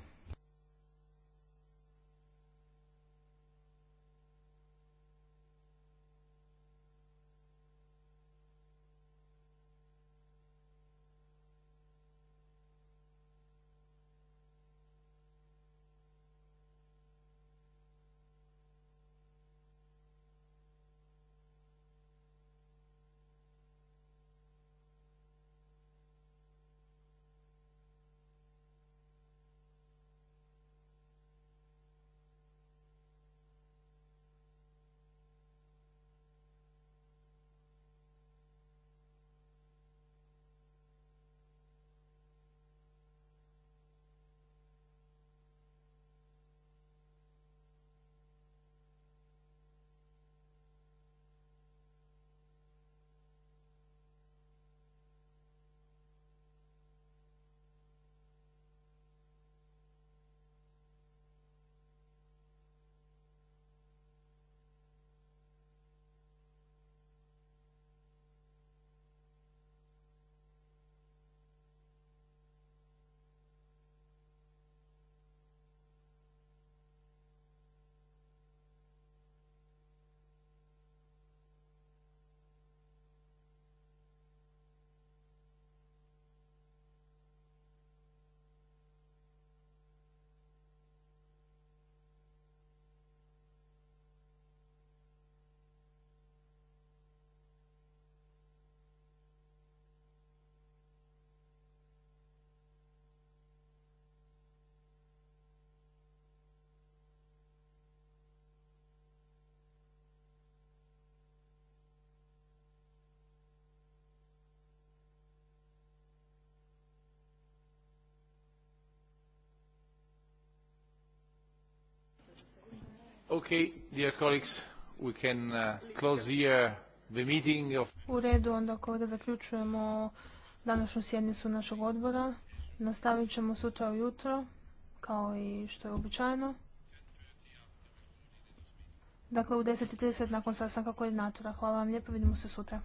U redu, onda kolega zaključujemo današnju sjednicu našeg odbora. Nastavit ćemo sutra ujutro, kao i što je običajno. Dakle, u 10.30 nakon sastanka koordinatora. Hvala vam lijepo, vidimo se sutra.